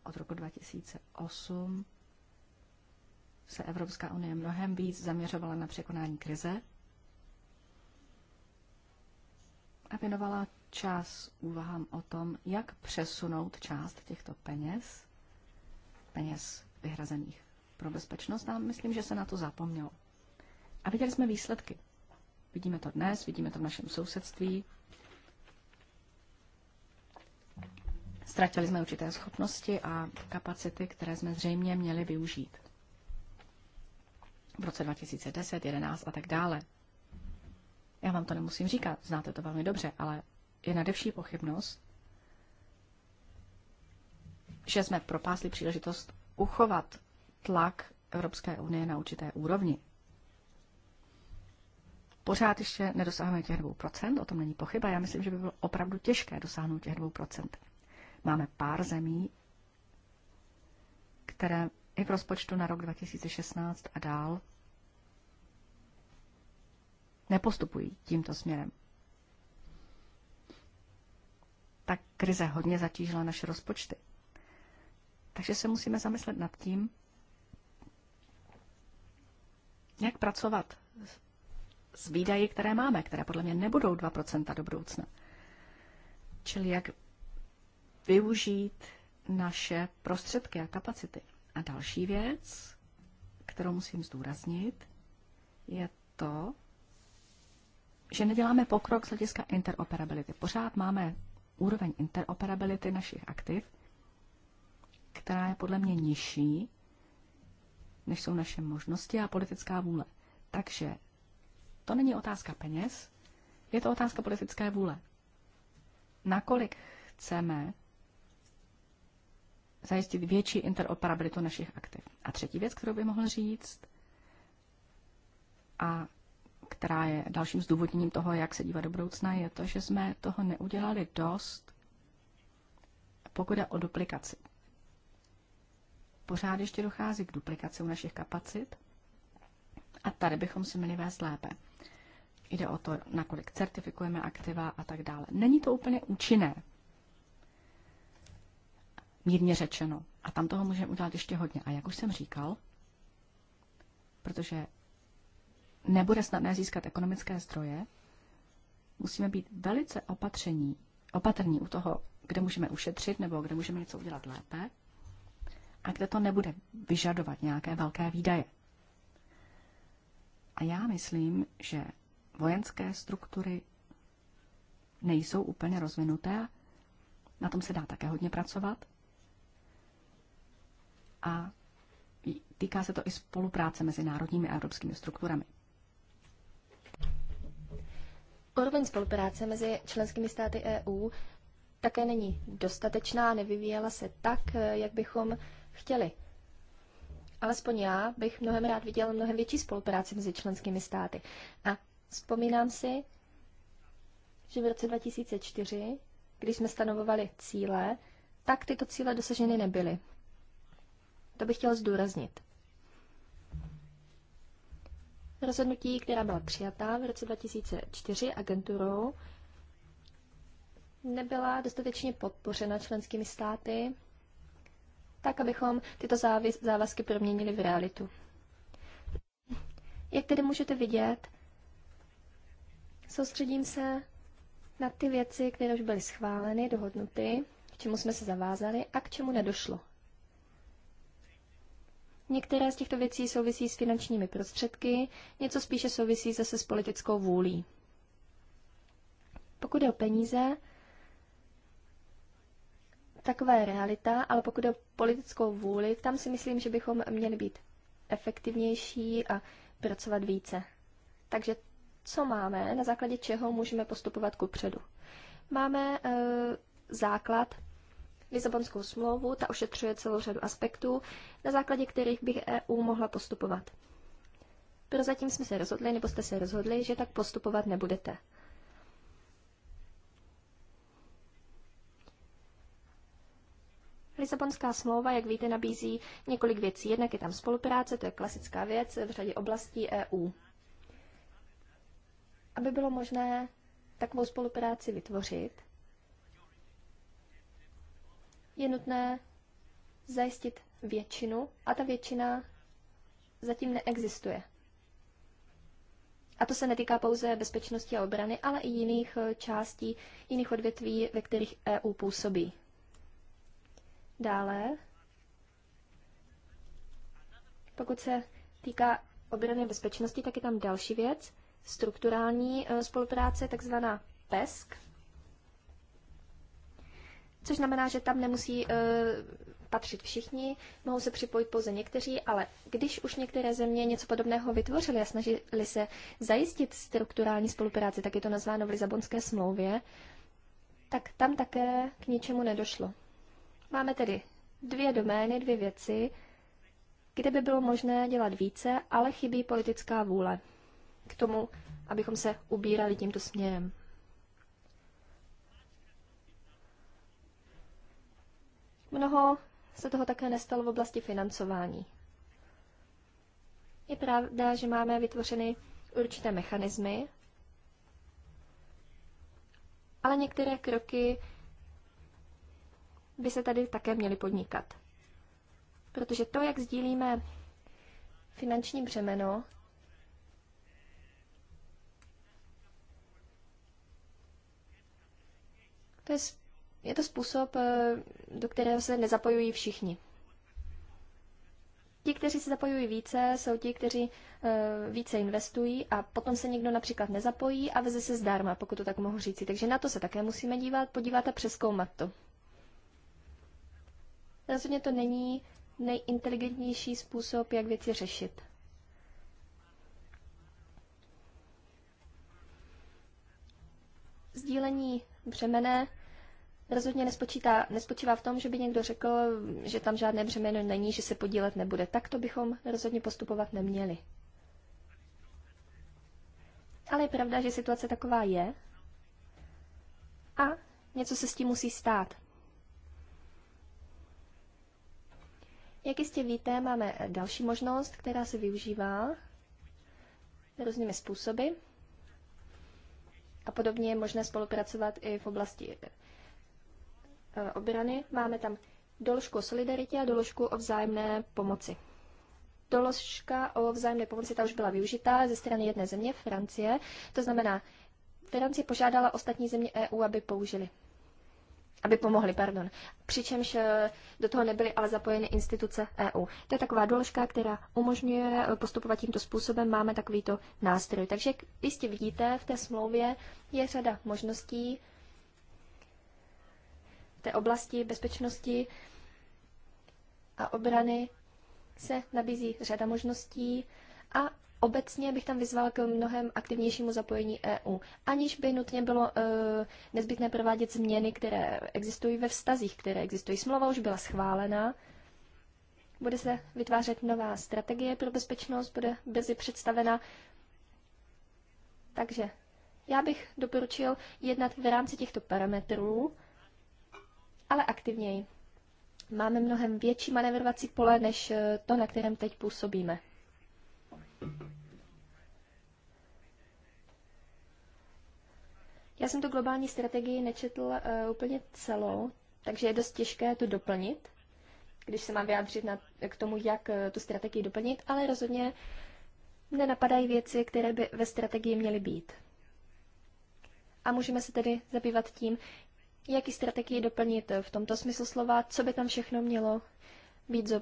od roku 2008 se Evropská unie mnohem víc zaměřovala na překonání krize a věnovala čas úvahám o tom, jak přesunout část těchto peněz, peněz vyhrazených pro bezpečnost, a myslím, že se na to zapomnělo. A viděli jsme výsledky. Vidíme to dnes, vidíme to v našem sousedství. Ztratili jsme určité schopnosti a kapacity, které jsme zřejmě měli využít. V roce 2010, 2011 a tak dále. Já vám to nemusím říkat, znáte to velmi dobře, ale je nadevší pochybnost, že jsme propásli příležitost uchovat tlak Evropské unie na určité úrovni. Pořád ještě nedosáhneme těch 2%, o tom není pochyba. Já myslím, že by bylo opravdu těžké dosáhnout těch 2%. Máme pár zemí, které i v rozpočtu na rok 2016 a dál nepostupují tímto směrem tak krize hodně zatížila naše rozpočty. Takže se musíme zamyslet nad tím, jak pracovat s výdaji, které máme, které podle mě nebudou 2% do budoucna. Čili jak využít naše prostředky a kapacity. A další věc, kterou musím zdůraznit, je to, že neděláme pokrok z hlediska interoperability. Pořád máme úroveň interoperability našich aktiv, která je podle mě nižší, než jsou naše možnosti a politická vůle. Takže to není otázka peněz, je to otázka politické vůle. Nakolik chceme zajistit větší interoperabilitu našich aktiv. A třetí věc, kterou bych mohl říct, a která je dalším zdůvodněním toho, jak se dívat do budoucna, je to, že jsme toho neudělali dost, pokud je o duplikaci. Pořád ještě dochází k duplikaci u našich kapacit a tady bychom si měli vést lépe. Jde o to, nakolik certifikujeme aktiva a tak dále. Není to úplně účinné, mírně řečeno. A tam toho můžeme udělat ještě hodně. A jak už jsem říkal, protože nebude snadné získat ekonomické zdroje, musíme být velice opatření, opatrní u toho, kde můžeme ušetřit nebo kde můžeme něco udělat lépe a kde to nebude vyžadovat nějaké velké výdaje. A já myslím, že vojenské struktury nejsou úplně rozvinuté, na tom se dá také hodně pracovat. A týká se to i spolupráce mezi národními a evropskými strukturami. Úroveň spolupráce mezi členskými státy EU také není dostatečná, nevyvíjela se tak, eh, jak bychom chtěli. Alespoň já bych mnohem rád viděl mnohem větší spolupráci mezi členskými státy. A vzpomínám si, že v roce 2004, když jsme stanovovali cíle, tak tyto cíle dosaženy nebyly. To bych chtěl zdůraznit rozhodnutí, která byla přijatá v roce 2004 agenturou, nebyla dostatečně podpořena členskými státy, tak abychom tyto závazky proměnili v realitu. Jak tedy můžete vidět, soustředím se na ty věci, které už byly schváleny, dohodnuty, k čemu jsme se zavázali a k čemu nedošlo Některé z těchto věcí souvisí s finančními prostředky, něco spíše souvisí zase s politickou vůlí. Pokud je o peníze, taková je realita, ale pokud je o politickou vůli, tam si myslím, že bychom měli být efektivnější a pracovat více. Takže co máme, na základě čeho můžeme postupovat ku předu? Máme e, základ Lisabonskou smlouvu, ta ošetřuje celou řadu aspektů, na základě kterých bych EU mohla postupovat. Prozatím jsme se rozhodli, nebo jste se rozhodli, že tak postupovat nebudete. Lisabonská smlouva, jak víte, nabízí několik věcí. Jednak je tam spolupráce, to je klasická věc v řadě oblastí EU. Aby bylo možné takovou spolupráci vytvořit, je nutné zajistit většinu a ta většina zatím neexistuje. A to se netýká pouze bezpečnosti a obrany, ale i jiných eh, částí, jiných odvětví, ve kterých EU působí. Dále, pokud se týká obrany a bezpečnosti, tak je tam další věc, strukturální eh, spolupráce, takzvaná PESK což znamená, že tam nemusí uh, patřit všichni, mohou se připojit pouze někteří, ale když už některé země něco podobného vytvořily a snažili se zajistit strukturální spolupráci, tak je to nazváno v Lisabonské smlouvě, tak tam také k ničemu nedošlo. Máme tedy dvě domény, dvě věci, kde by bylo možné dělat více, ale chybí politická vůle k tomu, abychom se ubírali tímto směrem. Mnoho se toho také nestalo v oblasti financování. Je pravda, že máme vytvořeny určité mechanismy, ale některé kroky by se tady také měly podnikat. Protože to, jak sdílíme finanční břemeno, to je je to způsob, eh, do kterého se nezapojují všichni. Ti, kteří se zapojují více, jsou ti, kteří eh, více investují a potom se někdo například nezapojí a veze se zdarma, pokud to tak mohu říci. Takže na to se také musíme dívat, podívat a přeskoumat to. Rozhodně to není nejinteligentnější způsob, jak věci řešit. Sdílení břemene rozhodně nespočítá, nespočívá v tom, že by někdo řekl, že tam žádné břemeno není, že se podílet nebude. Tak to bychom rozhodně postupovat neměli. Ale je pravda, že situace taková je a něco se s tím musí stát. Jak jistě víte, máme další možnost, která se využívá různými způsoby. A podobně je možné spolupracovat i v oblasti Eh, obrany. Máme tam doložku o solidaritě a doložku o vzájemné pomoci. Doložka o vzájemné pomoci ta už byla využitá ze strany jedné země, Francie. To znamená, Francie požádala ostatní země EU, aby použili aby pomohli, pardon. Přičemž eh, do toho nebyly ale zapojeny instituce EU. To je taková doložka, která umožňuje eh, postupovat tímto způsobem. Máme takovýto nástroj. Takže jak jistě vidíte, v té smlouvě je řada možností, té oblasti bezpečnosti a obrany se nabízí řada možností a obecně bych tam vyzval k mnohem aktivnějšímu zapojení EU, aniž by nutně bylo e, nezbytné provádět změny, které existují ve vztazích, které existují. Smlouva už byla schválena, bude se vytvářet nová strategie pro bezpečnost, bude brzy představena. Takže já bych doporučil jednat v rámci těchto parametrů ale aktivněji. Máme mnohem větší manevrovací pole než eh, to, na kterém teď působíme. Já jsem tu globální strategii nečetl uh, úplně celou, takže je dost těžké to doplnit, když se mám vyjádřit na, k tomu, jak uh, tu strategii doplnit, ale rozhodně nenapadají věci, které by ve strategii měly být. A můžeme se tedy zabývat tím, Jaký strategii doplnit v tomto smyslu slova, co by tam všechno mělo být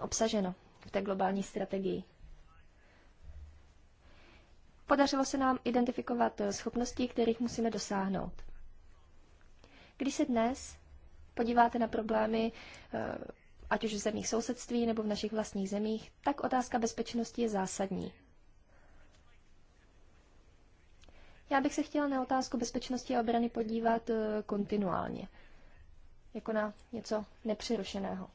obsaženo v té globální strategii. Podařilo se nám identifikovat eh, schopnosti, kterých musíme dosáhnout. Když se dnes podíváte na problémy, eh, ať už v zemích sousedství nebo v našich vlastních zemích, tak otázka bezpečnosti je zásadní. Já bych se chtěla na otázku bezpečnosti a obrany podívat eh, kontinuálně, jako na něco nepřerušeného.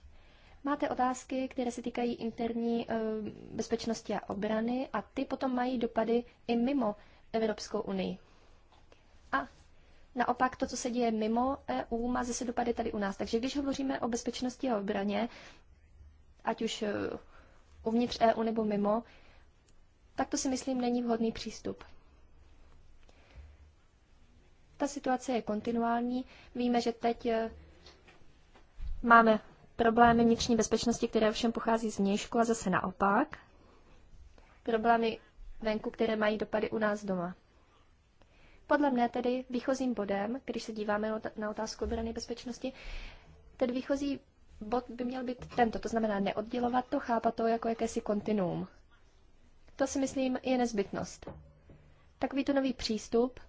Máte otázky, které se týkají interní eh, bezpečnosti a obrany a ty potom mají dopady i mimo Evropskou unii. A naopak to, co se děje mimo EU, má zase dopady tady u nás. Takže když hovoříme o bezpečnosti a obraně, ať už eh, uvnitř EU nebo mimo, tak to si myslím není vhodný přístup. Ta situace je kontinuální. Víme, že teď eh, máme problémy vnitřní bezpečnosti, které ovšem pochází z vnějšku a zase naopak. Problémy venku, které mají dopady u nás doma. Podle mne tedy výchozím bodem, když se díváme na otázku obrany bezpečnosti, ten výchozí bod by měl být tento, to znamená neoddělovat to, chápat to jako jakési kontinuum. To si myslím je nezbytnost. Takovýto nový přístup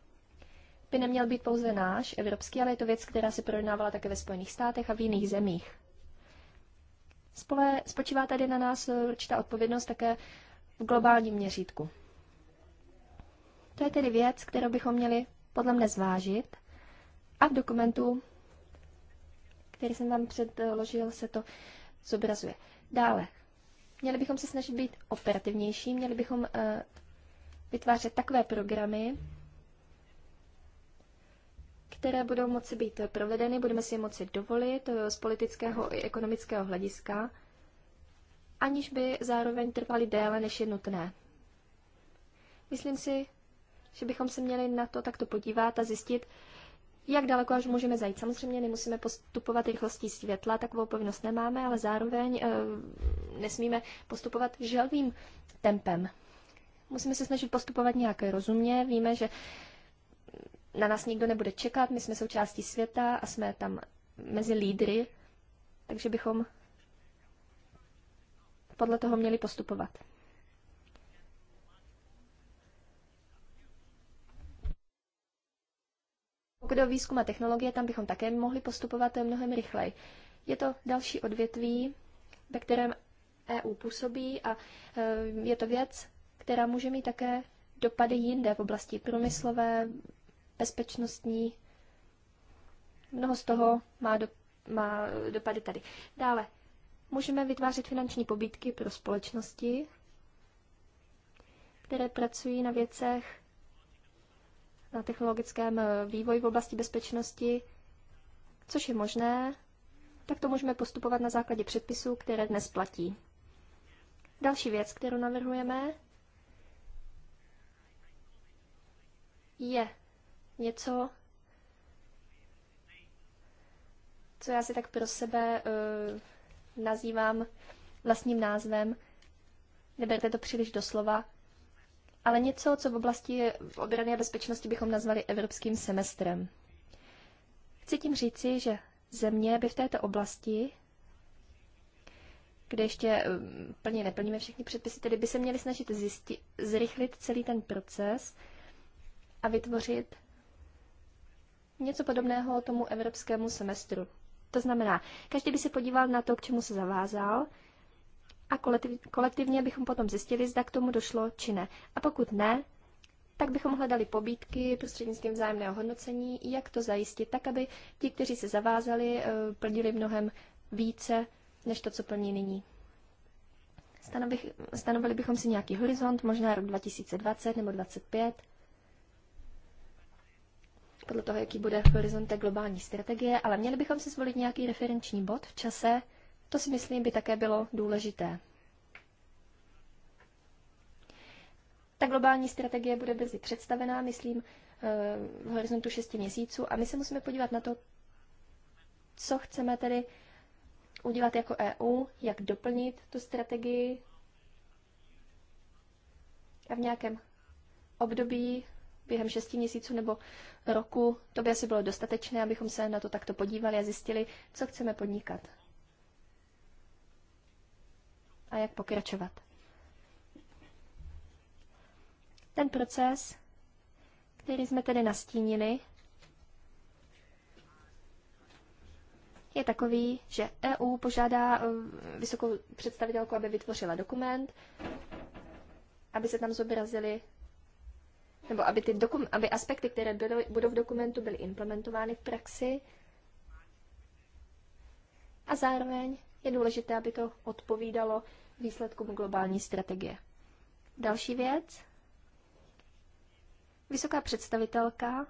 by neměl být pouze náš, evropský, ale je to věc, která se projednávala také ve Spojených státech a v jiných zemích. Spole, spočívá tady na nás určitá odpovědnost také v globálním měřítku. To je tedy věc, kterou bychom měli podle mne zvážit a v dokumentu, který jsem vám předložil, se to zobrazuje. Dále, měli bychom se snažit být operativnější, měli bychom uh, vytvářet takové programy, které budou moci být provedeny, budeme si je moci dovolit eh, z politického i ekonomického hlediska, aniž by zároveň trvaly déle, než je nutné. Myslím si, že bychom se měli na to takto podívat a zjistit, jak daleko až můžeme zajít. Samozřejmě nemusíme postupovat rychlostí světla, takovou povinnost nemáme, ale zároveň e, nesmíme postupovat želvým tempem. Musíme se snažit postupovat nějak rozumně. Víme, že na nás nikdo nebude čekat, my jsme součástí světa a jsme tam mezi lídry, takže bychom podle toho měli postupovat. Pokud o výzkum a technologie, tam bychom také mohli postupovat mnohem rychleji. Je to další odvětví, ve kterém EU působí a e, je to věc, která může mít také dopady jinde v oblasti průmyslové, bezpečnostní. Mnoho z toho má, do, má dopady tady. Dále, můžeme vytvářet finanční pobídky pro společnosti, které pracují na věcech, na technologickém eh, vývoji v oblasti bezpečnosti, což je možné, tak to můžeme postupovat na základě předpisů, které dnes platí. Další věc, kterou navrhujeme, je něco, co já si tak pro sebe uh, nazývám vlastním názvem. Neberte to příliš doslova, ale něco, co v oblasti obrany a bezpečnosti bychom nazvali evropským semestrem. Chci tím říci, že země by v této oblasti, kde ještě eh, plně neplníme všechny předpisy, tedy by se měly snažit zjistit, zrychlit celý ten proces a vytvořit něco podobného tomu evropskému semestru. To znamená, každý by se podíval na to, k čemu se zavázal, a kolektivně bychom potom zjistili, zda k tomu došlo či ne. A pokud ne, tak bychom hledali pobídky prostřednictvím vzájemného hodnocení, jak to zajistit, tak aby ti, kteří se zavázali, eh, plnili mnohem více než to, co plní nyní. Stanovili bychom si nějaký horizont, možná rok 2020 nebo 2025 podle toho, jaký bude v horizonte globální strategie, ale měli bychom si zvolit nějaký referenční bod v čase. To si myslím by také bylo důležité. Ta globální strategie bude brzy představená, myslím, eh, v horizontu 6 měsíců a my se musíme podívat na to, co chceme tedy udělat jako EU, jak doplnit tu strategii a v nějakém období během šesti měsíců nebo roku, to by asi bylo dostatečné, abychom se na to takto podívali a zjistili, co chceme podnikat. A jak pokračovat. Ten proces, který jsme tedy nastínili, je takový, že EU požádá eh, vysokou představitelku, aby vytvořila dokument, aby se tam zobrazily nebo aby, ty dokum, aby aspekty, které byly, budou v dokumentu, byly implementovány v praxi. A zároveň je důležité, aby to odpovídalo výsledkům globální strategie. Další věc. Vysoká představitelka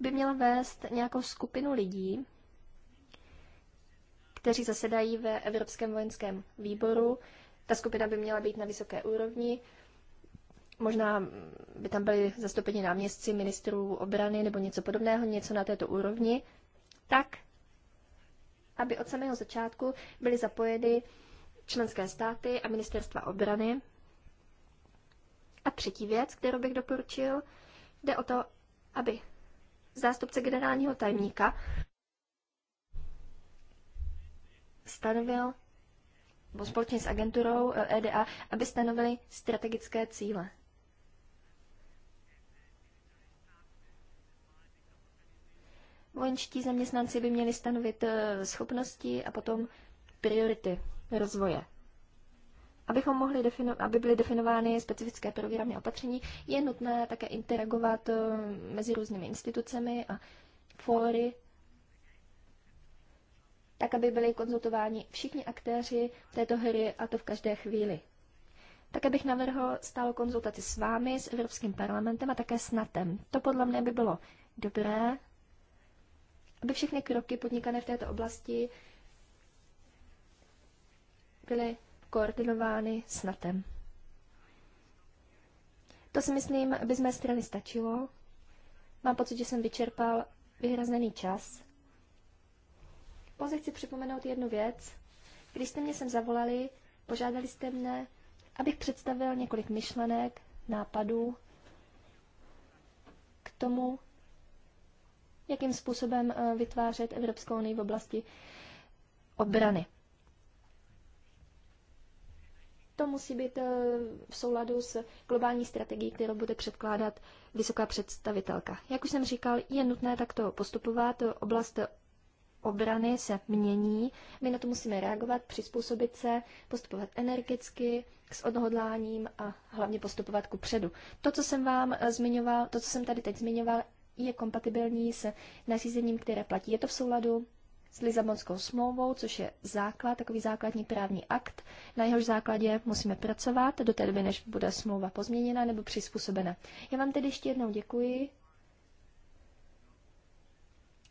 by měla vést nějakou skupinu lidí, kteří zasedají ve Evropském vojenském výboru. Ta skupina by měla být na vysoké úrovni, Možná by tam byli zastoupeni náměstci ministrů obrany nebo něco podobného, něco na této úrovni, tak, aby od samého začátku byly zapojeny členské státy a ministerstva obrany. A třetí věc, kterou bych doporučil, jde o to, aby zástupce generálního tajemníka stanovil, nebo společně s agenturou EDA, eh, e aby stanovili strategické cíle. Vojenští zaměstnanci by měli stanovit eh, schopnosti a potom priority rozvoje. Abychom mohli defino- aby byly definovány specifické programy a opatření, je nutné také interagovat eh, mezi různými institucemi a fóry, tak aby byli konzultováni všichni aktéři této hry a to v každé chvíli. Také bych navrhl stálou konzultaci s vámi, s Evropským parlamentem a také s NATO. E to podle mě by bylo dobré, aby všechny kroky podnikané v této oblasti byly koordinovány s NATem. To si myslím, by z mé strany stačilo. Mám pocit, že jsem vyčerpal vyhrazený čas. Pouze chci připomenout jednu věc. Když jste mě sem zavolali, požádali jste mne, abych představil několik myšlenek, nápadů k tomu, jakým způsobem eh, vytvářet Evropskou unii v oblasti obrany. To musí být eh, v souladu s globální strategií, kterou bude předkládat vysoká představitelka. Jak už jsem říkal, je nutné takto postupovat. Oblast obrany se mění. My na to musíme reagovat, přizpůsobit se, postupovat energicky, s odhodláním a hlavně postupovat ku předu. To, co jsem vám eh, zmiňoval, to, co jsem tady teď zmiňoval, je kompatibilní s nařízením, které platí. Je to v souladu s Lizabonskou smlouvou, což je základ, takový základní právní akt. Na jehož základě musíme pracovat do té doby, než bude smlouva pozměněna nebo přizpůsobena. Já vám tedy ještě jednou děkuji.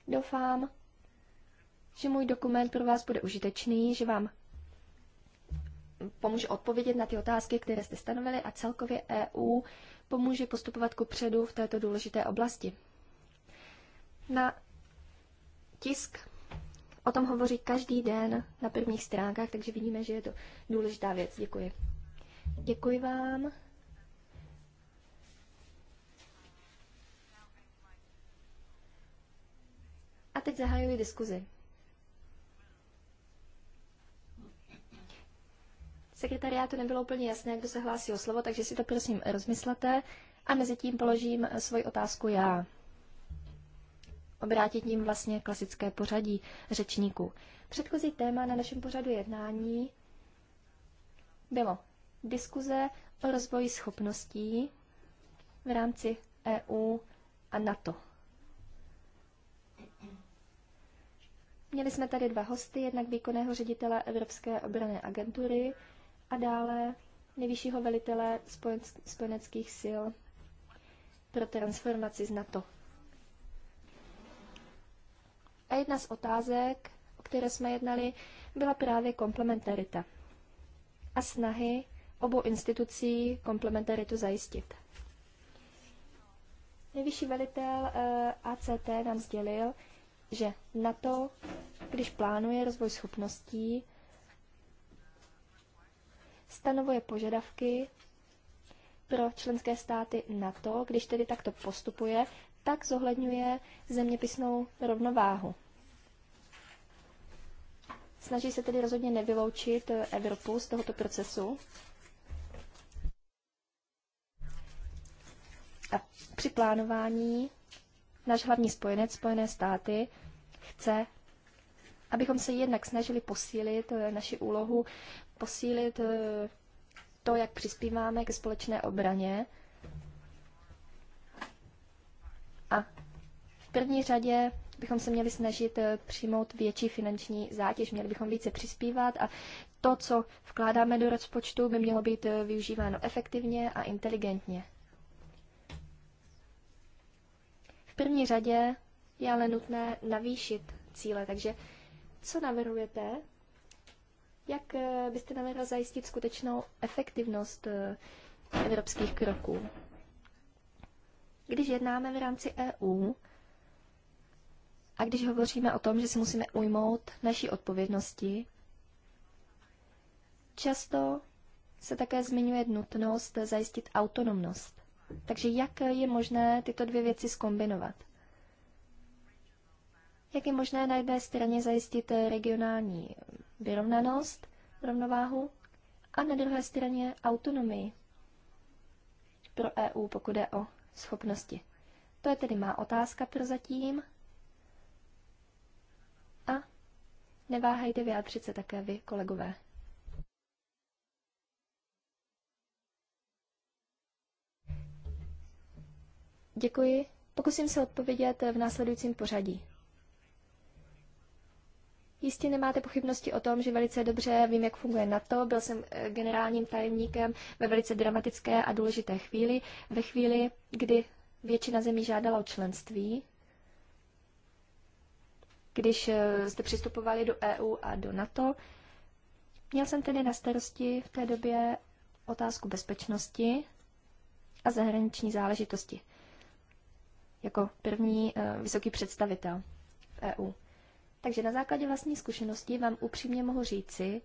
Doufám, že můj dokument pro vás bude užitečný, že vám pomůže odpovědět na ty otázky, které jste stanovili a celkově EU pomůže postupovat ku předu v této důležité oblasti na tisk. O tom hovoří každý den na prvních stránkách, takže vidíme, že je to důležitá věc. Děkuji. Děkuji vám. A teď zahajuji diskuzi. Sekretariátu nebylo úplně jasné, kdo se hlásí o slovo, takže si to prosím rozmyslete a mezi tím položím svoji otázku já obrátit tím vlastně klasické pořadí řečníků. Předchozí téma na našem pořadu jednání bylo diskuze o rozvoji schopností v rámci EU a NATO. Měli jsme tady dva hosty, jednak výkonného ředitele Evropské obrané agentury a dále nejvyššího velitele spojeneckých sil pro transformaci z NATO. A jedna z otázek, o které jsme jednali, byla právě komplementarita a snahy obou institucí komplementaritu zajistit. Nejvyšší velitel eh, ACT nám sdělil, že na to, když plánuje rozvoj schopností, stanovuje požadavky pro členské státy na to, když tedy takto postupuje, tak zohledňuje zeměpisnou rovnováhu. Snaží se tedy rozhodně nevyloučit eh, Evropu z tohoto procesu. A při plánování náš hlavní spojenec, Spojené státy, chce, abychom se jednak snažili posílit eh, naši úlohu, posílit eh, to, jak přispíváme ke společné obraně první řadě bychom se měli snažit eh, přijmout větší finanční zátěž, měli bychom více přispívat a to, co vkládáme do rozpočtu, by mělo být eh, využíváno efektivně a inteligentně. V první řadě je ale nutné navýšit cíle, takže co navrhujete? Jak eh, byste navrhla zajistit skutečnou efektivnost evropských kroků? Když jednáme v rámci EU, a když hovoříme o tom, že si musíme ujmout naší odpovědnosti, často se také zmiňuje nutnost zajistit autonomnost. Takže jak je možné tyto dvě věci skombinovat? Jak je možné na jedné straně zajistit regionální vyrovnanost, rovnováhu a na druhé straně autonomii pro EU, pokud je o schopnosti. To je tedy má otázka pro zatím Neváhejte vyjádřit se také vy, kolegové. Děkuji. Pokusím se odpovědět v následujícím pořadí. Jistě nemáte pochybnosti o tom, že velice dobře vím, jak funguje NATO. Byl jsem eh, generálním tajemníkem ve velice dramatické a důležité chvíli, ve chvíli, kdy většina zemí žádala o členství když eh, jste přistupovali do EU a do NATO, měl jsem tedy na starosti v té době otázku bezpečnosti a zahraniční záležitosti. Jako první eh, vysoký představitel v EU. Takže na základě vlastní zkušenosti vám upřímně mohu říci,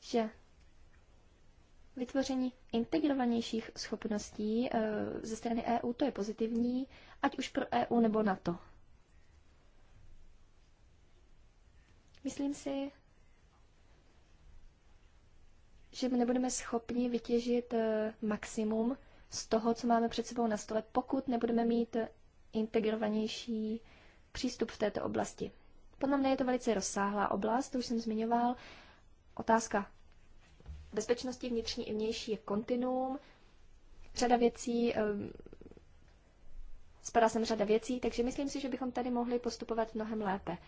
že vytvoření integrovanějších schopností eh, ze strany EU to je pozitivní, ať už pro EU nebo NATO. Myslím si, že my nebudeme schopni vytěžit eh, maximum z toho, co máme před sebou na stole, pokud nebudeme mít integrovanější přístup v této oblasti. Podle mě je to velice rozsáhlá oblast, to už jsem zmiňoval. Otázka bezpečnosti vnitřní i vnější je kontinuum. Řada věcí, eh, spadá sem řada věcí, takže myslím si, že bychom tady mohli postupovat mnohem lépe.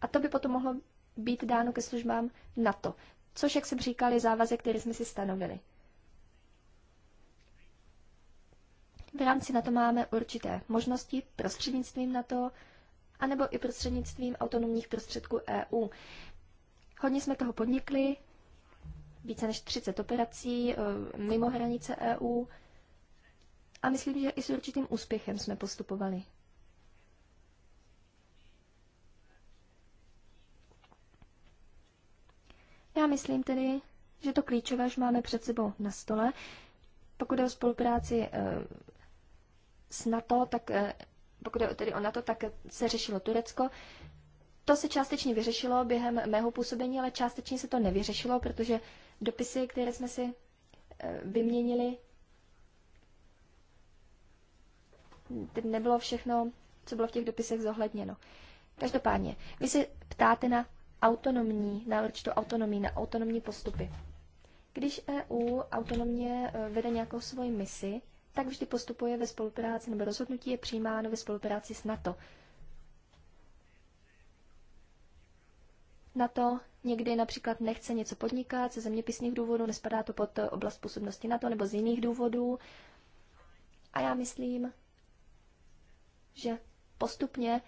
A to by potom mohlo být dáno ke službám NATO, což, jak jsem říkal, je závazek, který jsme si stanovili. V rámci NATO máme určité možnosti prostřednictvím NATO, anebo i prostřednictvím autonomních prostředků EU. Hodně jsme toho podnikli, více než 30 operací eh, mimo hranice EU a myslím, že i s určitým úspěchem jsme postupovali. Já myslím tedy, že to klíčové už máme před sebou na stole. Pokud je o spolupráci eh, s NATO, tak eh, pokud je tedy o NATO, tak se řešilo Turecko. To se částečně vyřešilo během mého působení, ale částečně se to nevyřešilo, protože dopisy, které jsme si eh, vyměnili, tedy nebylo všechno, co bylo v těch dopisech zohledněno. Každopádně, vy se ptáte na autonomní, na určitou autonomii, na autonomní postupy. Když EU autonomně e, vede nějakou svoji misi, tak vždy postupuje ve spolupráci, nebo rozhodnutí je přijímáno ve spolupráci s NATO. NATO někdy například nechce něco podnikat ze zeměpisných důvodů, nespadá to pod e, oblast působnosti NATO nebo z jiných důvodů. A já myslím, že postupně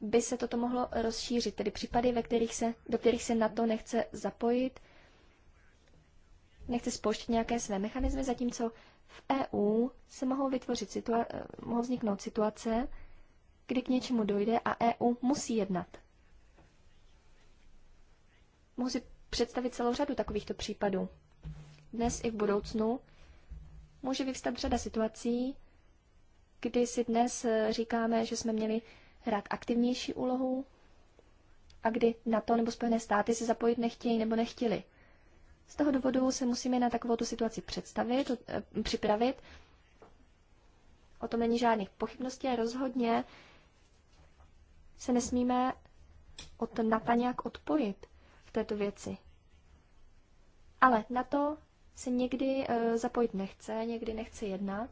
by se toto mohlo rozšířit, tedy případy, ve kterých se, do kterých se na to nechce zapojit, nechce spouštět nějaké své mechanismy, zatímco v EU se mohou, vytvořit situa- mohou vzniknout situace, kdy k něčemu dojde a EU musí jednat. Mohu si představit celou řadu takovýchto případů. Dnes i v budoucnu může vyvstat řada situací, kdy si dnes říkáme, že jsme měli hrát aktivnější úlohu a kdy NATO nebo Spojené státy se zapojit nechtějí nebo nechtěli. Z toho důvodu se musíme na takovou tu situaci představit, eh, připravit. O tom není žádných pochybností a rozhodně se nesmíme od NATO nějak odpojit v této věci. Ale na to se někdy eh, zapojit nechce, někdy nechce jednat.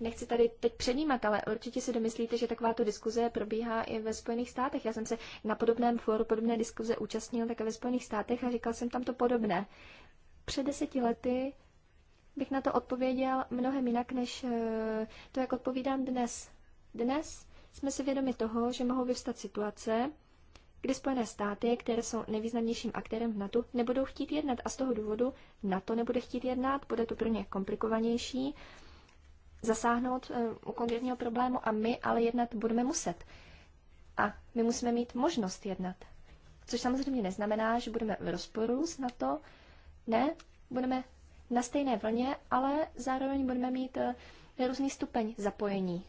Nechci tady teď předjímat, ale určitě si domyslíte, že takováto diskuze probíhá i ve Spojených státech. Já jsem se na podobném fóru podobné diskuze účastnil také ve Spojených státech a říkal jsem tam to podobné. Před deseti lety bych na to odpověděl mnohem jinak, než eh, to, jak odpovídám dnes. Dnes jsme si vědomi toho, že mohou vyvstat situace, kdy Spojené státy, které jsou nejvýznamnějším aktérem v NATO, nebudou chtít jednat a z toho důvodu NATO nebude chtít jednat, bude to pro ně komplikovanější zasáhnout eh, u konkrétního problému a my ale jednat budeme muset. A my musíme mít možnost jednat. Což samozřejmě neznamená, že budeme v rozporu s NATO. Ne, budeme na stejné vlně, ale zároveň budeme mít eh, různý stupeň zapojení.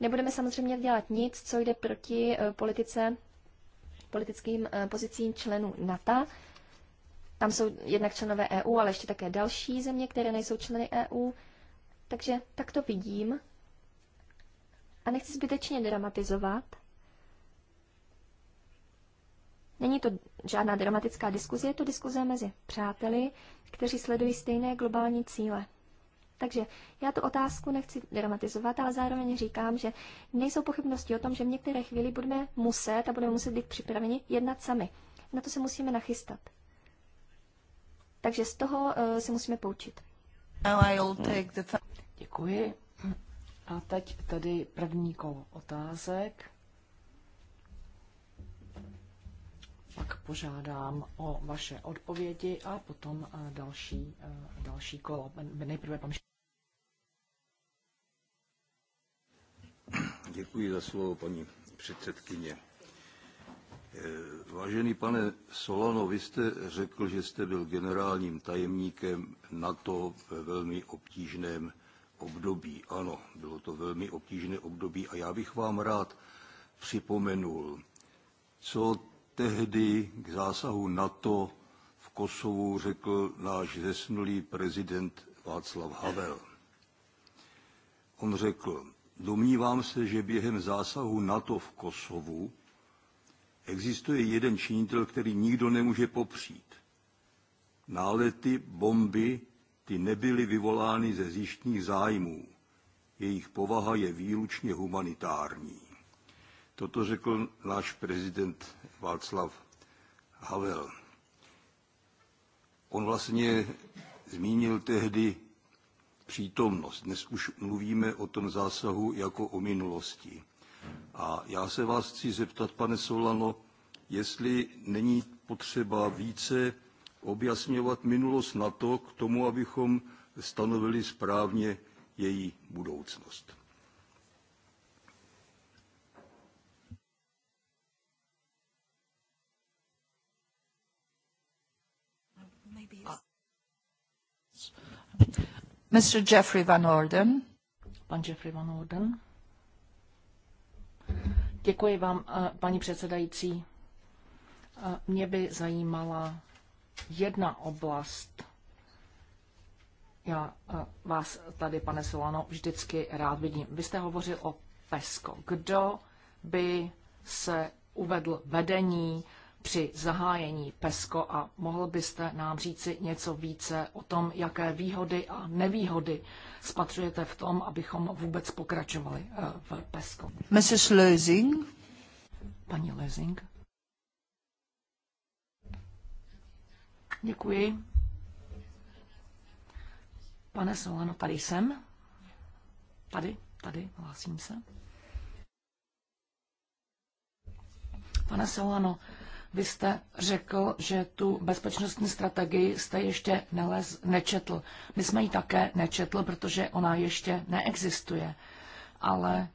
Nebudeme samozřejmě dělat nic, co jde proti eh, politice, politickým pozicím členů NATO. Tam jsou jednak členové EU, ale ještě také další země, které nejsou členy EU. Takže tak to vidím. A nechci zbytečně dramatizovat. Není to žádná dramatická diskuze, je to diskuze mezi přáteli, kteří sledují stejné globální cíle. Takže já tu otázku nechci dramatizovat, ale zároveň říkám, že nejsou pochybnosti o tom, že v některé chvíli budeme muset a budeme muset být připraveni jednat sami. Na to se musíme nachystat. Takže z toho uh, se musíme poučit. Oh, Děkuji. A teď tady první kolo otázek. Pak požádám o vaše odpovědi a potom eh, další, eh, další kolo. Nejprve pan Děkuji za slovo, paní předsedkyně. Eh, vážený pane Solano, vy jste řekl, že jste byl generálním tajemníkem NATO ve velmi obtížném období. Ano, bylo to velmi obtížné období a já bych vám rád připomenul, co tehdy k zásahu NATO v Kosovu řekl náš zesnulý prezident Václav Havel. On řekl, domnívám se, že během zásahu NATO v Kosovu Existuje jeden činitel, který nikdo nemůže popřít. Nálety, bomby, ty nebyly vyvolány ze zjištních zájmů. Jejich povaha je výlučně humanitární. Toto řekl náš prezident Václav Havel. On vlastně zmínil tehdy přítomnost. Dnes už mluvíme o tom zásahu jako o minulosti. A já se vás chci zeptat, pane Solano, jestli není potřeba více objasňovat minulost NATO k tomu, abychom stanovili správně její budoucnost. Mr. Jeffrey Van Orden. Pan Jeffrey Van Orden. Děkuji vám, eh, paní předsedající. Eh, mě by zajímala jedna oblast. Já eh, vás tady, pane Solano, vždycky rád vidím. Vy jste hovořil o PESCO. Kdo by se uvedl vedení při zahájení PESCO a mohl byste nám říci něco více o tom, jaké výhody a nevýhody spatřujete v tom, abychom vůbec pokračovali eh, v PESCO. Mrs. Lösing. Paní Lösing. Děkuji. Pane Solano, tady jsem. Tady, tady, hlásím se. Pane Solano, vy jste řekl, že tu bezpečnostní strategii jste ještě nelez, nečetl. My jsme ji také nečetl, protože ona ještě neexistuje. Ale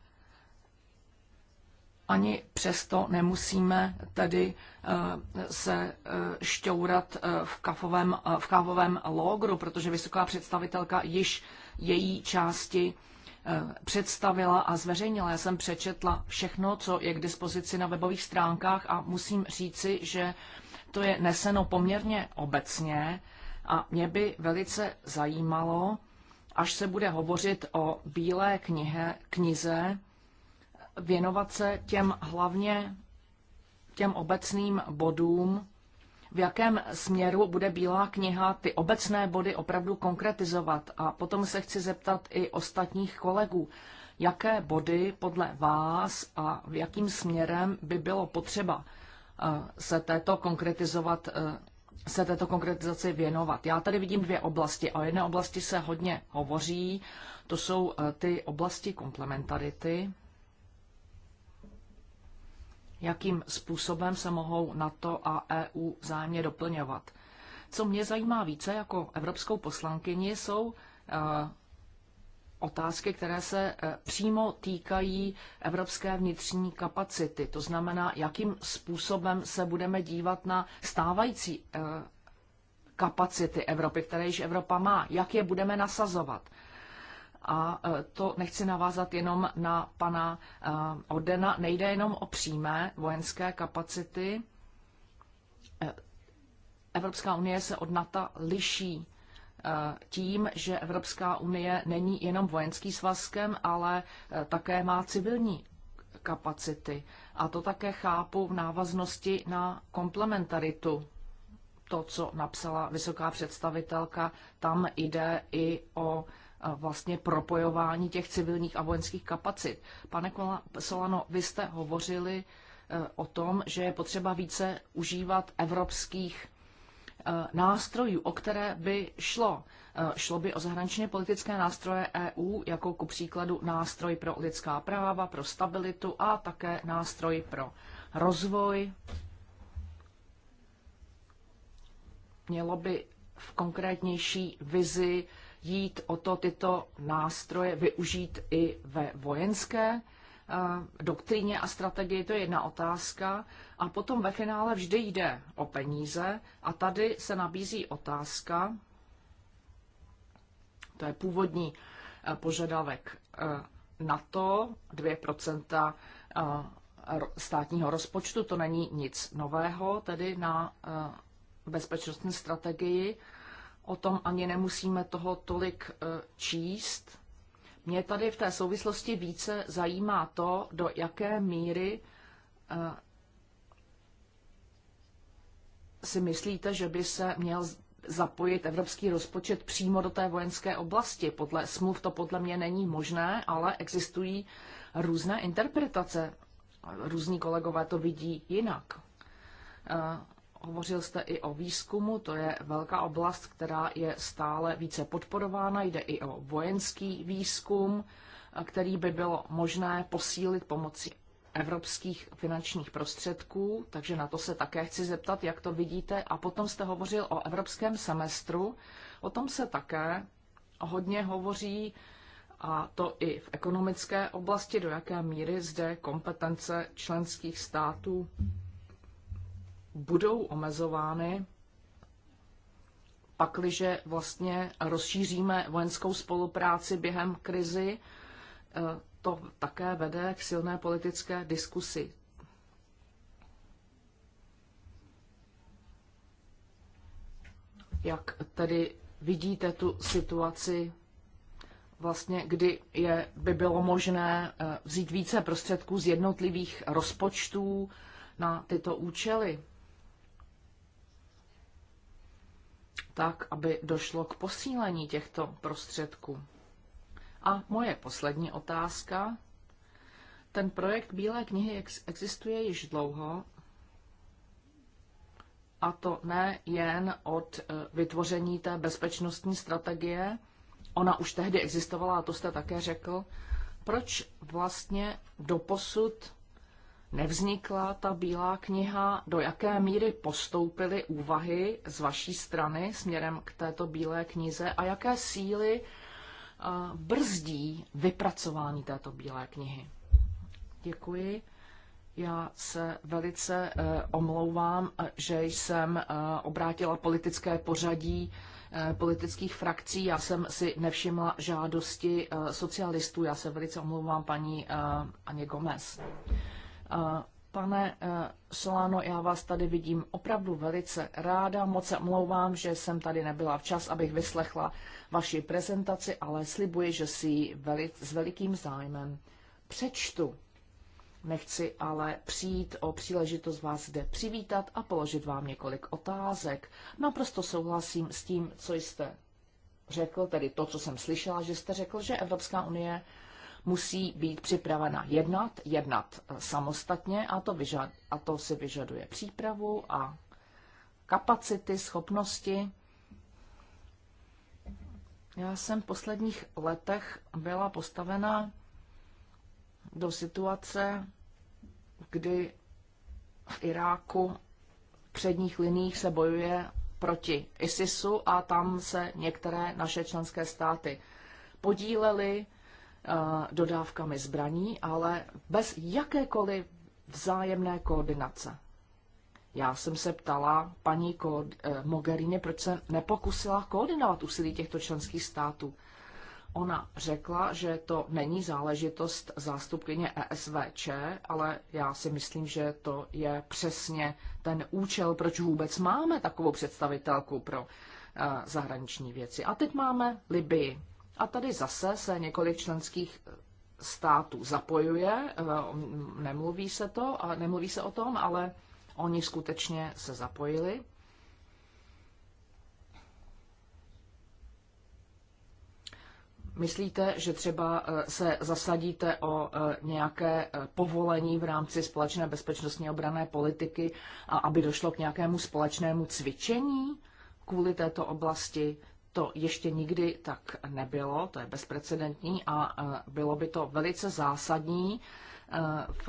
ani přesto nemusíme tedy eh, se eh, šťourat eh, v kávovém, v kávovém logru, protože vysoká představitelka již její části Eh, představila a zveřejnila. Já jsem přečetla všechno, co je k dispozici na webových stránkách a musím říci, že to je neseno poměrně obecně a mě by velice zajímalo, až se bude hovořit o bílé knihe, knize, věnovat se těm hlavně těm obecným bodům, v jakém směru bude Bílá kniha ty obecné body opravdu konkretizovat. A potom se chci zeptat i ostatních kolegů, jaké body podle vás a v jakým směrem by bylo potřeba eh, se této konkretizovat eh, se této konkretizaci věnovat. Já tady vidím dvě oblasti. O jedné oblasti se hodně hovoří, to jsou eh, ty oblasti komplementarity, jakým způsobem se mohou NATO a EU vzájemně doplňovat. Co mě zajímá více jako evropskou poslankyni, jsou eh, otázky, které se eh, přímo týkají evropské vnitřní kapacity. To znamená, jakým způsobem se budeme dívat na stávající eh, kapacity Evropy, které již Evropa má, jak je budeme nasazovat. A e, to nechci navázat jenom na pana e, Odena. Nejde jenom o přímé vojenské kapacity. E, Evropská unie se od NATO liší tím, že Evropská unie není jenom vojenský svazkem, ale také má civilní kapacity. A to také chápu v návaznosti na komplementaritu. To, co napsala vysoká představitelka, tam jde i o vlastně propojování těch civilních a vojenských kapacit. Pane Solano, vy jste hovořili eh, o tom, že je potřeba více užívat evropských eh, nástrojů, o které by šlo. Eh, šlo by o zahraničně politické nástroje EU, jako ku příkladu nástroj pro lidská práva, pro stabilitu a také nástroj pro rozvoj. Mělo by v konkrétnější vizi jít o to tyto nástroje využít i ve vojenské eh, doktríně a strategii, to je jedna otázka. A potom ve finále vždy jde o peníze a tady se nabízí otázka, to je původní eh, požadavek eh, na to, 2% státního rozpočtu, to není nic nového, tedy na bezpečnostní strategii, o tom ani nemusíme toho tolik e, číst. Mě tady v té souvislosti více zajímá to, do jaké míry e, si myslíte, že by se měl zapojit evropský rozpočet přímo do té vojenské oblasti. Podle smluv to podle mě není možné, ale existují různé interpretace. Různí kolegové to vidí jinak. E, Hovořil jste i o výzkumu, to je velká oblast, která je stále více podporována. Jde i o vojenský výzkum, který by bylo možné posílit pomocí evropských finančních prostředků, takže na to se také chci zeptat, jak to vidíte. A potom jste hovořil o evropském semestru, o tom se také hodně hovoří, a to i v ekonomické oblasti, do jaké míry zde kompetence členských států budou omezovány, pakliže vlastně rozšíříme vojenskou spolupráci během krizi, eh, to také vede k silné politické diskusi. Jak tedy vidíte tu situaci, vlastně, kdy je, by bylo možné eh, vzít více prostředků z jednotlivých rozpočtů na tyto účely? tak, aby došlo k posílení těchto prostředků. A moje poslední otázka. Ten projekt Bílé knihy existuje již dlouho, a to ne jen od e, vytvoření té bezpečnostní strategie, ona už tehdy existovala a to jste také řekl, proč vlastně doposud nevznikla ta bílá kniha, do jaké míry postoupily úvahy z vaší strany směrem k této bílé knize a jaké síly eh, brzdí vypracování této bílé knihy. Děkuji. Já se velice eh, omlouvám, eh, že jsem obrátila politické pořadí politických frakcí. Já jsem si nevšimla žádosti socialistů. Já se velice omlouvám paní Aně Gomez. Pane e, Solano, já vás tady vidím opravdu velice ráda. Moc se omlouvám, že jsem tady nebyla včas, abych vyslechla vaši prezentaci, ale slibuji, že si ji velic, s velikým zájmem přečtu. Nechci ale přijít o příležitost vás zde přivítat a položit vám několik otázek. Naprosto souhlasím s tím, co jste řekl, tedy to, co jsem slyšela, že jste řekl, že Evropská unie musí být připravena jednat, jednat eh, samostatně a to, vyžad, a to si vyžaduje přípravu a kapacity, schopnosti. Já jsem v posledních letech byla postavena do situace, kdy v Iráku v předních liních se bojuje proti ISISu a tam se některé naše členské státy podílely Eh, dodávkami zbraní, ale bez jakékoliv vzájemné koordinace. Já jsem se ptala paní eh, Mogherini, proč se nepokusila koordinovat úsilí těchto členských států. Ona řekla, že to není záležitost zástupkyně ESVČ, ale já si myslím, že to je přesně ten účel, proč vůbec máme takovou představitelku pro eh, zahraniční věci. A teď máme Libii. A tady zase se několik členských eh, států zapojuje, eh, nemluví se to, a nemluví se o tom, ale oni skutečně se zapojili. Myslíte, že třeba eh, se zasadíte o nějaké povolení v rámci společné bezpečnostní obrané politiky, a aby došlo k nějakému společnému cvičení kvůli této oblasti? To ještě nikdy tak nebylo, to je bezprecedentní a e, bylo by to velice zásadní e, v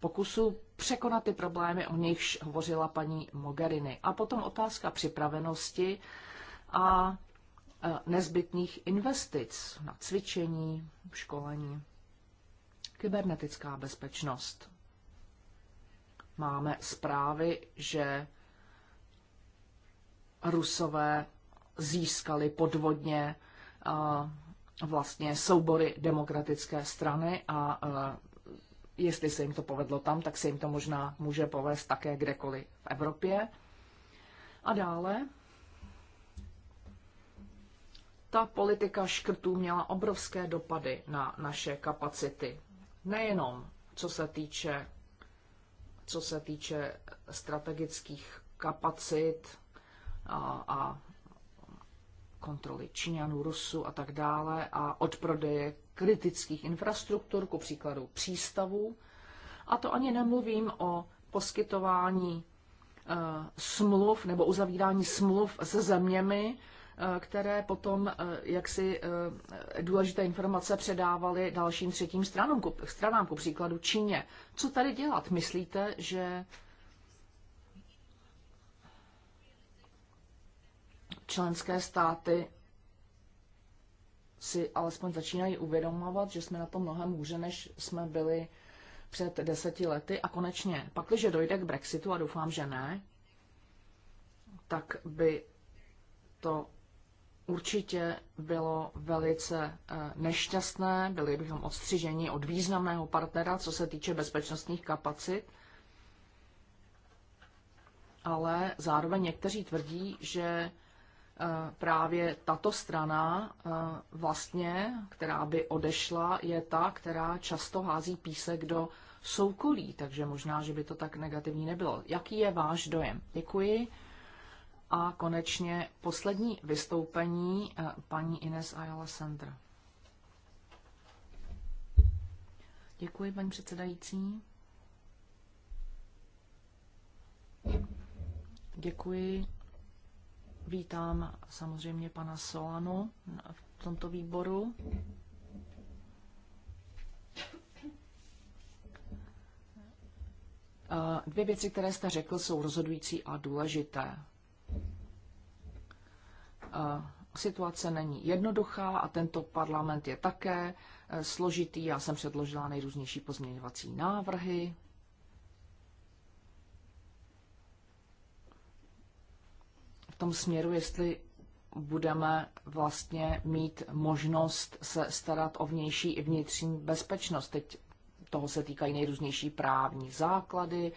pokusu překonat ty problémy, o nichž hovořila paní Mogherini. A potom otázka připravenosti a e, nezbytných investic na cvičení, školení, kybernetická bezpečnost. Máme zprávy, že Rusové získali podvodně vlastně soubory demokratické strany a jestli se jim to povedlo tam, tak se jim to možná může povést také kdekoliv v Evropě. A dále ta politika škrtů měla obrovské dopady na naše kapacity. Nejenom co se týče, co se týče strategických kapacit a, a kontroly Číňanů, Rusů a tak dále a odprodeje kritických infrastruktur, ku příkladu přístavů. A to ani nemluvím o poskytování eh, smluv nebo uzavírání smluv se zeměmi, eh, které potom e, eh, jaksi e, důležité informace předávaly dalším třetím stranům, ku, stranám, ku příkladu Číně. Co tady dělat? Myslíte, že členské státy si alespoň začínají uvědomovat, že jsme na tom mnohem hůře, než jsme byli před deseti lety. A konečně, pakliže dojde k Brexitu, a doufám, že ne, tak by to určitě bylo velice eh, nešťastné. Byli bychom odstřiženi od významného partnera, co se týče bezpečnostních kapacit. Ale zároveň někteří tvrdí, že Eh, právě tato strana eh, vlastně, která by odešla, je ta, která často hází písek do soukolí, takže možná, že by to tak negativní nebylo. Jaký je váš dojem? Děkuji. A konečně poslední vystoupení eh, paní Ines Ayala Sandra. Děkuji, paní předsedající. Děkuji Vítám samozřejmě pana Solanu v tomto výboru. Eh, dvě věci, které jste řekl, jsou rozhodující a důležité. Eh, situace není jednoduchá a tento parlament je také eh, složitý. Já jsem předložila nejrůznější pozměňovací návrhy. v tom směru, jestli budeme vlastně mít možnost se starat o vnější i vnitřní bezpečnost. Teď toho se týkají nejrůznější právní základy,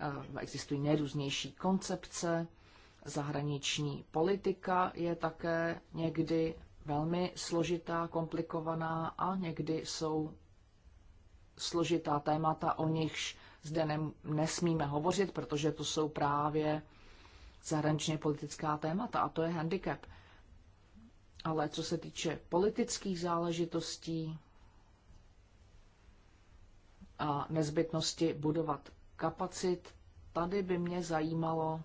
eh, existují nejrůznější koncepce, zahraniční politika je také někdy velmi složitá, komplikovaná a někdy jsou složitá témata, o nichž zde nesmíme hovořit, protože to jsou právě zahraničně politická témata a to je handicap. Ale co se týče politických záležitostí a nezbytnosti budovat kapacit, tady by mě zajímalo,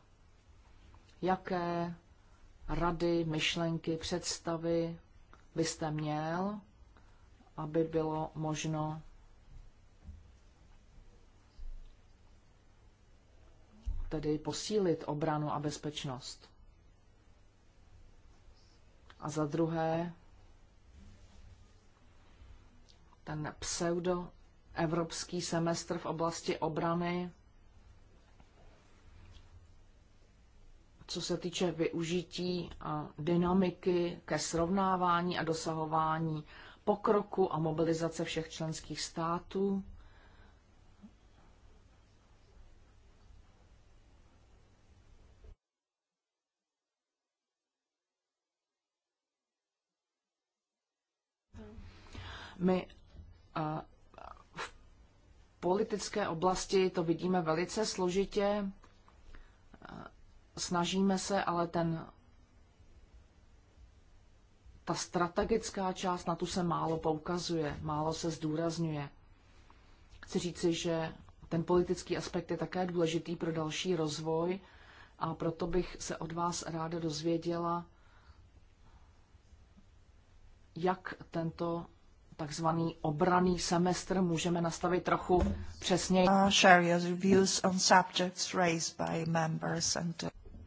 jaké rady, myšlenky, představy byste měl, aby bylo možno tedy posílit obranu a bezpečnost. A za druhé, ten pseudoevropský semestr v oblasti obrany, co se týče využití dynamiky ke srovnávání a dosahování pokroku a mobilizace všech členských států. My v politické oblasti to vidíme velice složitě. Snažíme se, ale ten ta strategická část, na tu se málo poukazuje, málo se zdůrazňuje. Chci říci, že ten politický aspekt je také důležitý pro další rozvoj a proto bych se od vás ráda dozvěděla, jak tento takzvaný obraný semestr můžeme nastavit trochu přesněji. Uh,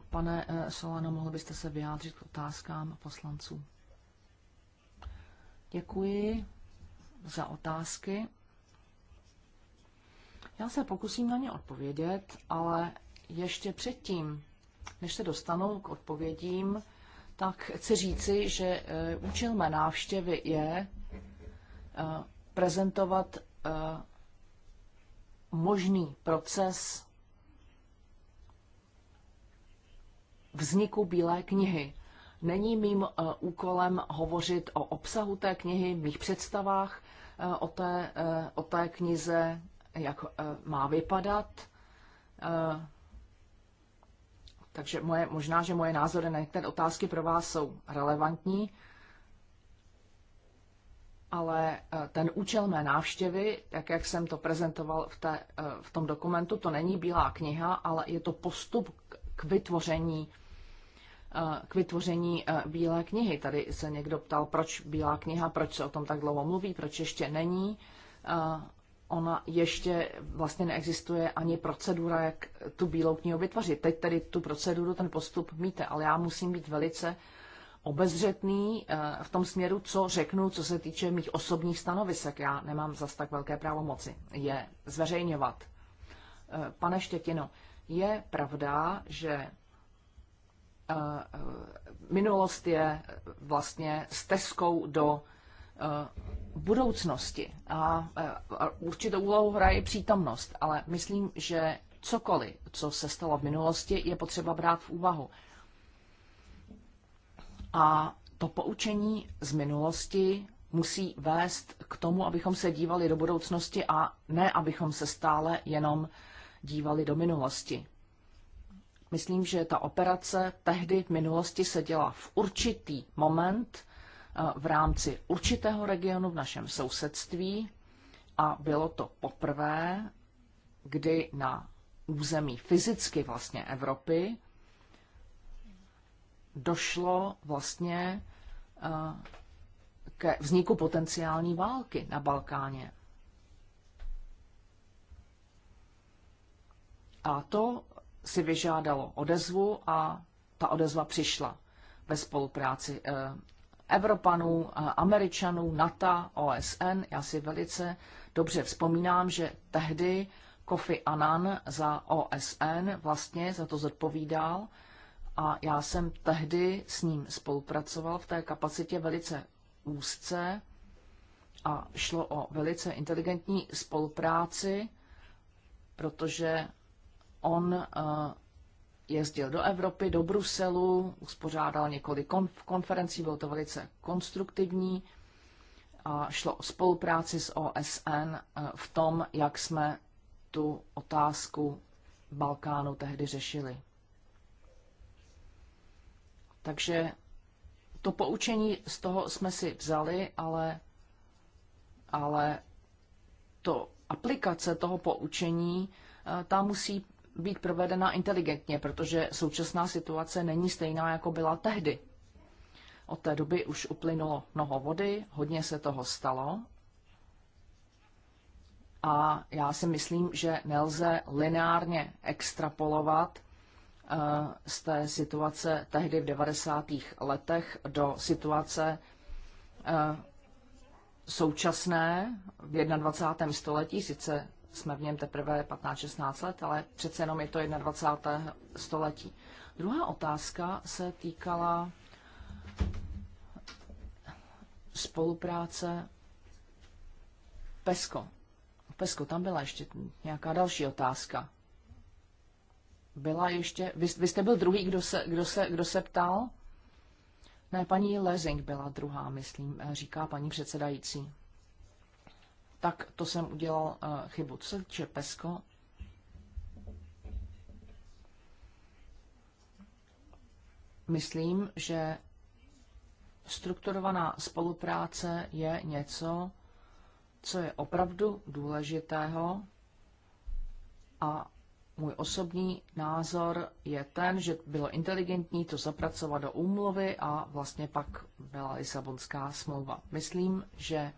Pane eh, Solano, mohl byste se vyjádřit k otázkám poslanců? Děkuji za otázky. Já se pokusím na ně odpovědět, ale ještě předtím, než se dostanu k odpovědím, tak chci říci, že eh, účel mé návštěvy je Eh, prezentovat eh, možný proces vzniku Bílé knihy. Není mým eh, úkolem hovořit o obsahu té knihy, mých představách o té, o té knize, jak má vypadat. Takže moje, možná, že moje názory na některé otázky pro vás jsou relevantní, ale eh, ten účel mé návštěvy, tak jak jsem to prezentoval v, té, eh, v tom dokumentu, to není bílá kniha, ale je to postup k vytvoření k vytvoření eh, Bílé knihy. Tady se někdo ptal, proč Bílá kniha, proč se o tom tak dlouho mluví, proč ještě není. Ona ještě vlastně neexistuje ani procedura, jak tu Bílou knihu vytvořit. Teď tedy tu proceduru, ten postup míte, ale já musím být velice obezřetný eh, v tom směru, co řeknu, co se týče mých osobních stanovisek. Já nemám zas tak velké pravomoci je zveřejňovat. Eh, pane Štětino, je pravda, že eh, minulost je vlastně stezkou do budoucnosti a určitou úlohu hraje přítomnost, ale myslím, že cokoliv, co se stalo v minulosti, je potřeba brát v úvahu. A to poučení z minulosti musí vést k tomu, abychom se dívali do budoucnosti a ne, abychom se stále jenom dívali do minulosti. Myslím, že ta operace tehdy v minulosti se děla v určitý moment eh, v rámci určitého regionu v našem sousedství a bylo to poprvé, kdy na území fyzicky vlastně Evropy došlo vlastně eh, ke vzniku potenciální války na Balkáně. A to si vyžádalo odezvu a ta odezva přišla ve spolupráci eh, Evropanů, eh, Američanů, NATO, OSN. Já si velice dobře vzpomínám, že tehdy Kofi Annan za OSN vlastně za to zodpovídal a já jsem tehdy s ním spolupracoval v té kapacitě velice úzce a šlo o velice inteligentní spolupráci, protože on eh, jezdil do Evropy, do Bruselu, uspořádal několik konferencí, bylo to velice konstruktivní a šlo o spolupráci s OSN eh, v tom, jak jsme tu otázku Balkánu tehdy řešili. Takže to poučení z toho jsme si vzali, ale, ale to aplikace toho poučení, eh, ta musí být provedena inteligentně, protože současná situace není stejná, jako byla tehdy. Od té doby už uplynulo mnoho vody, hodně se toho stalo. A já si myslím, že nelze lineárně extrapolovat Eh, z té situace tehdy v 90. letech do situace eh, současné v 21. století, sice jsme v něm teprve 15-16 let, ale přece jenom je to 21. století. Druhá otázka se týkala spolupráce PESCO. PESCO, tam byla ještě nějaká další otázka byla ještě... Vy, vy jste byl druhý, kdo se, kdo, se, kdo se ptal? Ne, paní Lezing byla druhá, myslím, eh, říká paní předsedající. Tak to jsem udělal uh, chybu. Co se týče PESCO, myslím, že strukturovaná spolupráce je něco, co je opravdu důležitého a můj osobní názor je ten, že bylo inteligentní to zapracovat do úmluvy a vlastně pak byla Lisabonská smlouva. Myslím, že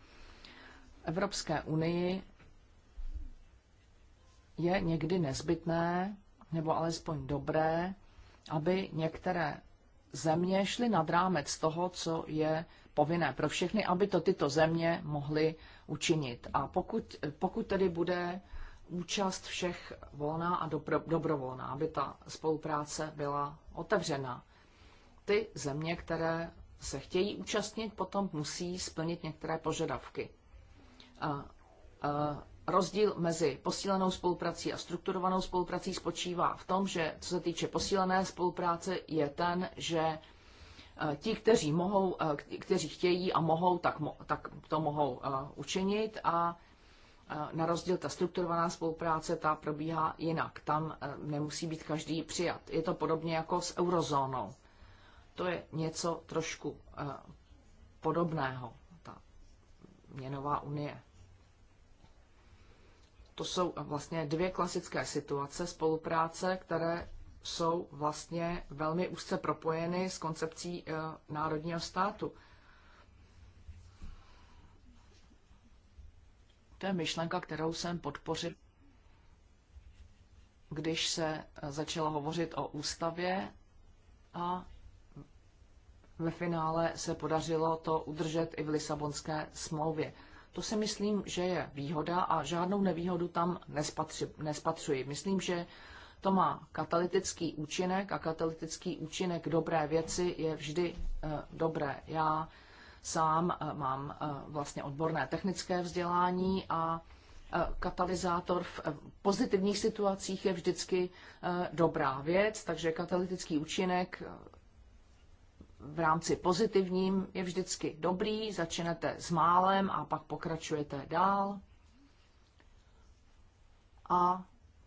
Evropské unii je někdy nezbytné, nebo alespoň dobré, aby některé země šly nad rámec toho, co je povinné pro všechny, aby to tyto země mohly učinit. A pokud, pokud tedy bude účast všech volná a dobro, dobrovolná, aby ta spolupráce byla otevřená. Ty země, které se chtějí účastnit, potom musí splnit některé požadavky. A, a, rozdíl mezi posílenou spoluprací a strukturovanou spoluprací spočívá v tom, že co se týče posílené spolupráce, je ten, že ti, kteří mohou, kteří chtějí a mohou, tak, tak to mohou učinit a na rozdíl ta strukturovaná spolupráce, ta probíhá jinak. Tam eh, nemusí být každý přijat. Je to podobně jako s eurozónou. To je něco trošku eh, podobného, ta měnová unie. To jsou eh, vlastně dvě klasické situace spolupráce, které jsou vlastně velmi úzce propojeny s koncepcí národního státu. To je myšlenka, kterou jsem podpořil, když se začalo hovořit o ústavě a ve finále se podařilo to udržet i v Lisabonské smlouvě. To si myslím, že je výhoda a žádnou nevýhodu tam nespatři, nespatřuji. Myslím, že to má katalytický účinek a katalytický účinek dobré věci je vždy e, dobré. Já Sám eh, mám eh, vlastně odborné technické vzdělání a eh, katalyzátor v pozitivních situacích je vždycky dobrá věc, takže katalytický účinek v rámci pozitivním je vždycky dobrý, začnete s málem a pak pokračujete dál. A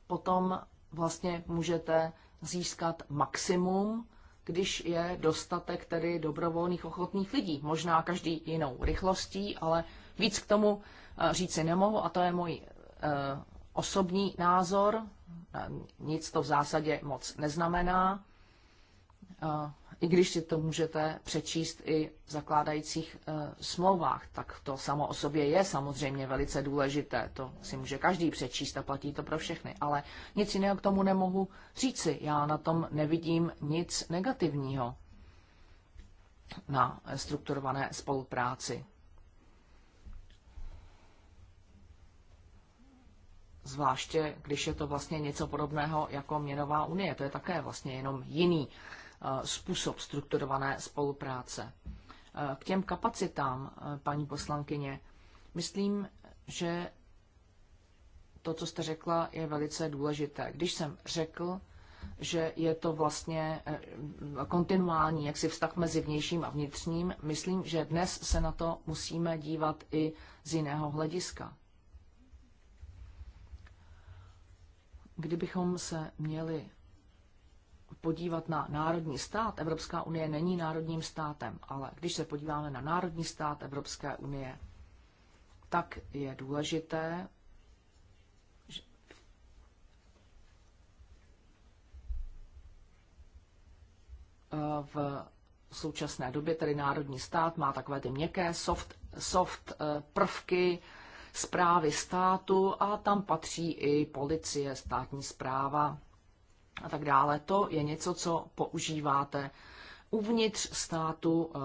potom vlastně můžete získat maximum když je dostatek tedy dobrovolných ochotných lidí. Možná každý jinou rychlostí, ale víc k tomu eh, říci nemohu a to je můj eh, osobní názor. Eh, nic to v zásadě moc neznamená i když si to můžete přečíst i v zakládajících e, smlouvách, tak to samo o sobě je samozřejmě velice důležité. To si může každý přečíst a platí to pro všechny. Ale nic jiného k tomu nemohu říci. Já na tom nevidím nic negativního na strukturované spolupráci. Zvláště, když je to vlastně něco podobného jako měnová unie. To je také vlastně jenom jiný Eh, způsob strukturované spolupráce. Eh, k těm kapacitám, eh, paní poslankyně, myslím, že to, co jste řekla, je velice důležité. Když jsem řekl, že je to vlastně kontinuální jaksi vztah mezi vnějším a vnitřním, myslím, že dnes se na to musíme dívat i z jiného hlediska. Kdybychom se měli podívat na národní stát, Evropská unie není národním státem, ale když se podíváme na národní stát Evropské unie, tak je důležité, v současné době, tedy národní stát, má takové ty měkké soft, soft eh, prvky zprávy státu a tam patří i policie, státní zpráva, a tak dále. To je něco, co používáte uvnitř státu eh,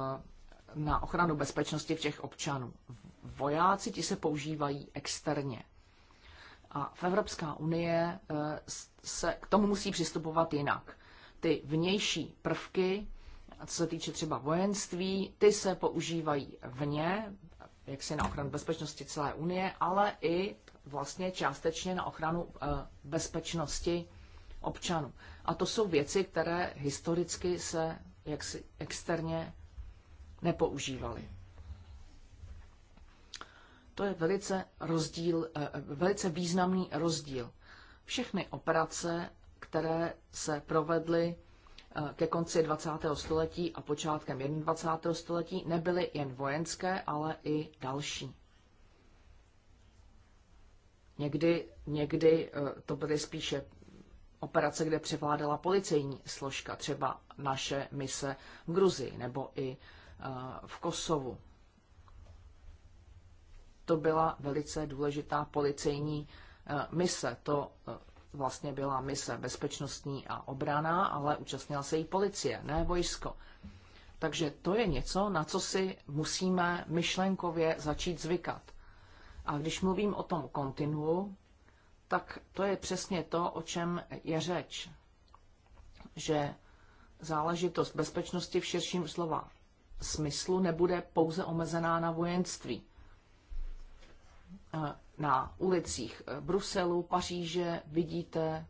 na ochranu bezpečnosti všech občanů. Vojáci ti se používají externě. A v Evropská unie eh, se k tomu musí přistupovat jinak. Ty vnější prvky, co se týče třeba vojenství, ty se používají vně, jak si na ochranu bezpečnosti celé unie, ale i vlastně částečně na ochranu eh, bezpečnosti občanů. A to jsou věci, které historicky se jaksi externě nepoužívaly. To je velice, rozdíl, eh, velice významný rozdíl. Všechny operace, které se provedly eh, ke konci 20. století a počátkem 21. století, nebyly jen vojenské, ale i další. Někdy, někdy eh, to byly spíše operace, kde převládala policejní složka, třeba naše mise v Gruzii nebo i eh, v Kosovu. To byla velice důležitá policejní eh, mise. To eh, vlastně byla mise bezpečnostní a obraná, ale účastnila se i policie, ne vojsko. Takže to je něco, na co si musíme myšlenkově začít zvykat. A když mluvím o tom kontinuu, tak to je přesně to, o čem je řeč. Že záležitost bezpečnosti v širším slova smyslu nebude pouze omezená na vojenství. Eh, na ulicích eh, Bruselu, Paříže vidíte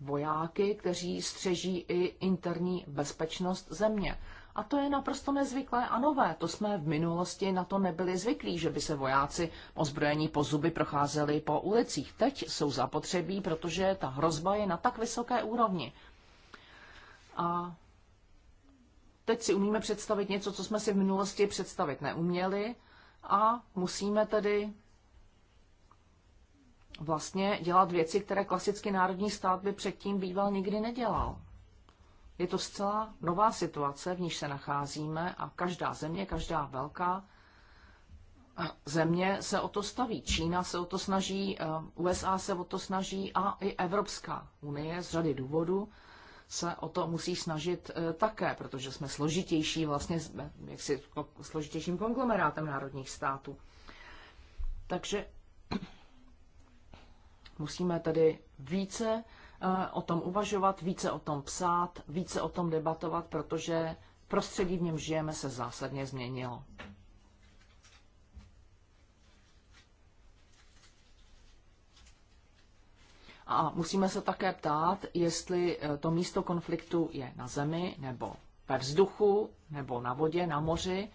vojáky, kteří střeží i interní bezpečnost země. A to je naprosto nezvyklé a nové. To jsme v minulosti na to nebyli zvyklí, že by se vojáci ozbrojení po zuby procházeli po ulicích. Teď jsou zapotřebí, protože ta hrozba je na tak vysoké úrovni. A teď si umíme představit něco, co jsme si v minulosti představit neuměli a musíme tedy vlastně dělat věci, které klasicky národní stát by předtím býval nikdy nedělal. Je to zcela nová situace, v níž se nacházíme a každá země, každá velká eh, země se o to staví. Čína se o to snaží, eh, USA se o to snaží a i Evropská unie z řady důvodů se o to musí snažit eh, také, protože jsme složitější, vlastně jsme jaksi složitějším konglomerátem národních států. Takže musíme tedy více o tom uvažovat, více o tom psát, více o tom debatovat, protože prostředí, v něm žijeme, se zásadně změnilo. A musíme se také ptát, jestli eh, to místo konfliktu je na zemi, nebo ve vzduchu, nebo na vodě, na moři.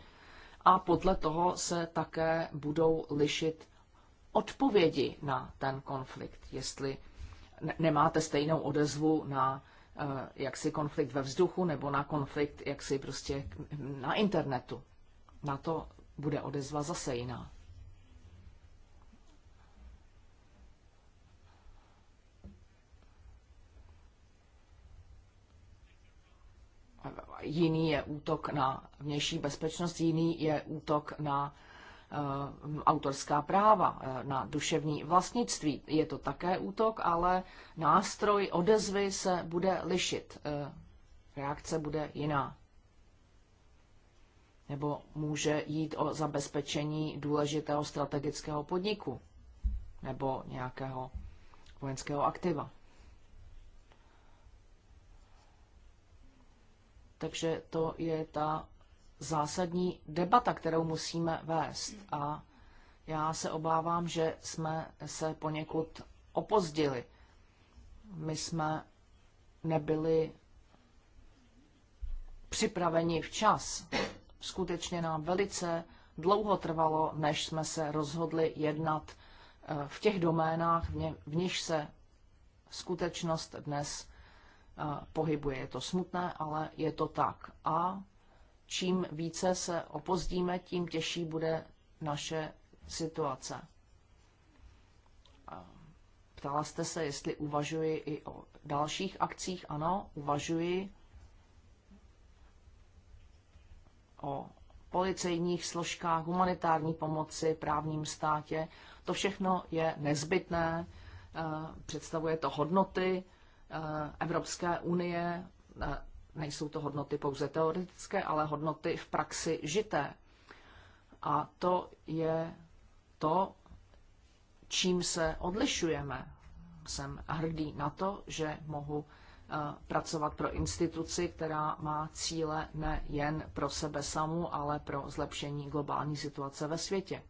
A podle toho se také budou lišit odpovědi na ten konflikt, jestli nemáte stejnou odezvu na eh, jaksi konflikt ve vzduchu nebo na konflikt jaksi prostě na internetu. Na to bude odezva zase jiná. Jiný je útok na vnější bezpečnost, jiný je útok na Eh, autorská práva, eh, na duševní vlastnictví. Je to také útok, ale nástroj odezvy se bude lišit. Eh, reakce bude jiná. Nebo může jít o zabezpečení důležitého strategického podniku nebo nějakého vojenského aktiva. Takže to je ta zásadní debata, kterou musíme vést. A já se obávám, že jsme se poněkud opozdili. My jsme nebyli připraveni včas. Skutečně nám velice dlouho trvalo, než jsme se rozhodli jednat eh, v těch doménách, v nich se skutečnost dnes eh, pohybuje. Je to smutné, ale je to tak. A čím více se opozdíme, tím těžší bude naše situace. Ptala jste se, jestli uvažuji i o dalších akcích. Ano, uvažuji o policejních složkách, humanitární pomoci, právním státě. To všechno je nezbytné, eh, představuje to hodnoty eh, Evropské unie, eh, Nejsou to hodnoty pouze teoretické, ale hodnoty v praxi žité. A to je to, čím se odlišujeme. Jsem hrdý na to, že mohu eh, pracovat pro instituci, která má cíle nejen pro sebe samu, ale pro zlepšení globální situace ve světě.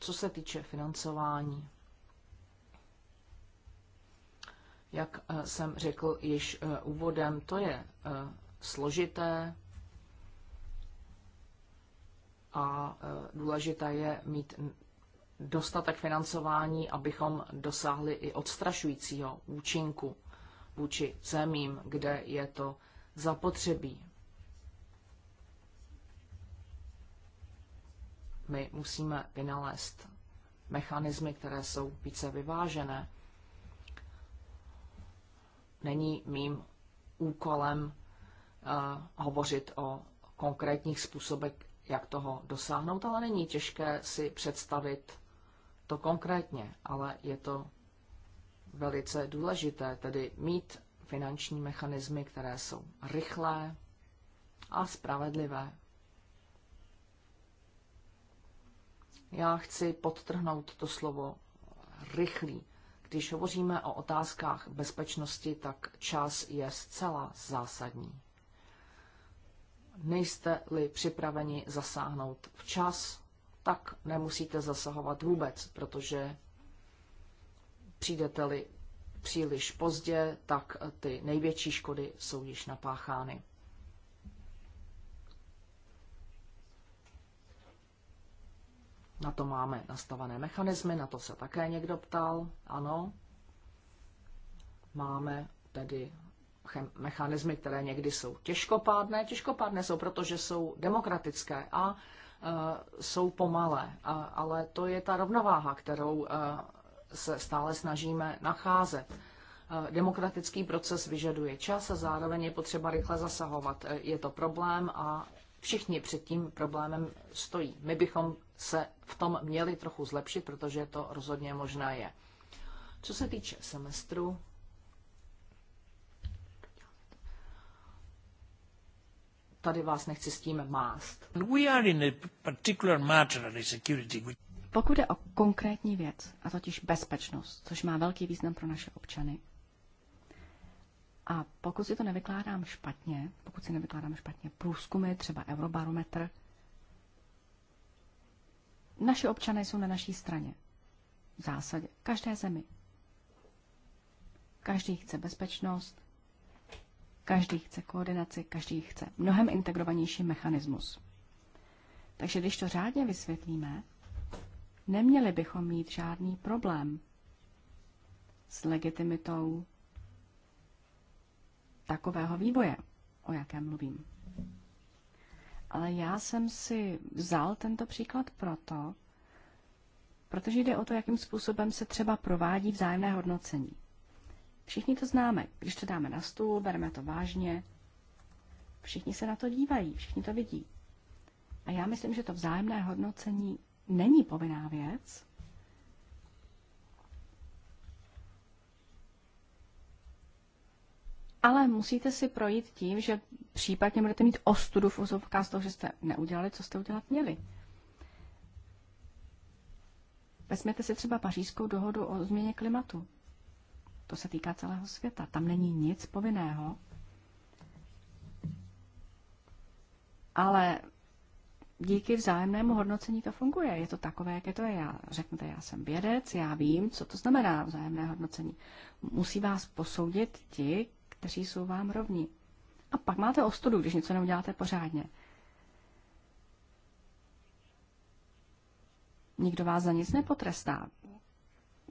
Co se týče financování, Jak eh, jsem řekl již eh, úvodem, to je eh, složité a důležité je mít dostatek financování, abychom dosáhli i odstrašujícího účinku vůči zemím, kde je to zapotřebí. My musíme vynalézt mechanismy, které jsou více vyvážené není mým úkolem eh, hovořit o konkrétních způsobech, jak toho dosáhnout, ale není těžké si představit to konkrétně, ale je to velice důležité, tedy mít finanční mechanismy, které jsou rychlé a spravedlivé. Já chci podtrhnout to slovo rychlý. Když hovoříme o otázkách bezpečnosti, tak čas je zcela zásadní. Nejste-li připraveni zasáhnout včas, tak nemusíte zasahovat vůbec, protože přijdete-li příliš pozdě, tak ty největší škody jsou již napáchány. Na to máme nastavené mechanismy, na to se také někdo ptal. Ano, máme tedy mechanismy, které někdy jsou těžkopádné. Těžkopádné jsou, protože jsou demokratické a e, jsou pomalé. A, ale to je ta rovnováha, kterou e, se stále snažíme nacházet. E, demokratický proces vyžaduje čas a zároveň je potřeba rychle zasahovat. E, je to problém a všichni před tím problémem stojí. My bychom se v tom měli trochu zlepšit, protože to rozhodně možná je. Co se týče semestru, tady vás nechci s tím mást. Pokud je o konkrétní věc, a totiž bezpečnost, což má velký význam pro naše občany, a pokud si to nevykládám špatně, pokud si nevykládám špatně průzkumy, třeba Eurobarometr, Naši občané jsou na naší straně. V zásadě. Každé zemi. Každý chce bezpečnost, každý chce koordinaci, každý chce mnohem integrovanější mechanismus. Takže když to řádně vysvětlíme, neměli bychom mít žádný problém s legitimitou takového vývoje, o jakém mluvím. Ale já jsem si vzal tento příklad proto, protože jde o to, jakým způsobem se třeba provádí vzájemné hodnocení. Všichni to známe. Když to dáme na stůl, bereme to vážně, všichni se na to dívají, všichni to vidí. A já myslím, že to vzájemné hodnocení není povinná věc, ale musíte si projít tím, že případně budete mít ostudu v úzovkách z toho, že jste neudělali, co jste udělat měli. Vezměte si třeba pařížskou dohodu o změně klimatu. To se týká celého světa. Tam není nic povinného. Ale díky vzájemnému hodnocení to funguje. Je to takové, jak je to je. Já, řeknete, já jsem vědec, já vím, co to znamená vzájemné hodnocení. Musí vás posoudit ti, kteří jsou vám rovní. A pak máte ostudu, když něco neuděláte pořádně. Nikdo vás za nic nepotrestá,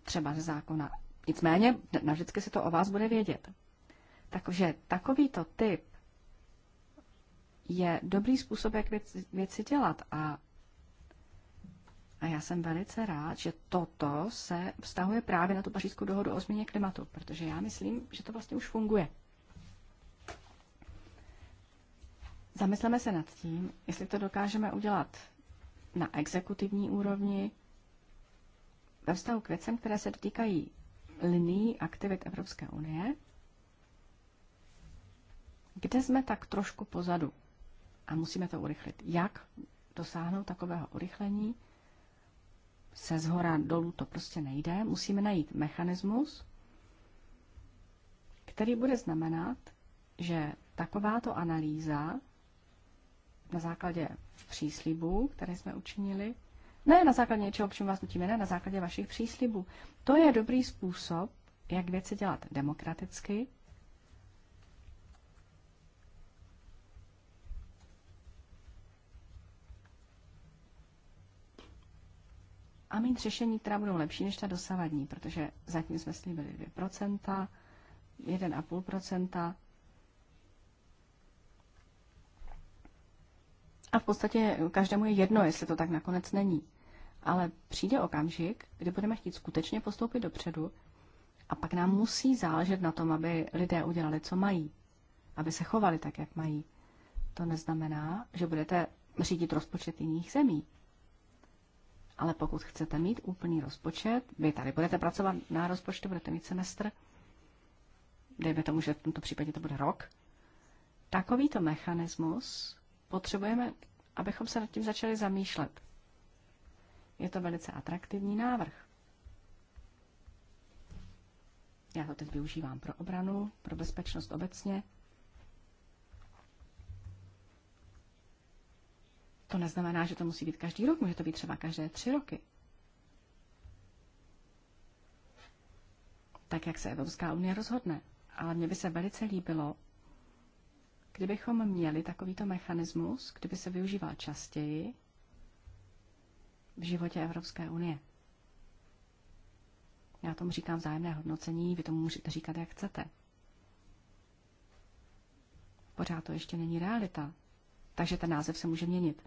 třeba ze zákona. Nicméně navždycky se to o vás bude vědět. Takže takovýto typ je dobrý způsob, jak věci, věci dělat. A, a já jsem velice rád, že toto se vztahuje právě na tu pařížskou dohodu o změně klimatu, protože já myslím, že to vlastně už funguje. Zamysleme se nad tím, jestli to dokážeme udělat na exekutivní úrovni ve vztahu k věcem, které se dotýkají linií aktivit Evropské unie, kde jsme tak trošku pozadu a musíme to urychlit. Jak dosáhnout takového urychlení? Se zhora dolů to prostě nejde. Musíme najít mechanismus, který bude znamenat, že takováto analýza na základě příslibů, které jsme učinili, ne na základě něčeho, k čemu vás nutíme, ne na základě vašich příslibů. To je dobrý způsob, jak věci dělat demokraticky. A mít řešení, která budou lepší než ta dosavadní, protože zatím jsme slíbili 2%, 1,5%, A v podstatě každému je jedno, jestli to tak nakonec není. Ale přijde okamžik, kdy budeme chtít skutečně postoupit dopředu a pak nám musí záležet na tom, aby lidé udělali, co mají. Aby se chovali tak, jak mají. To neznamená, že budete řídit rozpočet jiných zemí. Ale pokud chcete mít úplný rozpočet, vy tady budete pracovat na rozpočtu, budete mít semestr, dejme tomu, že v tomto případě to bude rok, takovýto mechanismus Potřebujeme, abychom se nad tím začali zamýšlet. Je to velice atraktivní návrh. Já to teď využívám pro obranu, pro bezpečnost obecně. To neznamená, že to musí být každý rok, může to být třeba každé tři roky. Tak, jak se Evropská unie rozhodne. Ale mně by se velice líbilo, Kdybychom měli takovýto mechanismus, kdyby se využíval častěji v životě Evropské unie. Já tomu říkám vzájemné hodnocení, vy tomu můžete říkat, jak chcete. Pořád to ještě není realita, takže ten název se může měnit.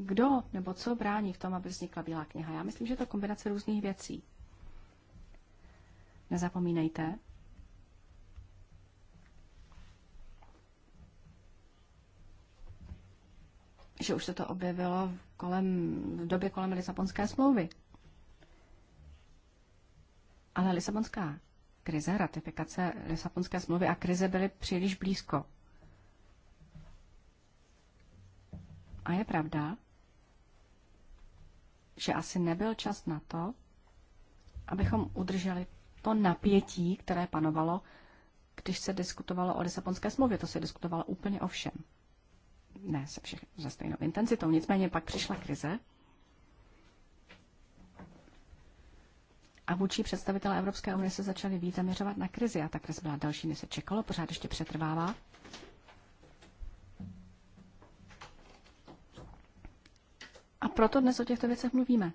Kdo nebo co brání v tom, aby vznikla Bílá kniha? Já myslím, že to kombinace různých věcí. Nezapomínejte, že už se to objevilo kolem, v době kolem Lisabonské smlouvy. Ale Lisabonská krize, ratifikace Lisabonské smlouvy a krize byly příliš blízko. A je pravda, že asi nebyl čas na to, abychom udrželi to napětí, které panovalo, když se diskutovalo o Lisabonské smlouvě. To se diskutovalo úplně o všem. Ne se všech, se stejnou intenzitou. Nicméně pak přišla krize a vůči představitelé Evropské unie se začali víc zaměřovat na krizi a ta krize byla další, než se čekalo, pořád ještě přetrvává. A proto dnes o těchto věcech mluvíme.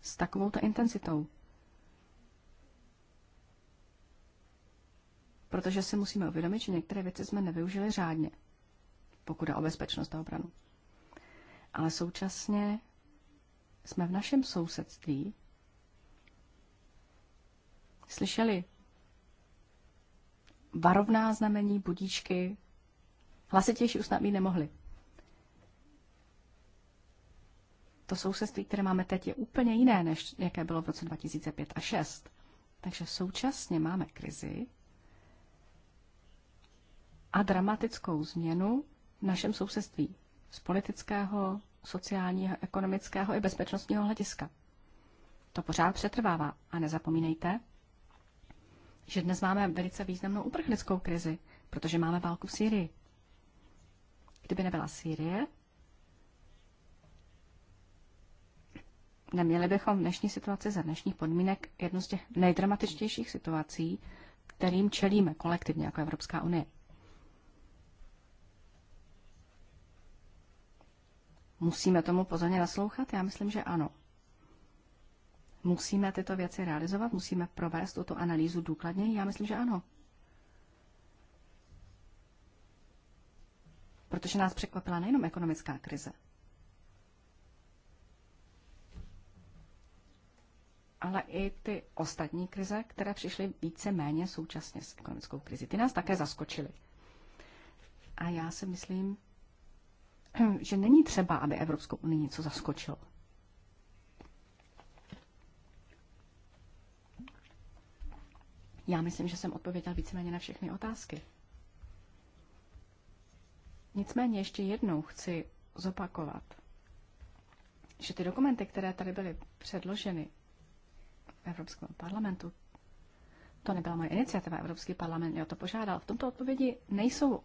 S takovou intenzitou. Protože si musíme uvědomit, že některé věci jsme nevyužili řádně, pokud jde o bezpečnost a obranu. Ale současně jsme v našem sousedství slyšeli varovná znamení, budíčky, hlasitější usnadnit nemohli. to sousedství, které máme teď, je úplně jiné, než jaké bylo v roce 2005 a 6. Takže současně máme krizi a dramatickou změnu v našem sousedství z politického, sociálního, ekonomického i bezpečnostního hlediska. To pořád přetrvává. A nezapomínejte, že dnes máme velice významnou uprchlickou krizi, protože máme válku v Sýrii. Kdyby nebyla Sýrie, neměli bychom v dnešní situaci za dnešních podmínek jednu z těch nejdramatičtějších situací, kterým čelíme kolektivně jako Evropská unie. Musíme tomu pozorně naslouchat? Já myslím, že ano. Musíme tyto věci realizovat? Musíme provést tuto analýzu důkladně? Já myslím, že ano. Protože nás překvapila nejenom ekonomická krize, ale i ty ostatní krize, které přišly více méně současně s ekonomickou krizi. Ty nás také zaskočily. A já si myslím, že není třeba, aby Evropskou unii něco zaskočilo. Já myslím, že jsem odpověděl víceméně na všechny otázky. Nicméně ještě jednou chci zopakovat, že ty dokumenty, které tady byly předloženy, Evropskému parlamentu. To nebyla moje iniciativa, Evropský parlament mě o to požádal. V tomto odpovědi nejsou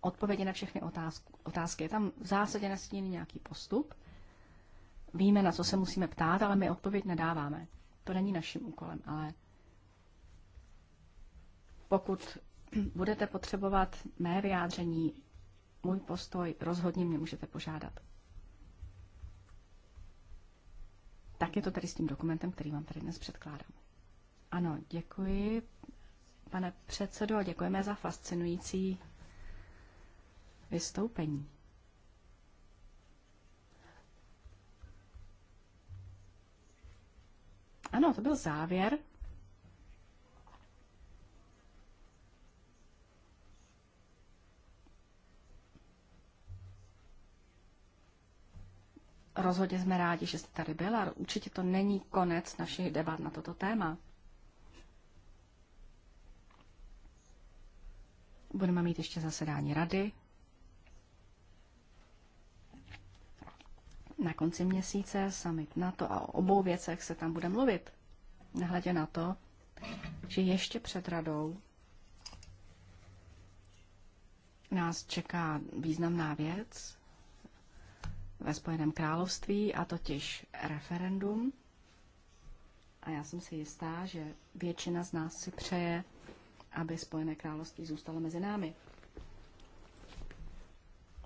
odpovědi na všechny otázky. otázky. Je tam v zásadě nastíněný nějaký postup. Víme, na co se musíme ptát, ale my odpověď nedáváme. To není naším úkolem, ale pokud budete potřebovat mé vyjádření, můj postoj, rozhodně mě můžete požádat. Tak je to tedy s tím dokumentem, který vám tady dnes předkládám. Ano, děkuji, pane předsedo, děkujeme za fascinující vystoupení. Ano, to byl závěr Rozhodně jsme rádi, že jste tady byla. Určitě to není konec našich debat na toto téma. Budeme mít ještě zasedání rady. Na konci měsíce summit to a o obou věcech se tam bude mluvit. Nehledě na to, že ještě před radou nás čeká významná věc, ve Spojeném království, a totiž referendum. A já jsem si jistá, že většina z nás si přeje, aby Spojené království zůstalo mezi námi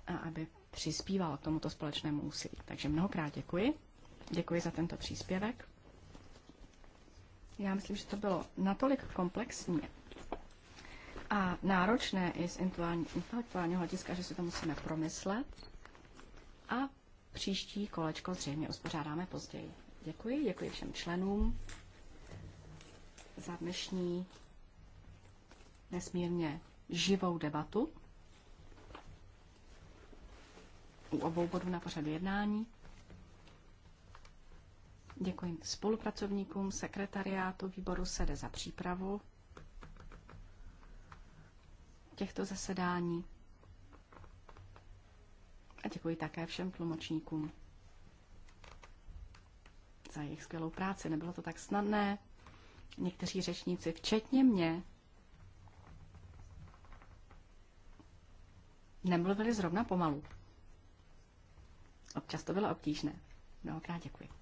a aby přispíval k tomuto společnému úsilí. Takže mnohokrát děkuji. Děkuji za tento příspěvek. Já myslím, že to bylo natolik komplexní a náročné i z intelektuálního hlediska, že si to musíme promyslet a Příští kolečko zřejmě uspořádáme později. Děkuji, děkuji všem členům za dnešní nesmírně živou debatu u obou bodů na pořadu jednání. Děkuji spolupracovníkům sekretariátu výboru SEDE za přípravu těchto zasedání. A děkuji také všem tlumočníkům za jejich skvělou práci. Nebylo to tak snadné. Někteří řečníci, včetně mě, nemluvili zrovna pomalu. Občas to bylo obtížné. Mnohokrát děkuji.